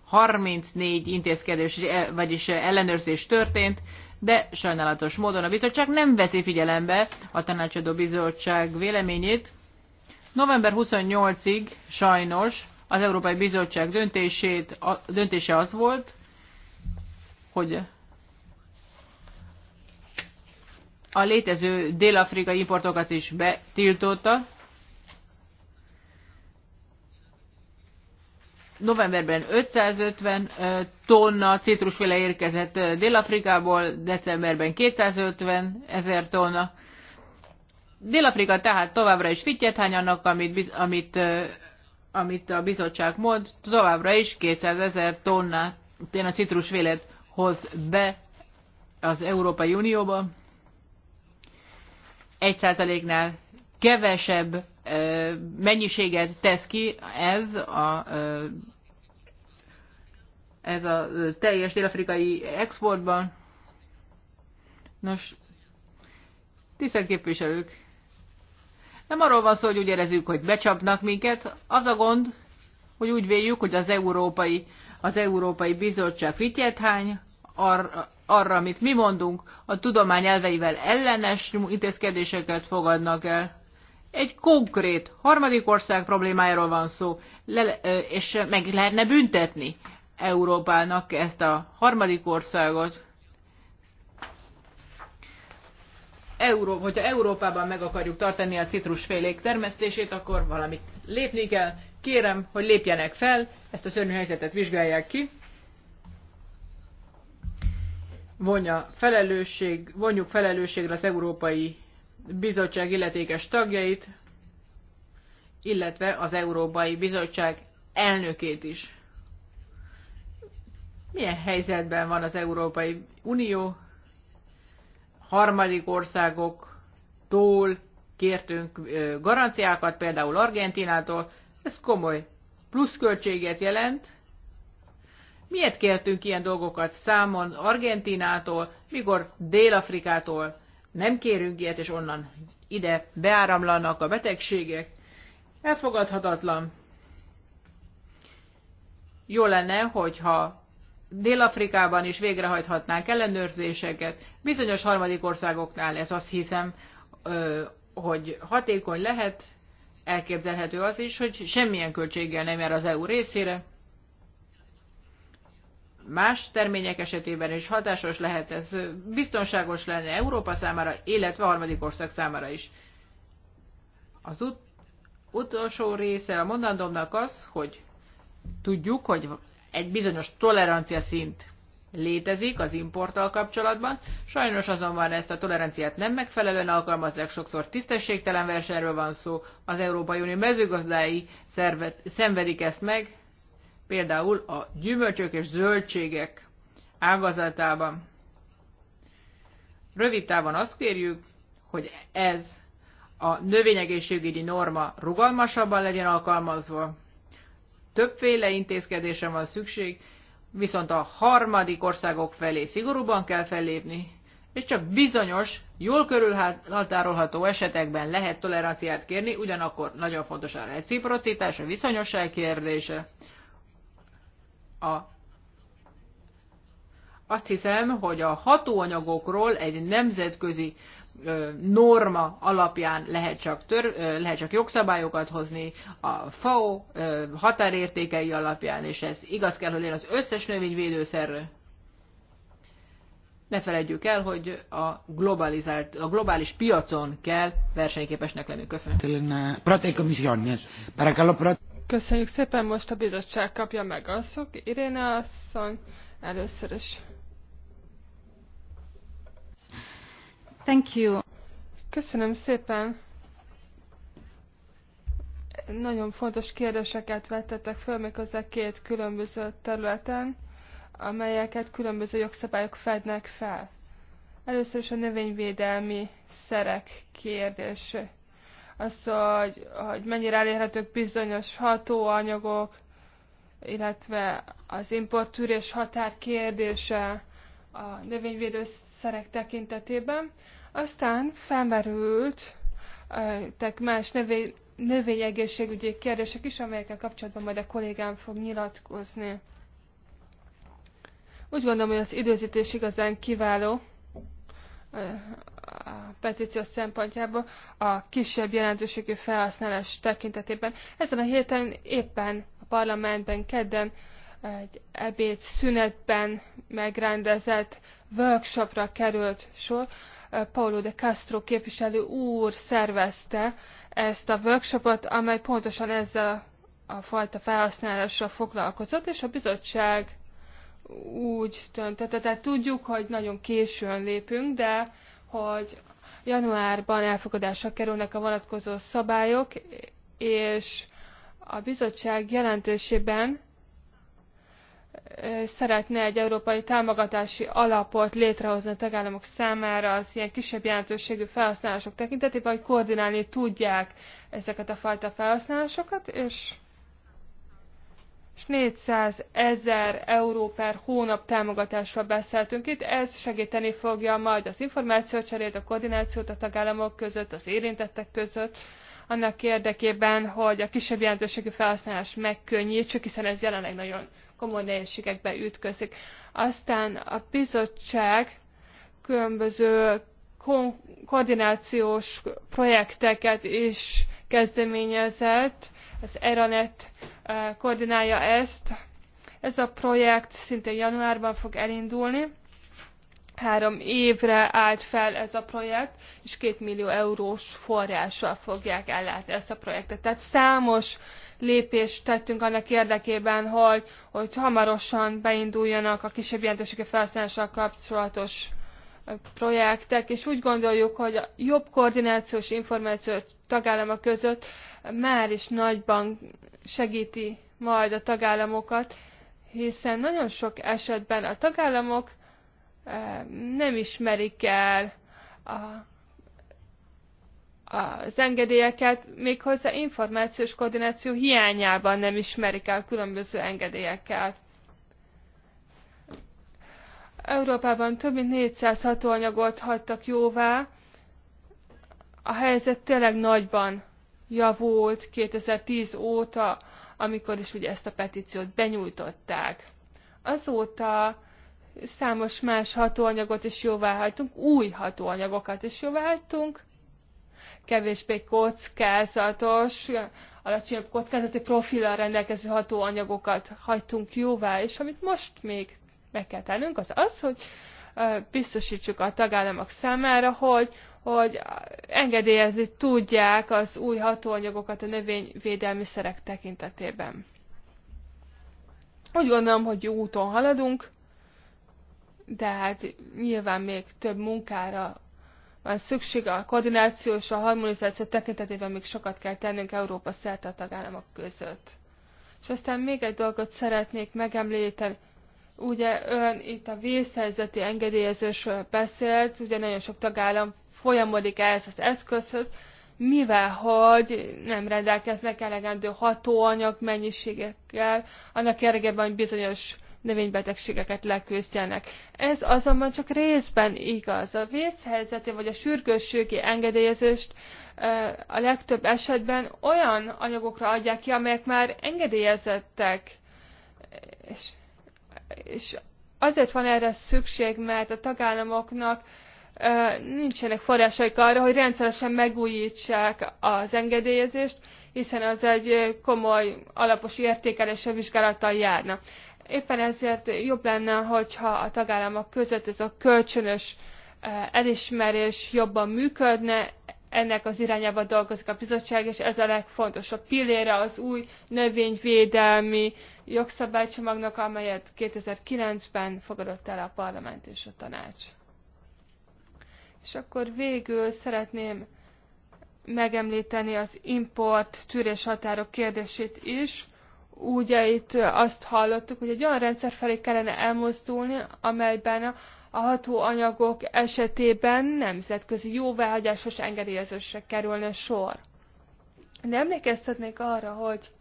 S3: 34 intézkedés, vagyis ellenőrzés történt, de sajnálatos módon a bizottság nem veszi figyelembe a tanácsadó bizottság véleményét. November 28-ig sajnos az Európai Bizottság döntését, a, döntése az volt, hogy a létező dél-afrikai importokat is betiltotta, novemberben 550 tonna citrusféle érkezett Dél-Afrikából, decemberben 250 ezer tonna. Dél-Afrika tehát továbbra is fittyet hány annak, amit, amit, amit a bizottság mond, továbbra is 200 ezer tonnát a citrusfélet hoz be az Európai Unióba. Egy százaléknál kevesebb mennyiséget tesz ki ez a ez a teljes dél-afrikai exportban. Nos, tisztelt képviselők, nem arról van szó, hogy úgy érezzük, hogy becsapnak minket. Az a gond, hogy úgy véljük, hogy az Európai, az Európai Bizottság hány ar, arra, amit mi mondunk, a tudomány elveivel ellenes intézkedéseket fogadnak el. Egy konkrét harmadik ország problémájáról van szó, le, és meg lehetne büntetni Európának ezt a harmadik országot. Euró, hogyha Európában meg akarjuk tartani a citrusfélék termesztését, akkor valamit lépni kell. Kérem, hogy lépjenek fel, ezt a szörnyű helyzetet vizsgálják ki. Vonja felelősség, vonjuk felelősségre az európai bizottság illetékes tagjait, illetve az Európai Bizottság elnökét is. Milyen helyzetben van az Európai Unió? Harmadik országoktól kértünk garanciákat, például Argentinától. Ez komoly pluszköltséget jelent. Miért kértünk ilyen dolgokat számon Argentinától, mikor Dél-Afrikától nem kérünk ilyet, és onnan ide beáramlanak a betegségek. Elfogadhatatlan. Jó lenne, hogyha Dél-Afrikában is végrehajthatnánk ellenőrzéseket. Bizonyos harmadik országoknál ez azt hiszem, hogy hatékony lehet, elképzelhető az is, hogy semmilyen költséggel nem jár az EU részére más termények esetében is hatásos lehet, ez biztonságos lenne Európa számára, illetve a harmadik ország számára is. Az ut- utolsó része a mondandómnak az, hogy tudjuk, hogy egy bizonyos tolerancia szint létezik az importtal kapcsolatban, sajnos azonban ezt a toleranciát nem megfelelően alkalmazzák, sokszor tisztességtelen versenyről van szó, az Európai Unió mezőgazdái szervet, szenvedik ezt meg, például a gyümölcsök és zöldségek ágazatában. Rövid távon azt kérjük, hogy ez a növényegészségügyi norma rugalmasabban legyen alkalmazva. Többféle intézkedésre van szükség, viszont a harmadik országok felé szigorúban kell fellépni, és csak bizonyos, jól körülhatárolható esetekben lehet toleranciát kérni, ugyanakkor nagyon fontos a reciprocitás, a viszonyosság kérdése. A azt hiszem, hogy a hatóanyagokról egy nemzetközi norma alapján lehet csak, tör, lehet csak jogszabályokat hozni, a FAO határértékei alapján, és ez igaz kell, hogy én az összes növényvédőszer Ne felejtjük el, hogy a, globalizált, a globális piacon
S1: kell versenyképesnek lenni.
S3: Köszönöm.
S1: Köszönjük szépen, most a bizottság kapja meg a szok. Iréna asszony, először is. Thank you. Köszönöm szépen. Nagyon fontos kérdéseket vettetek föl, méghozzá két különböző területen, amelyeket különböző jogszabályok fednek fel. Először is a növényvédelmi szerek kérdése az, hogy, hogy mennyire elérhetők bizonyos hatóanyagok, illetve az importűrés határ kérdése a növényvédőszerek tekintetében. Aztán felmerült tek más növény, növényegészségügyi kérdések is, amelyekkel kapcsolatban majd a kollégám fog nyilatkozni. Úgy gondolom, hogy az időzítés igazán kiváló a petíció szempontjából a kisebb jelentőségű felhasználás tekintetében. Ezen a héten éppen a parlamentben kedden egy ebéd szünetben megrendezett workshopra került sor. Paulo de Castro képviselő úr szervezte ezt a workshopot, amely pontosan ezzel a fajta felhasználással foglalkozott, és a bizottság úgy döntött. Tehát tudjuk, hogy nagyon későn lépünk, de hogy januárban elfogadásra kerülnek a vonatkozó szabályok, és a bizottság jelentésében szeretne egy európai támogatási alapot létrehozni a tagállamok számára az ilyen kisebb jelentőségű felhasználások tekintetében, hogy koordinálni tudják ezeket a fajta felhasználásokat, és és 400 ezer euró per hónap támogatásra beszéltünk itt. Ez segíteni fogja majd az információcserét, a koordinációt a tagállamok között, az érintettek között, annak érdekében, hogy a kisebb jelentőségű felhasználás megkönnyítsük, hiszen ez jelenleg nagyon komoly nehézségekbe ütközik. Aztán a bizottság különböző koordinációs projekteket is kezdeményezett, az Eranet koordinálja ezt. Ez a projekt szintén januárban fog elindulni. Három évre állt fel ez a projekt, és két millió eurós forrással fogják ellátni ezt a projektet. Tehát számos lépést tettünk annak érdekében, hogy, hogy hamarosan beinduljanak a kisebb jelentősége felhasználással kapcsolatos projektek, és úgy gondoljuk, hogy a jobb koordinációs információ tagállamok között már is nagyban segíti majd a tagállamokat, hiszen nagyon sok esetben a tagállamok eh, nem ismerik el a, az engedélyeket, méghozzá információs koordináció hiányában nem ismerik el különböző engedélyeket. Európában több mint 400 hatóanyagot hagytak jóvá, a helyzet tényleg nagyban javult 2010 óta, amikor is ugye ezt a petíciót benyújtották. Azóta számos más hatóanyagot is jóváhagytunk, új hatóanyagokat is jóváhagytunk, kevésbé kockázatos, alacsonyabb kockázati profillal rendelkező hatóanyagokat hagytunk jóvá, és amit most még meg kell tennünk, az az, hogy biztosítsuk a tagállamok számára, hogy hogy engedélyezni tudják az új hatóanyagokat a növényvédelmi szerek tekintetében. Úgy gondolom, hogy jó úton haladunk, de hát nyilván még több munkára van szükség a koordináció és a harmonizáció tekintetében még sokat kell tennünk Európa szerte a tagállamok között. És aztán még egy dolgot szeretnék megemlíteni. Ugye ön itt a vészhelyzeti engedélyezésről beszélt, ugye nagyon sok tagállam folyamodik ehhez az eszközhöz, mivel hogy nem rendelkeznek elegendő hatóanyag mennyiségekkel, annak érdekében, bizonyos növénybetegségeket leküzdjenek. Ez azonban csak részben igaz. A vészhelyzeti vagy a sürgősségi engedélyezést a legtöbb esetben olyan anyagokra adják ki, amelyek már engedélyezettek. És, és azért van erre szükség, mert a tagállamoknak nincsenek forrásaik arra, hogy rendszeresen megújítsák az engedélyezést, hiszen az egy komoly, alapos értékelésre vizsgálattal járna. Éppen ezért jobb lenne, hogyha a tagállamok között ez a kölcsönös elismerés jobban működne, ennek az irányába dolgozik a bizottság, és ez a legfontosabb pillére az új növényvédelmi jogszabálycsomagnak, amelyet 2009-ben fogadott el a parlament és a tanács. És akkor végül szeretném megemlíteni az import tűrés határok kérdését is. Ugye itt azt hallottuk, hogy egy olyan rendszer felé kellene elmozdulni, amelyben a hatóanyagok esetében nemzetközi jóváhagyásos engedélyezésre kerülne sor. De emlékeztetnék arra, hogy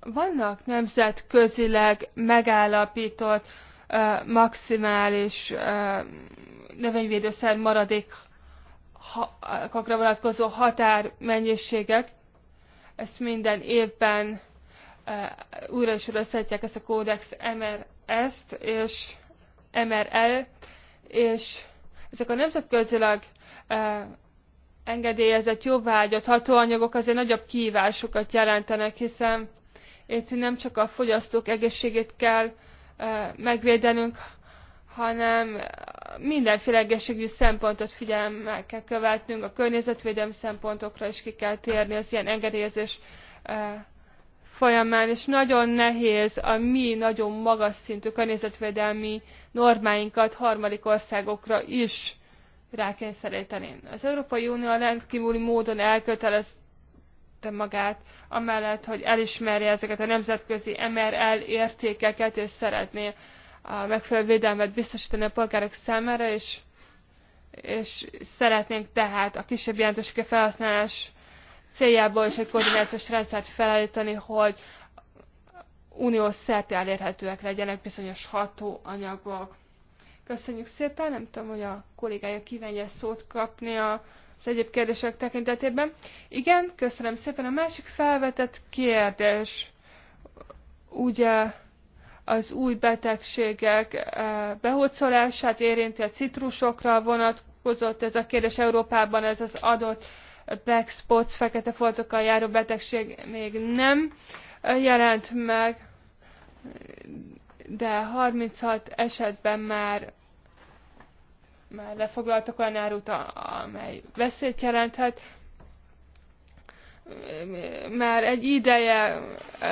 S1: vannak nemzetközileg megállapított maximális növényvédőszer maradékokra vonatkozó határmennyiségek. Ezt minden évben újra és újra ezt a kódex MRS-t és mrl és ezek a nemzetközileg engedélyezett jóvágyott hatóanyagok azért nagyobb kihívásokat jelentenek, hiszen itt nem csak a fogyasztók egészségét kell megvédenünk, hanem mindenféle egészségügyi szempontot figyelemmel kell követnünk, a környezetvédelmi szempontokra is ki kell térni az ilyen engedélyezés folyamán, és nagyon nehéz a mi nagyon magas szintű környezetvédelmi normáinkat harmadik országokra is rákényszeríteni. Az Európai Unió rendkívüli módon elkötelezett elkötelezte magát, amellett, hogy elismerje ezeket a nemzetközi MRL értékeket, és szeretné a megfelelő védelmet biztosítani a polgárok számára, és, és szeretnénk tehát a kisebb jelentősége felhasználás céljából is egy koordinációs rendszert felállítani, hogy uniós szerte elérhetőek legyenek bizonyos hatóanyagok. Köszönjük szépen, nem tudom, hogy a kollégája kívánja szót kapni a az egyéb kérdések tekintetében. Igen, köszönöm szépen. A másik felvetett kérdés, ugye az új betegségek eh, behócolását érinti a citrusokra vonatkozott ez a kérdés Európában, ez az adott black spots, fekete foltokkal járó betegség még nem jelent meg, de 36 esetben már már lefoglaltak olyan árut, amely veszélyt jelenthet. Már egy ideje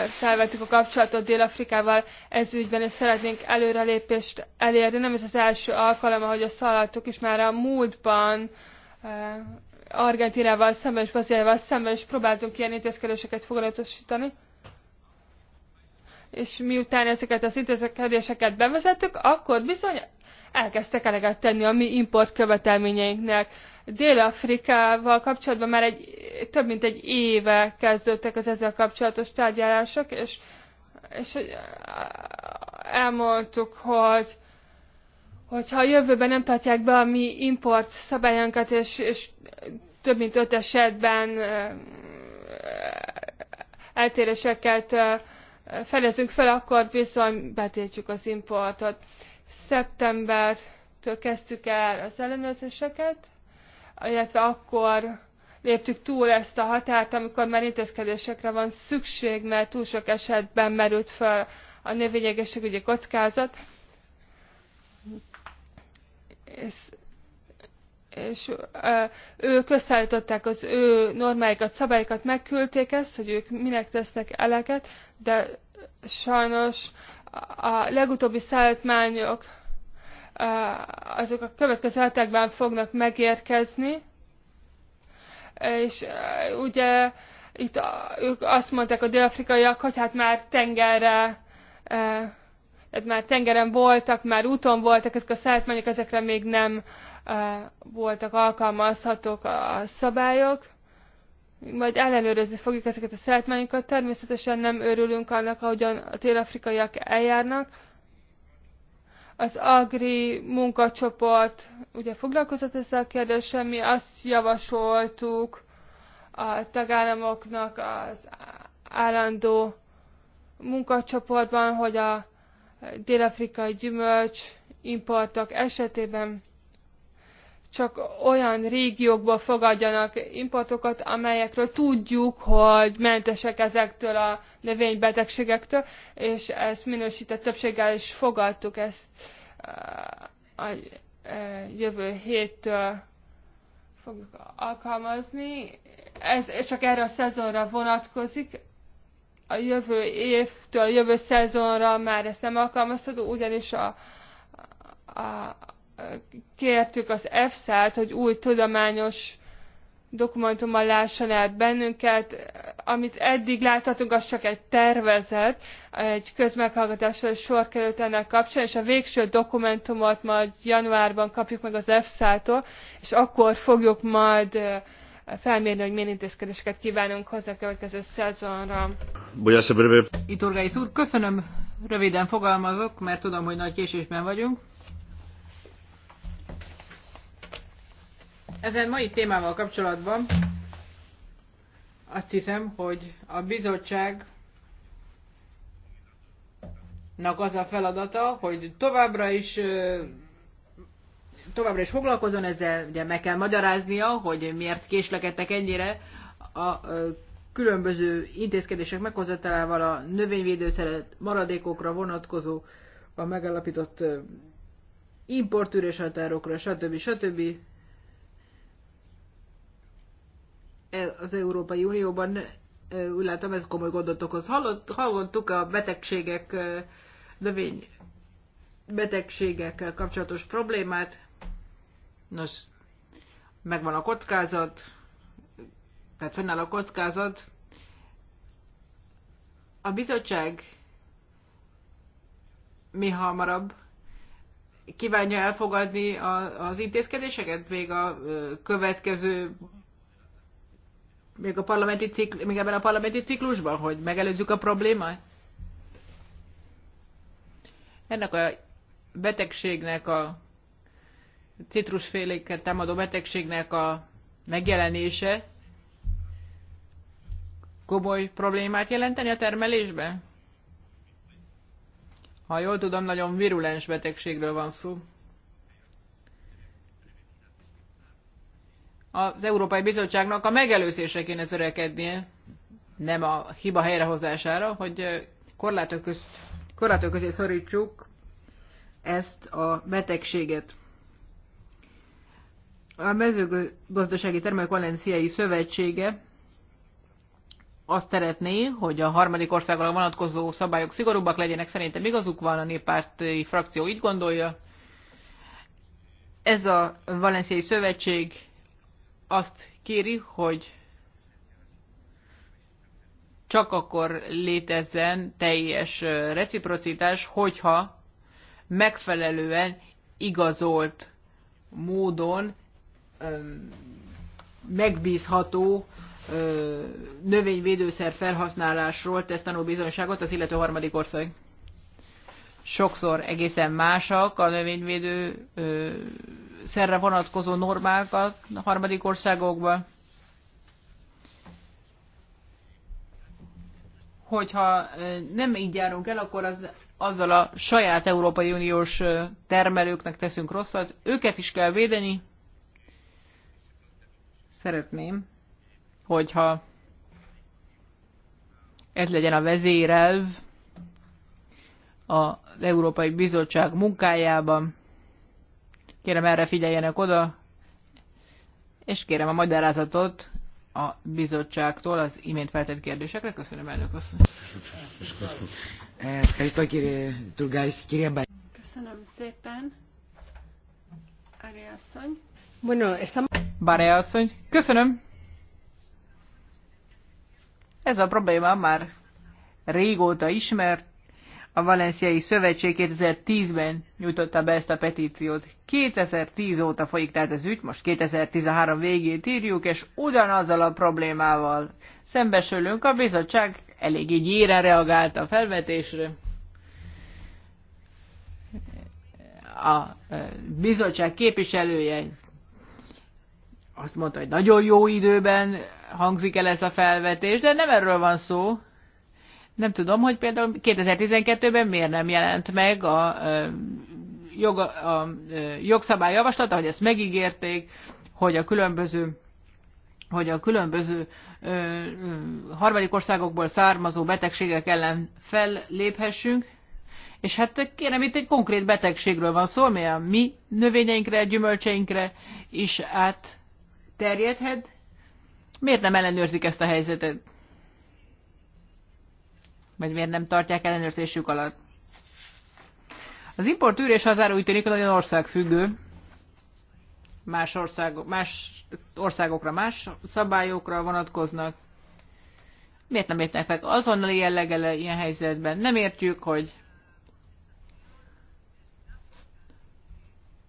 S1: felvettük a kapcsolatot Dél-Afrikával ez ügyben, és szeretnénk előrelépést elérni. Nem ez az első alkalom, ahogy azt hallottuk, és már a múltban eh, Argentinával szemben és Brazíliával szemben is próbáltunk ilyen intézkedéseket foglalatosítani. És miután ezeket az intézkedéseket bevezettük, akkor bizony elkezdtek eleget tenni a mi import követelményeinknek. Dél-Afrikával kapcsolatban már egy, több mint egy éve kezdődtek az ezzel kapcsolatos tárgyalások, és, és elmondtuk, hogy hogyha a jövőben nem tartják be a mi import szabályunkat, és, és több mint öt esetben eltéréseket fedezünk fel, akkor bizony betiltjuk az importot. Szeptembertől kezdtük el az ellenőrzéseket, illetve akkor léptük túl ezt a határt, amikor már intézkedésekre van szükség, mert túl sok esetben merült fel a növényegészségügyi kockázat. És, és ők összeállították az ő normáikat, szabályokat, megküldték ezt, hogy ők minek tesznek eleget, de sajnos a legutóbbi szállítmányok azok a következő hetekben fognak megérkezni, és e, ugye itt ők azt mondták a dél-afrikaiak, hogy hát már tengerre, e, tehát már tengeren voltak, már úton voltak ezek a szállítmányok, ezekre még nem e, voltak alkalmazhatók a szabályok majd ellenőrizni fogjuk ezeket a szeretményeket. Természetesen nem örülünk annak, ahogyan a télafrikaiak eljárnak. Az Agri munkacsoport ugye foglalkozott ezzel a kérdéssel, mi azt javasoltuk a tagállamoknak az állandó munkacsoportban, hogy a dél-afrikai gyümölcs importok esetében csak olyan régiókból fogadjanak importokat, amelyekről tudjuk, hogy mentesek ezektől a növénybetegségektől, és ezt minősített többséggel is fogadtuk ezt eh, a eh, jövő héttől fogjuk alkalmazni. Ez csak erre a szezonra vonatkozik. A jövő évtől, a jövő szezonra már ezt nem alkalmazható, ugyanis a, a, kértük az EFSA-t, hogy új tudományos dokumentummal lásson el bennünket. Amit eddig láthatunk, az csak egy tervezet, egy közmeghallgatásra sor került ennek kapcsán, és a végső dokumentumot majd januárban kapjuk meg az EFSA-tól, és akkor fogjuk majd felmérni, hogy milyen intézkedéseket kívánunk hozzá a következő szezonra.
S3: Itt Urgáis úr, köszönöm, röviden fogalmazok, mert tudom, hogy nagy késésben vagyunk. Ezen mai témával kapcsolatban azt hiszem, hogy a bizottság az a feladata, hogy továbbra is továbbra is foglalkozon ezzel, ugye meg kell magyaráznia, hogy miért késlekedtek ennyire a különböző intézkedések meghozatalával a növényvédőszeret maradékokra vonatkozó a megállapított importűrés határokra, stb. stb. az Európai Unióban úgy látom, ez komoly gondot okoz. hallottuk a betegségek, növény betegségekkel kapcsolatos problémát. Nos, megvan a kockázat, tehát fennáll a kockázat. A bizottság mi hamarabb kívánja elfogadni az intézkedéseket még a következő még, a parlamenti cikl, még ebben a parlamenti ciklusban, hogy megelőzzük a problémát? Ennek a betegségnek, a citrusféléket támadó betegségnek a megjelenése komoly problémát jelenteni a termelésben? Ha jól tudom, nagyon virulens betegségről van szó. az Európai Bizottságnak a megelőzésre kéne törekednie, nem a hiba helyrehozására, hogy korlátok, köz, korlátok közé szorítsuk ezt a betegséget. A mezőgazdasági termelők valenciai szövetsége azt szeretné, hogy a harmadik országra vonatkozó szabályok szigorúbbak legyenek, szerintem igazuk van, a néppárti frakció így gondolja. Ez a valenciai szövetség azt kéri, hogy csak akkor létezzen teljes reciprocitás, hogyha megfelelően igazolt módon megbízható növényvédőszer felhasználásról tesz tanulbizonyságot az illető harmadik ország. Sokszor egészen másak a növényvédő szerre vonatkozó normákat a harmadik országokban, Hogyha nem így járunk el, akkor az, azzal a saját Európai Uniós termelőknek teszünk rosszat. Őket is kell védeni. Szeretném, hogyha ez legyen a vezérelv az Európai Bizottság munkájában Kérem erre figyeljenek oda, és kérem a magyarázatot a bizottságtól az imént feltett kérdésekre. Köszönöm, elnök asszony. Köszönöm
S2: szépen. Báré asszony.
S3: Bueno, estamos... asszony. Köszönöm. Ez a probléma már régóta ismert, a Valenciai Szövetség 2010-ben nyújtotta be ezt a petíciót. 2010 óta folyik tehát az ügy, most 2013 végét írjuk, és ugyanazzal a problémával szembesülünk. A bizottság eléggé gyéren reagált a felvetésre. A e, bizottság képviselője azt mondta, hogy nagyon jó időben hangzik el ez a felvetés, de nem erről van szó. Nem tudom, hogy például 2012-ben miért nem jelent meg a, jog, a jogszabály javaslata, hogy ezt megígérték, hogy a különböző hogy a különböző ö, ö, harmadik országokból származó betegségek ellen felléphessünk, és hát kérem, itt egy konkrét betegségről van szó, mely a mi növényeinkre, gyümölcseinkre is átterjedhet. Miért nem ellenőrzik ezt a helyzetet? vagy miért nem tartják ellenőrzésük alatt. Az import és hazára úgy tűnik, hogy nagyon országfüggő. Más, ország, más országokra, más szabályokra vonatkoznak. Miért nem értnek fel? Azonnali jelleggel ilyen helyzetben. Nem értjük, hogy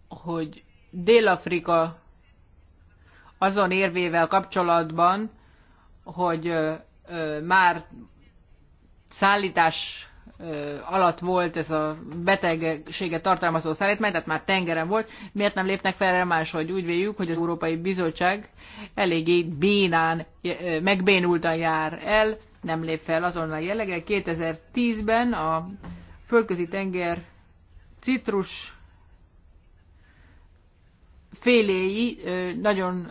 S3: hogy Dél-Afrika azon érvével kapcsolatban, hogy már szállítás alatt volt ez a betegséget tartalmazó szállítmány, tehát már tengeren volt, miért nem lépnek fel erre más hogy Úgy véljük, hogy az Európai Bizottság eléggé bénán, megbénultan jár el, nem lép fel azonnal jellegel. 2010-ben a fölközi tenger citrus féléi nagyon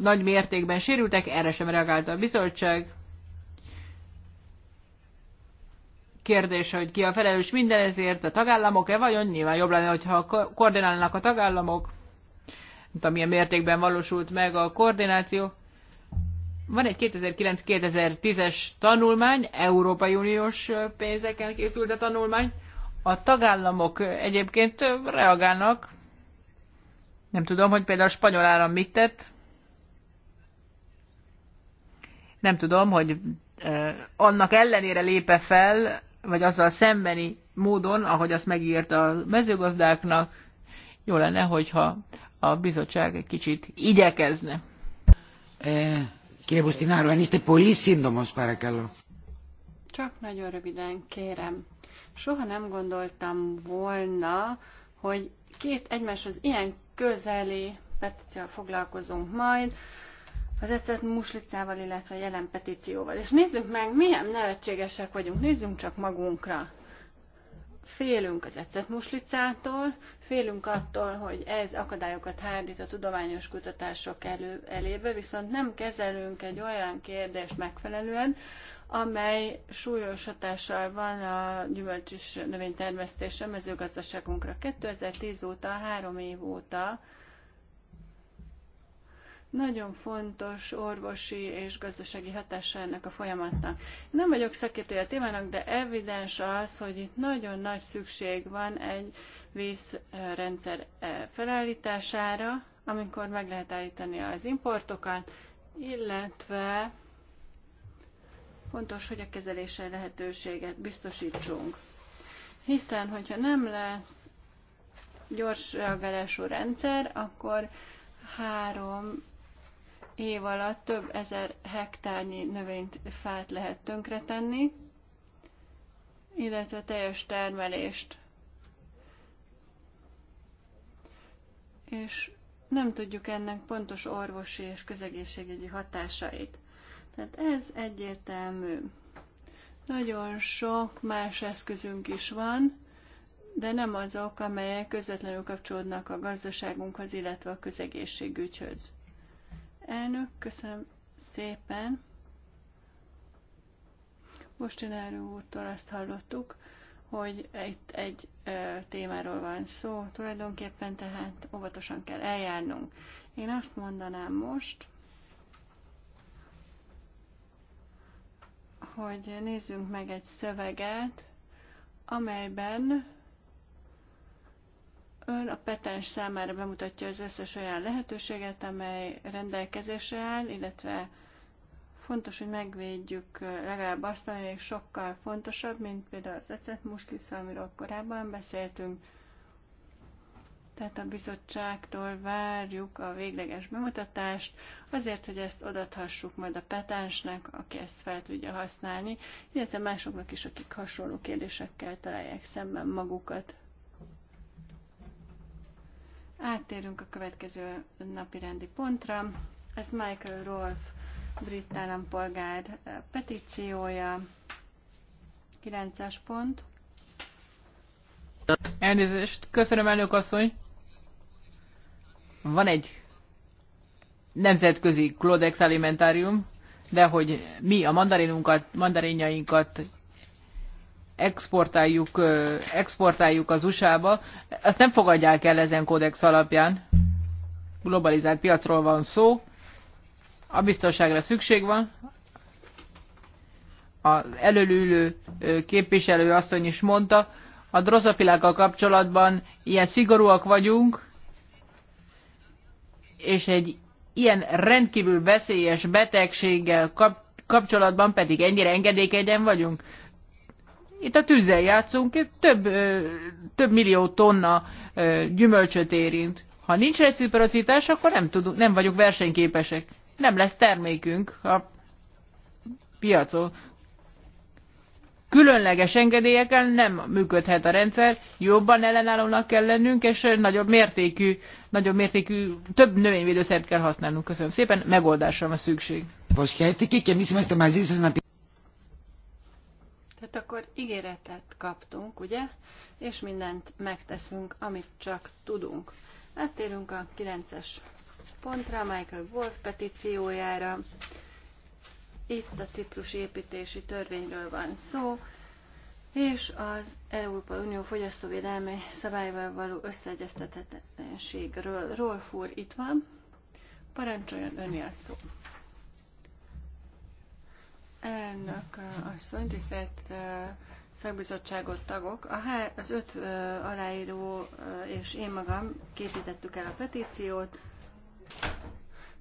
S3: nagy mértékben sérültek, erre sem reagálta a bizottság, kérdése, hogy ki a felelős ezért a tagállamok-e vajon? Nyilván jobb lenne, hogyha koordinálnak a tagállamok. Nem tudom, milyen mértékben valósult meg a koordináció. Van egy 2009-2010-es tanulmány, Európai Uniós pénzeken készült a tanulmány. A tagállamok egyébként reagálnak. Nem tudom, hogy például a spanyol állam mit tett. Nem tudom, hogy annak ellenére lépe fel vagy azzal szembeni módon, ahogy azt megírta a mezőgazdáknak, jó lenne, hogyha a bizottság egy kicsit igyekezne. Eh,
S2: kérem, Busztináró, ennél πολύ σύντομος, παρακαλώ. Csak nagyon röviden, kérem. Soha nem gondoltam volna, hogy két egymáshoz ilyen közeli petícióval foglalkozunk majd, az ecet muslicával, illetve a jelen petícióval. És nézzük meg, milyen nevetségesek vagyunk, nézzünk csak magunkra. Félünk az ecet muslicától, félünk attól, hogy ez akadályokat hárdít a tudományos kutatások elő, elébe, viszont nem kezelünk egy olyan kérdést megfelelően, amely súlyos hatással van a gyümölcs és növénytermesztésre, mezőgazdaságunkra. 2010 óta, három év óta nagyon fontos orvosi és gazdasági hatása ennek a folyamatnak. Nem vagyok szakértője a témának, de evidens az, hogy itt nagyon nagy szükség van egy vízrendszer eh, felállítására, amikor meg lehet állítani az importokat, illetve fontos, hogy a kezelése lehetőséget biztosítsunk. Hiszen, hogyha nem lesz gyors reagálású rendszer, akkor három év alatt több ezer hektárnyi növényt, fát lehet tönkretenni, illetve teljes termelést. És nem tudjuk ennek pontos orvosi és közegészségügyi hatásait. Tehát ez egyértelmű. Nagyon sok más eszközünk is van, de nem azok, amelyek közvetlenül kapcsolódnak a gazdaságunkhoz, illetve a közegészségügyhöz. Elnök, köszönöm szépen. Bostináró úrtól azt hallottuk, hogy itt egy témáról van szó, tulajdonképpen tehát óvatosan kell eljárnunk. Én azt mondanám most, hogy nézzünk meg egy szöveget, amelyben Ön a petens számára bemutatja az összes olyan lehetőséget, amely rendelkezésre áll, illetve fontos, hogy megvédjük legalább azt, ami még sokkal fontosabb, mint például az ecetmuslisza, amiről korábban beszéltünk. Tehát a bizottságtól várjuk a végleges bemutatást, azért, hogy ezt odathassuk majd a petánsnak, aki ezt fel tudja használni, illetve másoknak is, akik hasonló kérdésekkel találják szemben magukat. Áttérünk a következő napi rendi pontra. Ez Michael Rolf, brit állampolgár eh, petíciója, 9-es pont.
S3: Elnézést, köszönöm elnök asszony. Van egy nemzetközi Clodex Alimentarium, de hogy mi a mandarinunkat, mandarinjainkat exportáljuk, exportáljuk az USA-ba, azt nem fogadják el ezen kódex alapján. Globalizált piacról van szó, a biztonságra szükség van. Az előlülő képviselő asszony is mondta, a drozofilákkal kapcsolatban ilyen szigorúak vagyunk, és egy ilyen rendkívül veszélyes betegséggel kap, kapcsolatban pedig ennyire engedékenyen vagyunk itt a tűzzel játszunk, itt több, több millió tonna gyümölcsöt érint. Ha nincs reciprocitás, akkor nem, tudunk, nem vagyunk versenyképesek. Nem lesz termékünk a piacon. Különleges engedélyekkel nem működhet a rendszer, jobban ellenállónak kell lennünk, és nagyobb mértékű, nagyobb mértékű, több növényvédőszert kell használnunk. Köszönöm szépen, megoldásra van szükség.
S1: Most kell, ki,
S2: tehát akkor ígéretet kaptunk, ugye? És mindent megteszünk, amit csak tudunk. Áttérünk a 9-es pontra, Michael Wolf petíciójára. Itt a ciprus építési törvényről van szó, és az Európa Unió fogyasztóvédelmi szabályval való összeegyeztethetetlenségről. Rolf úr itt van, parancsoljon önni a szó. Elnök uh, asszony, tisztelt uh, szakbizottságot tagok. A há- az öt uh, aláíró és én magam készítettük el a petíciót.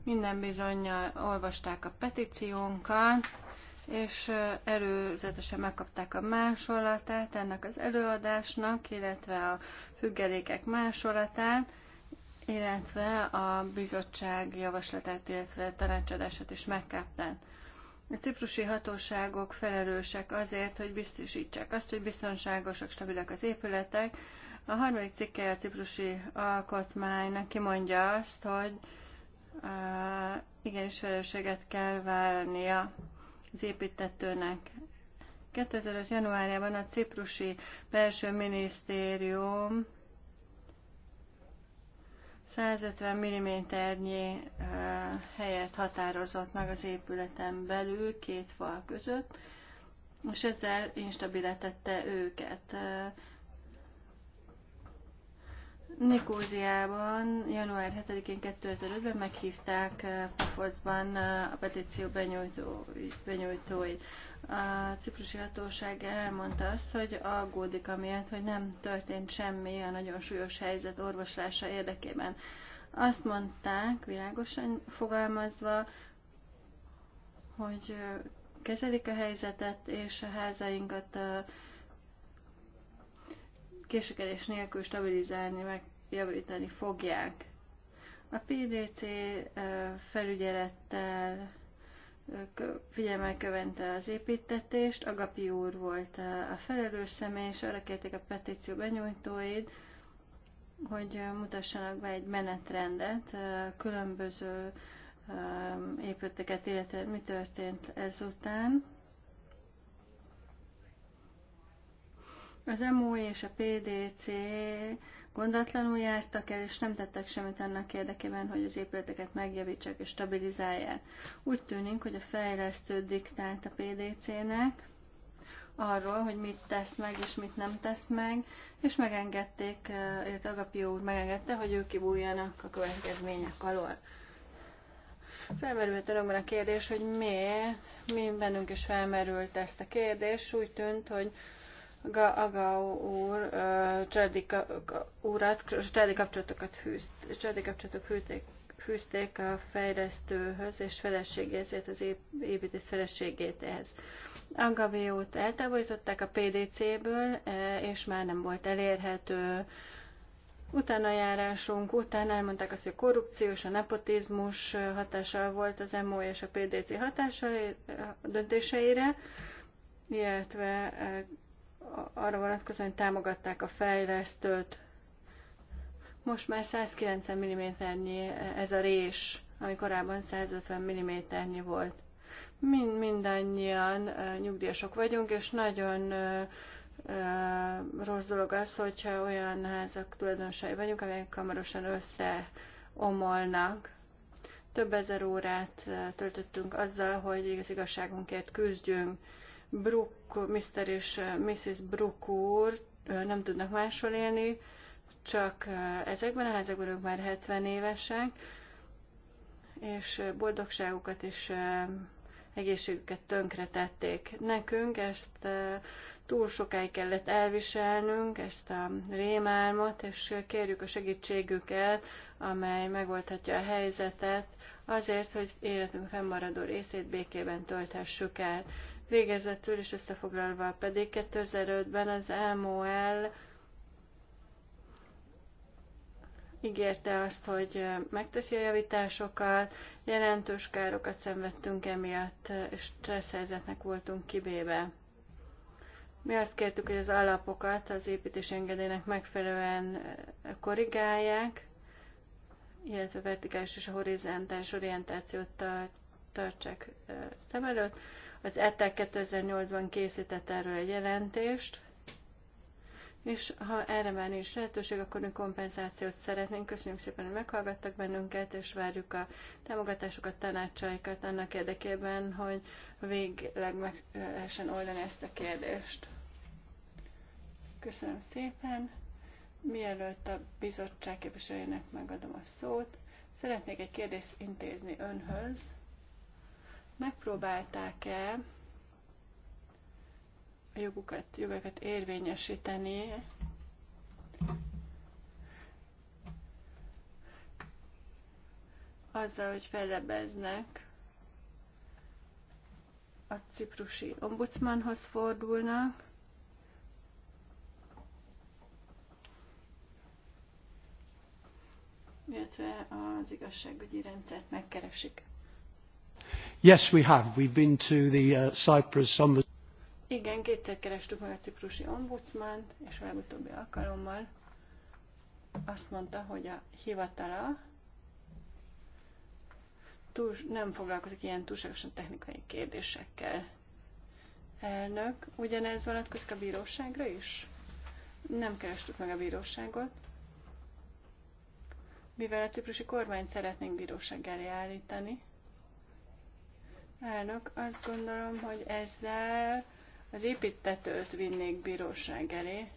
S2: Minden bizonyal olvasták a petíciónkat, és előzetesen megkapták a másolatát ennek az előadásnak, illetve a függelékek másolatát illetve a bizottság javaslatát, illetve tanácsadását is megkapták. A ciprusi hatóságok felelősek azért, hogy biztosítsák azt, hogy biztonságosak, stabilak az épületek. A harmadik cikke a ciprusi alkotmánynak kimondja azt, hogy uh, igenis felelősséget kell válnia az építetőnek. 2005. januárjában a ciprusi belső minisztérium 150 mm helyet határozott meg az épületen belül, két fal között, és ezzel instabilitette őket. Nikóziában január 7-én 2005-ben meghívták Pofoszban a petíció benyújtó, benyújtóit. A ciprusi hatóság elmondta azt, hogy aggódik amiatt, hogy nem történt semmi a nagyon súlyos helyzet orvoslása érdekében. Azt mondták, világosan fogalmazva, hogy kezelik a helyzetet, és a házainkat késekedés nélkül stabilizálni, meg javítani fogják. A PDC felügyelettel figyelmel követte az építetést, Agapi úr volt a felelős személy, és arra kérték a petíció benyújtóid, hogy mutassanak be egy menetrendet, különböző épületeket, illetve mi történt ezután. Az MOI és a PDC gondatlanul jártak el, és nem tettek semmit annak érdekében, hogy az épületeket megjavítsák és stabilizálják. Úgy tűnik, hogy a fejlesztő diktált a PDC-nek arról, hogy mit tesz meg és mit nem tesz meg, és megengedték, eh, illetve Agapió úr megengedte, hogy ők kibújjanak a következmények alól. Felmerült örömmel a kérdés, hogy miért, mi bennünk is felmerült ezt a kérdés, úgy tűnt, hogy Agao úr családi, úrat, családi kapcsolatokat hűzt, családi kapcsolatok hűték, fűzték a fejlesztőhöz és feleségéhez, az építés feleségét ehhez. Angaviót eltávolították a PDC-ből, és már nem volt elérhető. Utána járásunk után elmondták azt, hogy a korrupció és a nepotizmus hatása volt az MO és a PDC hatása döntéseire, illetve arra vonatkozóan, hogy támogatták a fejlesztőt. Most már 190 mm-nyi ez a rés, ami korábban 150 mm-nyi volt. Mind, mindannyian nyugdíjasok vagyunk, és nagyon rossz dolog az, hogyha olyan házak tulajdonosai vagyunk, amelyek hamarosan összeomolnak. Több ezer órát töltöttünk azzal, hogy az igazságunkért küzdjünk. Brook, Mr. és eh, Mrs. Brook úr nem tudnak máshol élni, csak eh, ezekben a házakban ők már 70 évesek, és eh, boldogságukat és egészségüket tönkretették. Nekünk ezt túl sokáig kellett elviselnünk, ezt a rémálmat, és kérjük a segítségüket, amely megoldhatja a helyzetet, azért, hogy életünk fennmaradó részét békében tölthessük el. Végezetül és összefoglalva pedig 2005-ben az MOL ígérte azt, hogy megteszi a javításokat, jelentős károkat szenvedtünk emiatt, és stressz helyzetnek voltunk kibébe. Mi azt kértük, hogy az alapokat az építés engedélynek megfelelően korrigálják, illetve vertikális és a horizontális orientációt tartsák szem előtt. Az e e ETEC 2008-ban készített erről egy jelentést, és ha erre már nincs lehetőség, akkor mi kompenzációt szeretnénk. Köszönjük szépen, hogy meghallgattak bennünket, és várjuk a támogatásokat, tanácsaikat annak érdekében, hogy végleg meg lehessen oldani ezt a kérdést. Köszönöm szépen. Mielőtt a bizottság képviselőjének megadom a szót, szeretnék egy kérdést intézni önhöz megpróbálták-e a jogukat, jogokat érvényesíteni, azzal, hogy fellebeznek, a ciprusi ombudsmanhoz fordulnak, illetve az igazságügyi rendszert megkeresik. Yes, we have. We've been to the uh, Cyprus Igen, kétszer kerestük meg a ciprusi ombudsman, és a legutóbbi alkalommal azt mondta, hogy a hivatala túl, nem foglalkozik ilyen túlságosan technikai kérdésekkel. Elnök, ugyanez vonatkozik a bíróságra is? Nem kerestük meg a bíróságot. Mivel a ciprusi kormányt szeretnénk bíróság elé állítani, Elnök, azt gondolom, hogy ezzel az építetőt vinnék bíróság elé.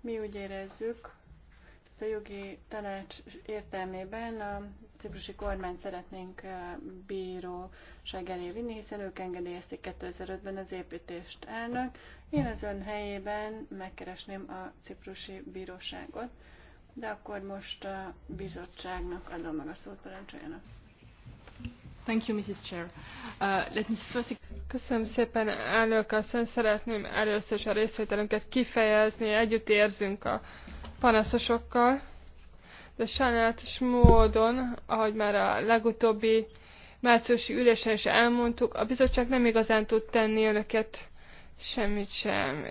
S2: Mi úgy érezzük, tehát a jogi tanács értelmében a ciprusi kormányt szeretnénk eh, bíróság elé vinni, hiszen ők engedélyezték 2005-ben az építést elnök. Én az ön helyében megkeresném a ciprusi bíróságot, de akkor most a bizottságnak adom meg a szót, parancsoljanak.
S1: Uh, Köszönöm szépen, elnök asszony. Szeretném először is a részvételünket kifejezni. Együtt érzünk a panaszosokkal, de sajnálatos módon, ahogy már a legutóbbi márciusi ülésen is elmondtuk, a bizottság nem igazán tud tenni önöket semmit sem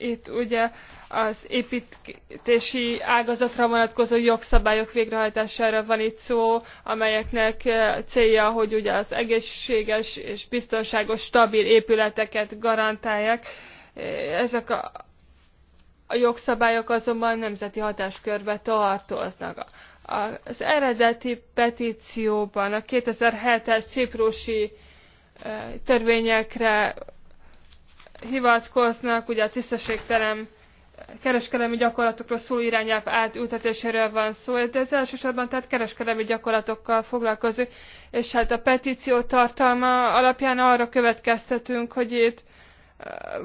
S1: itt ugye az építési ágazatra vonatkozó jogszabályok végrehajtására van itt szó, amelyeknek eh, célja, hogy ugye az egészséges és biztonságos, stabil épületeket garantálják. Eh, ezek a, a jogszabályok azonban nemzeti hatáskörbe tartoznak. Az eredeti petícióban a 2007-es ciprusi eh, törvényekre hivatkoznak, ugye a tisztességtelen kereskedelmi gyakorlatokról szóló irányelv átültetéséről van szó, de ez elsősorban tehát kereskedelmi gyakorlatokkal foglalkozik, és hát a petíció tartalma alapján arra következtetünk, hogy itt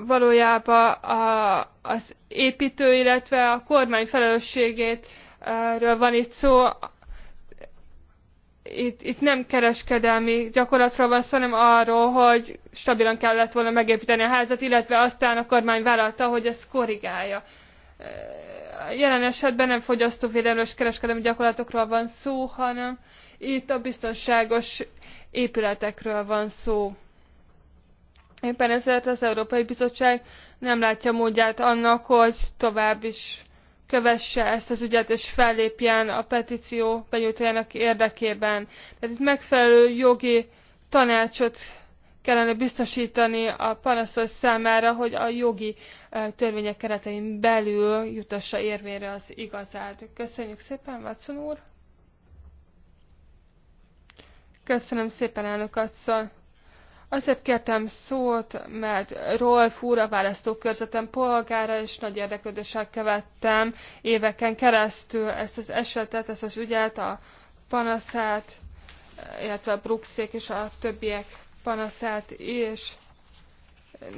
S1: valójában a, az építő, illetve a kormány felelősségétről van itt szó, itt, itt nem kereskedelmi gyakorlatról van szó, hanem arról, hogy stabilan kellett volna megépíteni a házat, illetve aztán a kormány vállalta, hogy ezt korrigálja. Jelen esetben nem fogyasztóvédelmes kereskedelmi gyakorlatokról van szó, hanem itt a biztonságos épületekről van szó. Éppen ezért az Európai Bizottság nem látja módját annak, hogy tovább is kövesse ezt az ügyet, és fellépjen a petíció benyújtójának érdekében. Tehát itt megfelelő jogi tanácsot kellene biztosítani a panaszos számára, hogy a jogi törvények keretein belül jutassa érvényre az igazát. Köszönjük szépen, Watson úr! Köszönöm szépen, elnök asszony! Azért kértem szót, mert Rolf úr a választókörzetem polgára, és nagy érdeklődéssel követtem éveken keresztül ezt az esetet, ezt az ügyet, a panaszát, illetve a Bruxék és a többiek panaszát és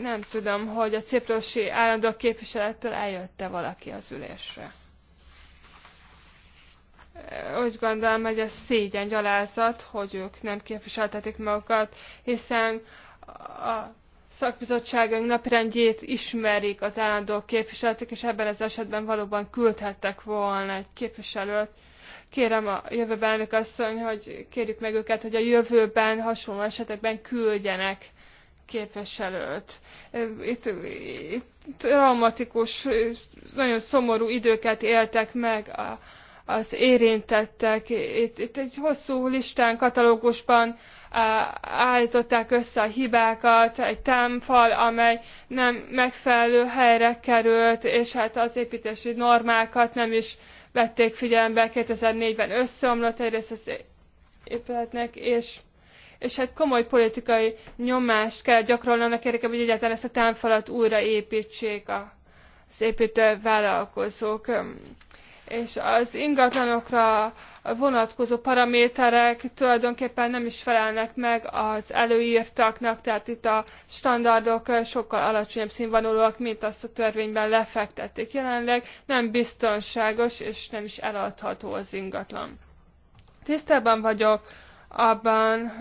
S1: Nem tudom, hogy a ciprosi állandó képviselettől eljött-e valaki az ülésre úgy gondolom, hogy ez szégyen gyalázat, hogy ők nem képviseltetik magukat, hiszen a szakbizottságunk naprendjét ismerik az állandó képviseletek, és ebben az esetben valóban küldhettek volna egy képviselőt. Kérem a jövőben elnök asszony, hogy kérjük meg őket, hogy a jövőben hasonló esetekben küldjenek képviselőt. Itt, itt traumatikus, nagyon szomorú időket éltek meg a az érintettek. Itt, itt egy hosszú listán, katalógusban állították össze a hibákat, egy támfal, amely nem megfelelő helyre került, és hát az építési normákat nem is vették figyelembe. 2004-ben összeomlott egyrészt az épületnek, és és hát komoly politikai nyomást kell gyakorolni annak érdekében, hogy egyáltalán ezt a támfalat újraépítsék az építő vállalkozók és az ingatlanokra vonatkozó paraméterek tulajdonképpen nem is felelnek meg az előírtaknak, tehát itt a standardok sokkal alacsonyabb színvonalúak, mint azt a törvényben lefektették. Jelenleg nem biztonságos és nem is eladható az ingatlan. Tisztában vagyok abban,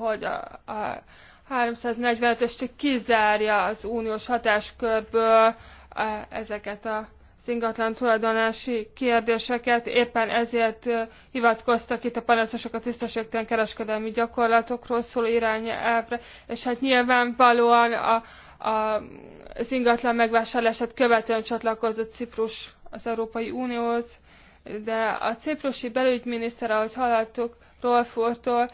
S1: hogy a, a 345-ös kizárja az uniós hatáskörből e, ezeket a az ingatlan tulajdonási kérdéseket, éppen ezért hivatkoztak itt a panaszosok a tisztességtelen kereskedelmi gyakorlatokról szóló irányelvre, és hát nyilvánvalóan a, a, az ingatlan megvásárlását követően csatlakozott Ciprus az Európai Unióhoz, de a ciprusi belügyminiszter, ahogy hallottuk, Rolf úrtól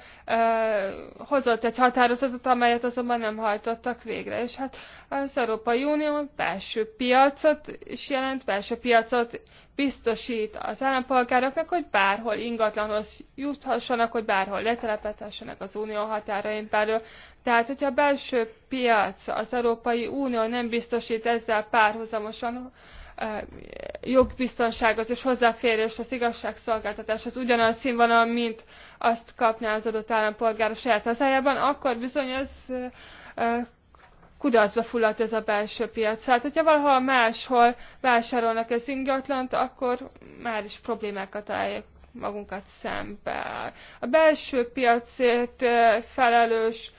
S1: hozott egy határozatot, amelyet azonban nem hajtottak végre. És hát az Európai Unió belső piacot is jelent, belső piacot biztosít az állampolgároknak, hogy bárhol ingatlanhoz juthassanak, hogy bárhol letelepedhessenek az unió határain belül. Tehát, hogyha a belső piac az Európai Unió nem biztosít ezzel párhuzamosan jogbiztonságot és hozzáférést az igazságszolgáltatáshoz ugyanolyan sznvonalon mint azt kapná az adott állampolgár a saját hazájában, akkor bizony ez kudarcba fulladt ez a belső piac. Tehát, hogyha valahol máshol vásárolnak ez ingatlant, akkor már is problémákat találják magunkat szembe. A belső piacért felelős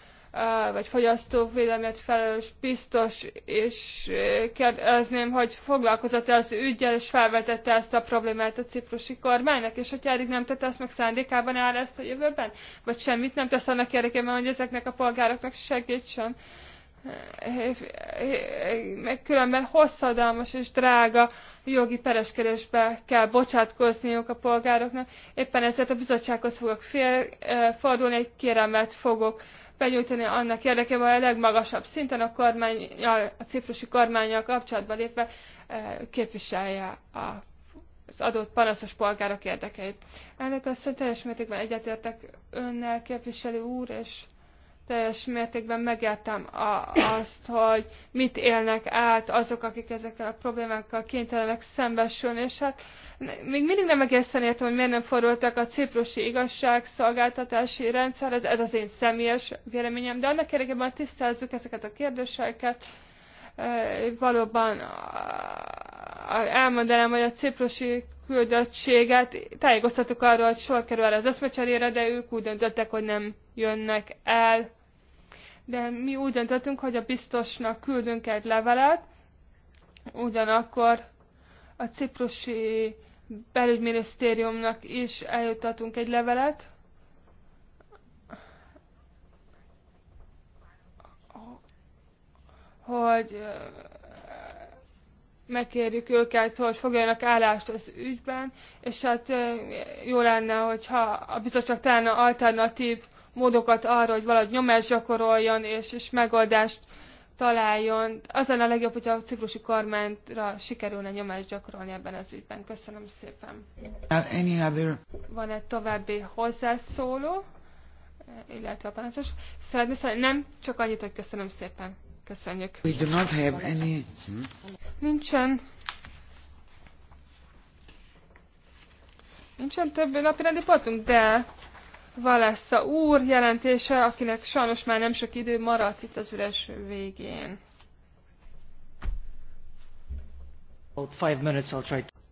S1: vagy fogyasztóvédelmet felelős biztos, és eh, kérdezném, hogy foglalkozott-e az ügyel, és felvetette ezt a problémát a ciprusi kormánynak, és hogyha eddig nem tette ezt, meg szándékában áll ezt a jövőben, vagy semmit nem tesz annak érdekében, hogy ezeknek a polgároknak segítsen. Meg eh, eh, különben hosszadalmas és drága jogi pereskedésbe kell bocsátkozniuk a polgároknak. Éppen ezért a bizottsághoz fogok fél, fordulni, egy kérelmet fogok benyújtani annak érdekében, hogy a legmagasabb szinten a, kormány, a ciprusi kormányjal kapcsolatba lépve eh, képviselje a az adott panaszos polgárok érdekeit. Ennek aztán teljes mértékben egyetértek önnel, képviselő úr, és teljes mértékben megértem a, azt, hogy mit élnek át azok, akik ezekkel a problémákkal kénytelenek szembesülni, és hát még mindig nem egészen értem, hogy miért nem fordultak a ciprusi igazságszolgáltatási rendszer, ez az én személyes véleményem, de annak érdekében tisztázzuk ezeket a kérdéseket, valóban elmondanám, hogy a ciprusi küldöttséget tájékoztatok arról, hogy sor kerül el az eszmecserére, de ők úgy döntöttek, hogy nem jönnek el de mi úgy döntöttünk, hogy a biztosnak küldünk egy levelet, ugyanakkor a ciprusi belügyminisztériumnak is eljuttatunk egy levelet, hogy megkérjük őket, hogy fogjanak állást az ügyben, és hát jó lenne, hogyha a biztosnak talán alternatív módokat arra, hogy valahogy nyomást gyakoroljon és, és megoldást találjon. Az a legjobb, hogyha a ciklusi kormányra sikerülne nyomást gyakorolni ebben az ügyben. Köszönöm szépen. Uh, Van egy további hozzászóló, illetve a panaszos. Szeretném Szóval Nem, csak annyit, hogy köszönöm szépen. Köszönjük. We do not have any... Nincsen. Nincsen több napi rendi pontunk, de Valessa úr jelentése, akinek sajnos már nem sok idő maradt itt az üres végén.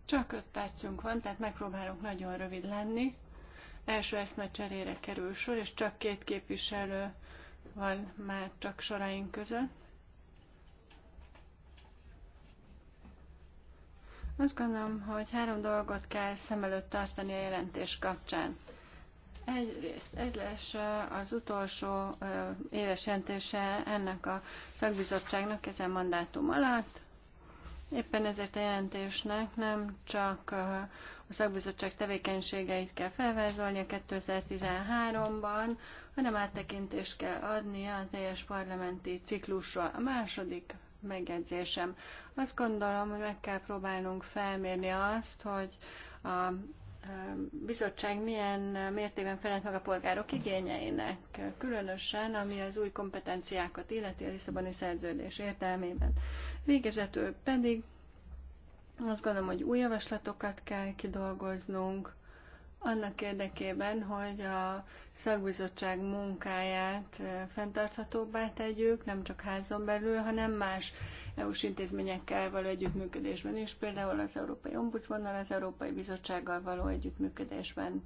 S2: Csak öt percünk van, tehát megpróbálunk nagyon rövid lenni. Első cserére kerül sor, és csak két képviselő van már csak soraink között. Azt gondolom, hogy három dolgot kell szem előtt tartani a jelentés kapcsán. Egyrészt ez lesz az utolsó éves jelentése ennek a szakbizottságnak ezen mandátum alatt. Éppen ezért a jelentésnek nem csak a szakbizottság tevékenységeit kell felvázolni a 2013-ban, hanem áttekintést kell adni a teljes parlamenti ciklusra A második megjegyzésem. Azt gondolom, hogy meg kell próbálnunk felmérni azt, hogy a bizottság milyen mértékben felelt meg a polgárok igényeinek, különösen ami az új kompetenciákat illeti a Lisszaboni szerződés értelmében. Végezetül pedig azt gondolom, hogy új javaslatokat kell kidolgoznunk, annak érdekében, hogy a szakbizottság munkáját fenntarthatóbbá tegyük, nem csak házon belül, hanem más EU-s intézményekkel való együttműködésben is, például az Európai Ombudsmannal, az Európai Bizottsággal való együttműködésben.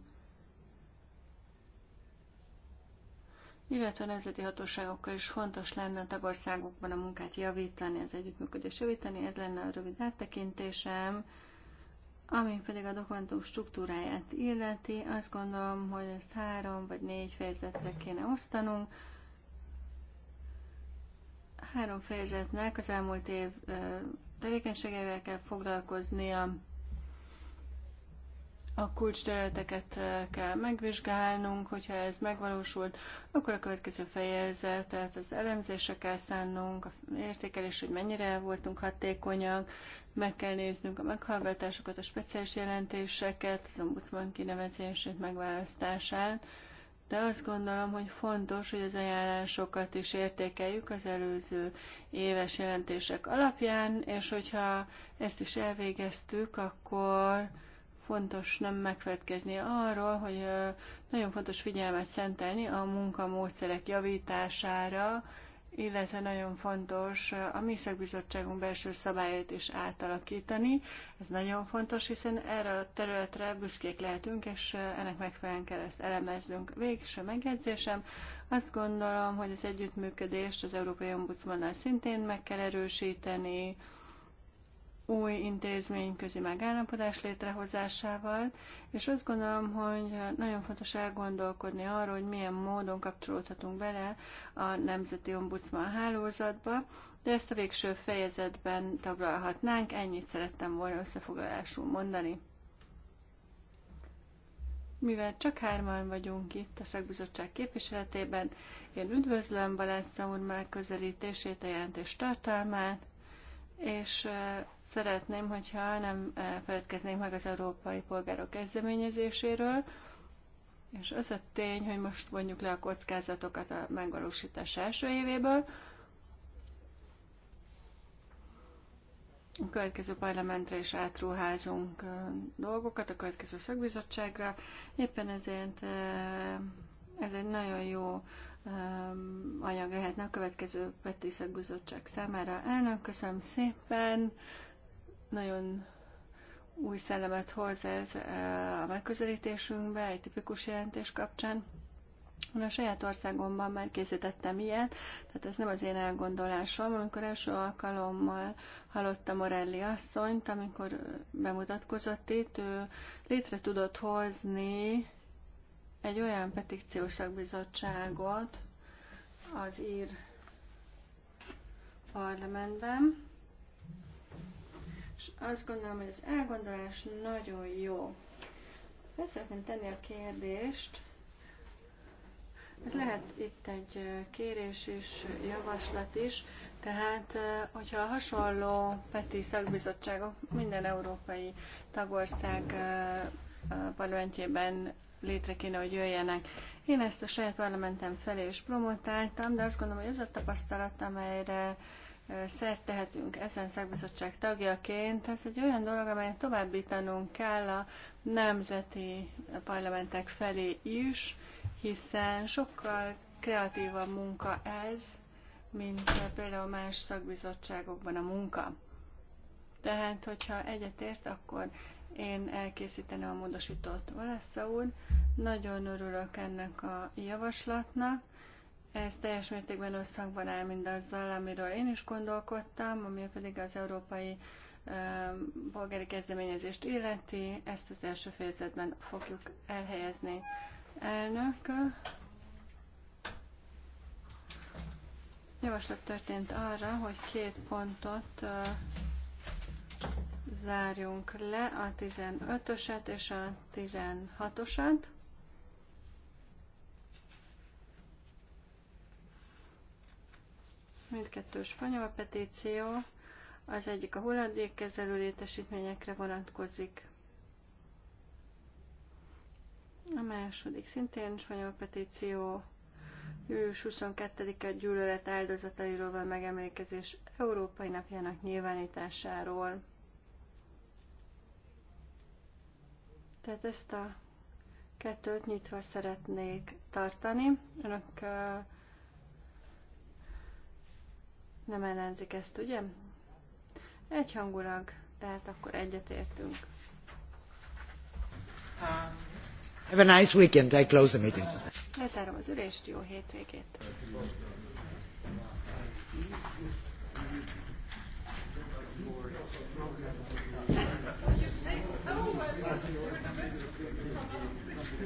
S2: illetve a nemzeti hatóságokkal is fontos lenne a tagországokban a munkát javítani, az együttműködést javítani, ez lenne a rövid áttekintésem. Ami pedig a dokumentum struktúráját illeti, azt gondolom, hogy ezt három vagy négy fejezetre kéne osztanunk három fejezetnek az elmúlt év tevékenységeivel kell foglalkoznia, a kulcsterületeket kell megvizsgálnunk, hogyha ez megvalósult, akkor a következő fejezetet, az elemzésre kell szánnunk, a értékelés, hogy mennyire voltunk hatékonyak, meg kell néznünk a meghallgatásokat, a speciális jelentéseket, az ombudsman kinevezését, megválasztását, de azt gondolom, hogy fontos, hogy az ajánlásokat is értékeljük az előző éves jelentések alapján, és hogyha ezt is elvégeztük, akkor fontos nem megfelelkezni arról, hogy nagyon fontos figyelmet szentelni a munkamódszerek javítására, illetve nagyon fontos a mi szakbizottságunk belső szabályait is átalakítani. Ez nagyon fontos, hiszen erre a területre büszkék lehetünk, és ennek megfelelően kell ezt elemeznünk. Végső megjegyzésem, azt gondolom, hogy az együttműködést az Európai Ombudsmannal szintén meg kell erősíteni, új intézmény közi megállapodás létrehozásával, és azt gondolom, hogy nagyon fontos elgondolkodni arról, hogy milyen módon kapcsolódhatunk bele a Nemzeti Ombudsman hálózatba, de ezt a végső fejezetben taglalhatnánk, ennyit szerettem volna összefoglalásul mondani. Mivel csak hárman vagyunk itt a szakbizottság képviseletében, én üdvözlöm Balázs már közelítését a jelentés tartalmát, és szeretném, hogyha nem feledkeznénk meg az európai polgárok kezdeményezéséről, és az a tény, hogy most vonjuk le a kockázatokat a megvalósítás első évéből, a következő parlamentre is átruházunk dolgokat, a következő szakbizottságra. Éppen ezért ez egy nagyon jó anyag lehetne a következő Petriszak Bizottság számára. Elnök, köszönöm szépen, nagyon új szellemet hoz ez a megközelítésünkbe, egy tipikus jelentés kapcsán. a saját országomban már készítettem ilyet, tehát ez nem az én elgondolásom. Amikor első alkalommal hallottam Morelli asszonyt, amikor bemutatkozott itt, ő létre tudott hozni egy olyan petíciós szakbizottságot az ír parlamentben, és azt gondolom, hogy az elgondolás nagyon jó. Ezt szeretném tenni a kérdést, ez lehet itt egy kérés és javaslat is, tehát hogyha a hasonló PETI szakbizottságok minden európai tagország parlamentjében létre kéne, hogy jöjjenek. Én ezt a saját parlamentem felé is promotáltam, de azt gondolom, hogy ez a tapasztalat, amelyre szert tehetünk ezen szakbizottság tagjaként, ez egy olyan dolog, amelyet továbbítanunk kell a nemzeti parlamentek felé is, hiszen sokkal kreatívabb munka ez, mint például más szakbizottságokban a munka. Tehát, hogyha egyetért, akkor én elkészíteni a módosítót Valesza úr. Nagyon örülök ennek a javaslatnak. Ez teljes mértékben összhangban áll mindazzal, amiről én is gondolkodtam, ami pedig az európai polgári kezdeményezést illeti. Ezt az első fejezetben fogjuk elhelyezni. Elnök, javaslat történt arra, hogy két pontot zárjunk le a 15-öset és a 16-osat. Mindkettő spanyol petíció, az egyik a hulladékkezelő létesítményekre vonatkozik. A második szintén spanyol petíció, július 22-e gyűlölet áldozatairól van megemlékezés Európai Napjának nyilvánításáról. Tehát ezt a kettőt nyitva szeretnék tartani. Önök nem ellenzik ezt, ugye? Egyhangulag, tehát akkor egyetértünk.
S1: Have a nice weekend. I close the meeting. Lezárom az ülést, jó hétvégét.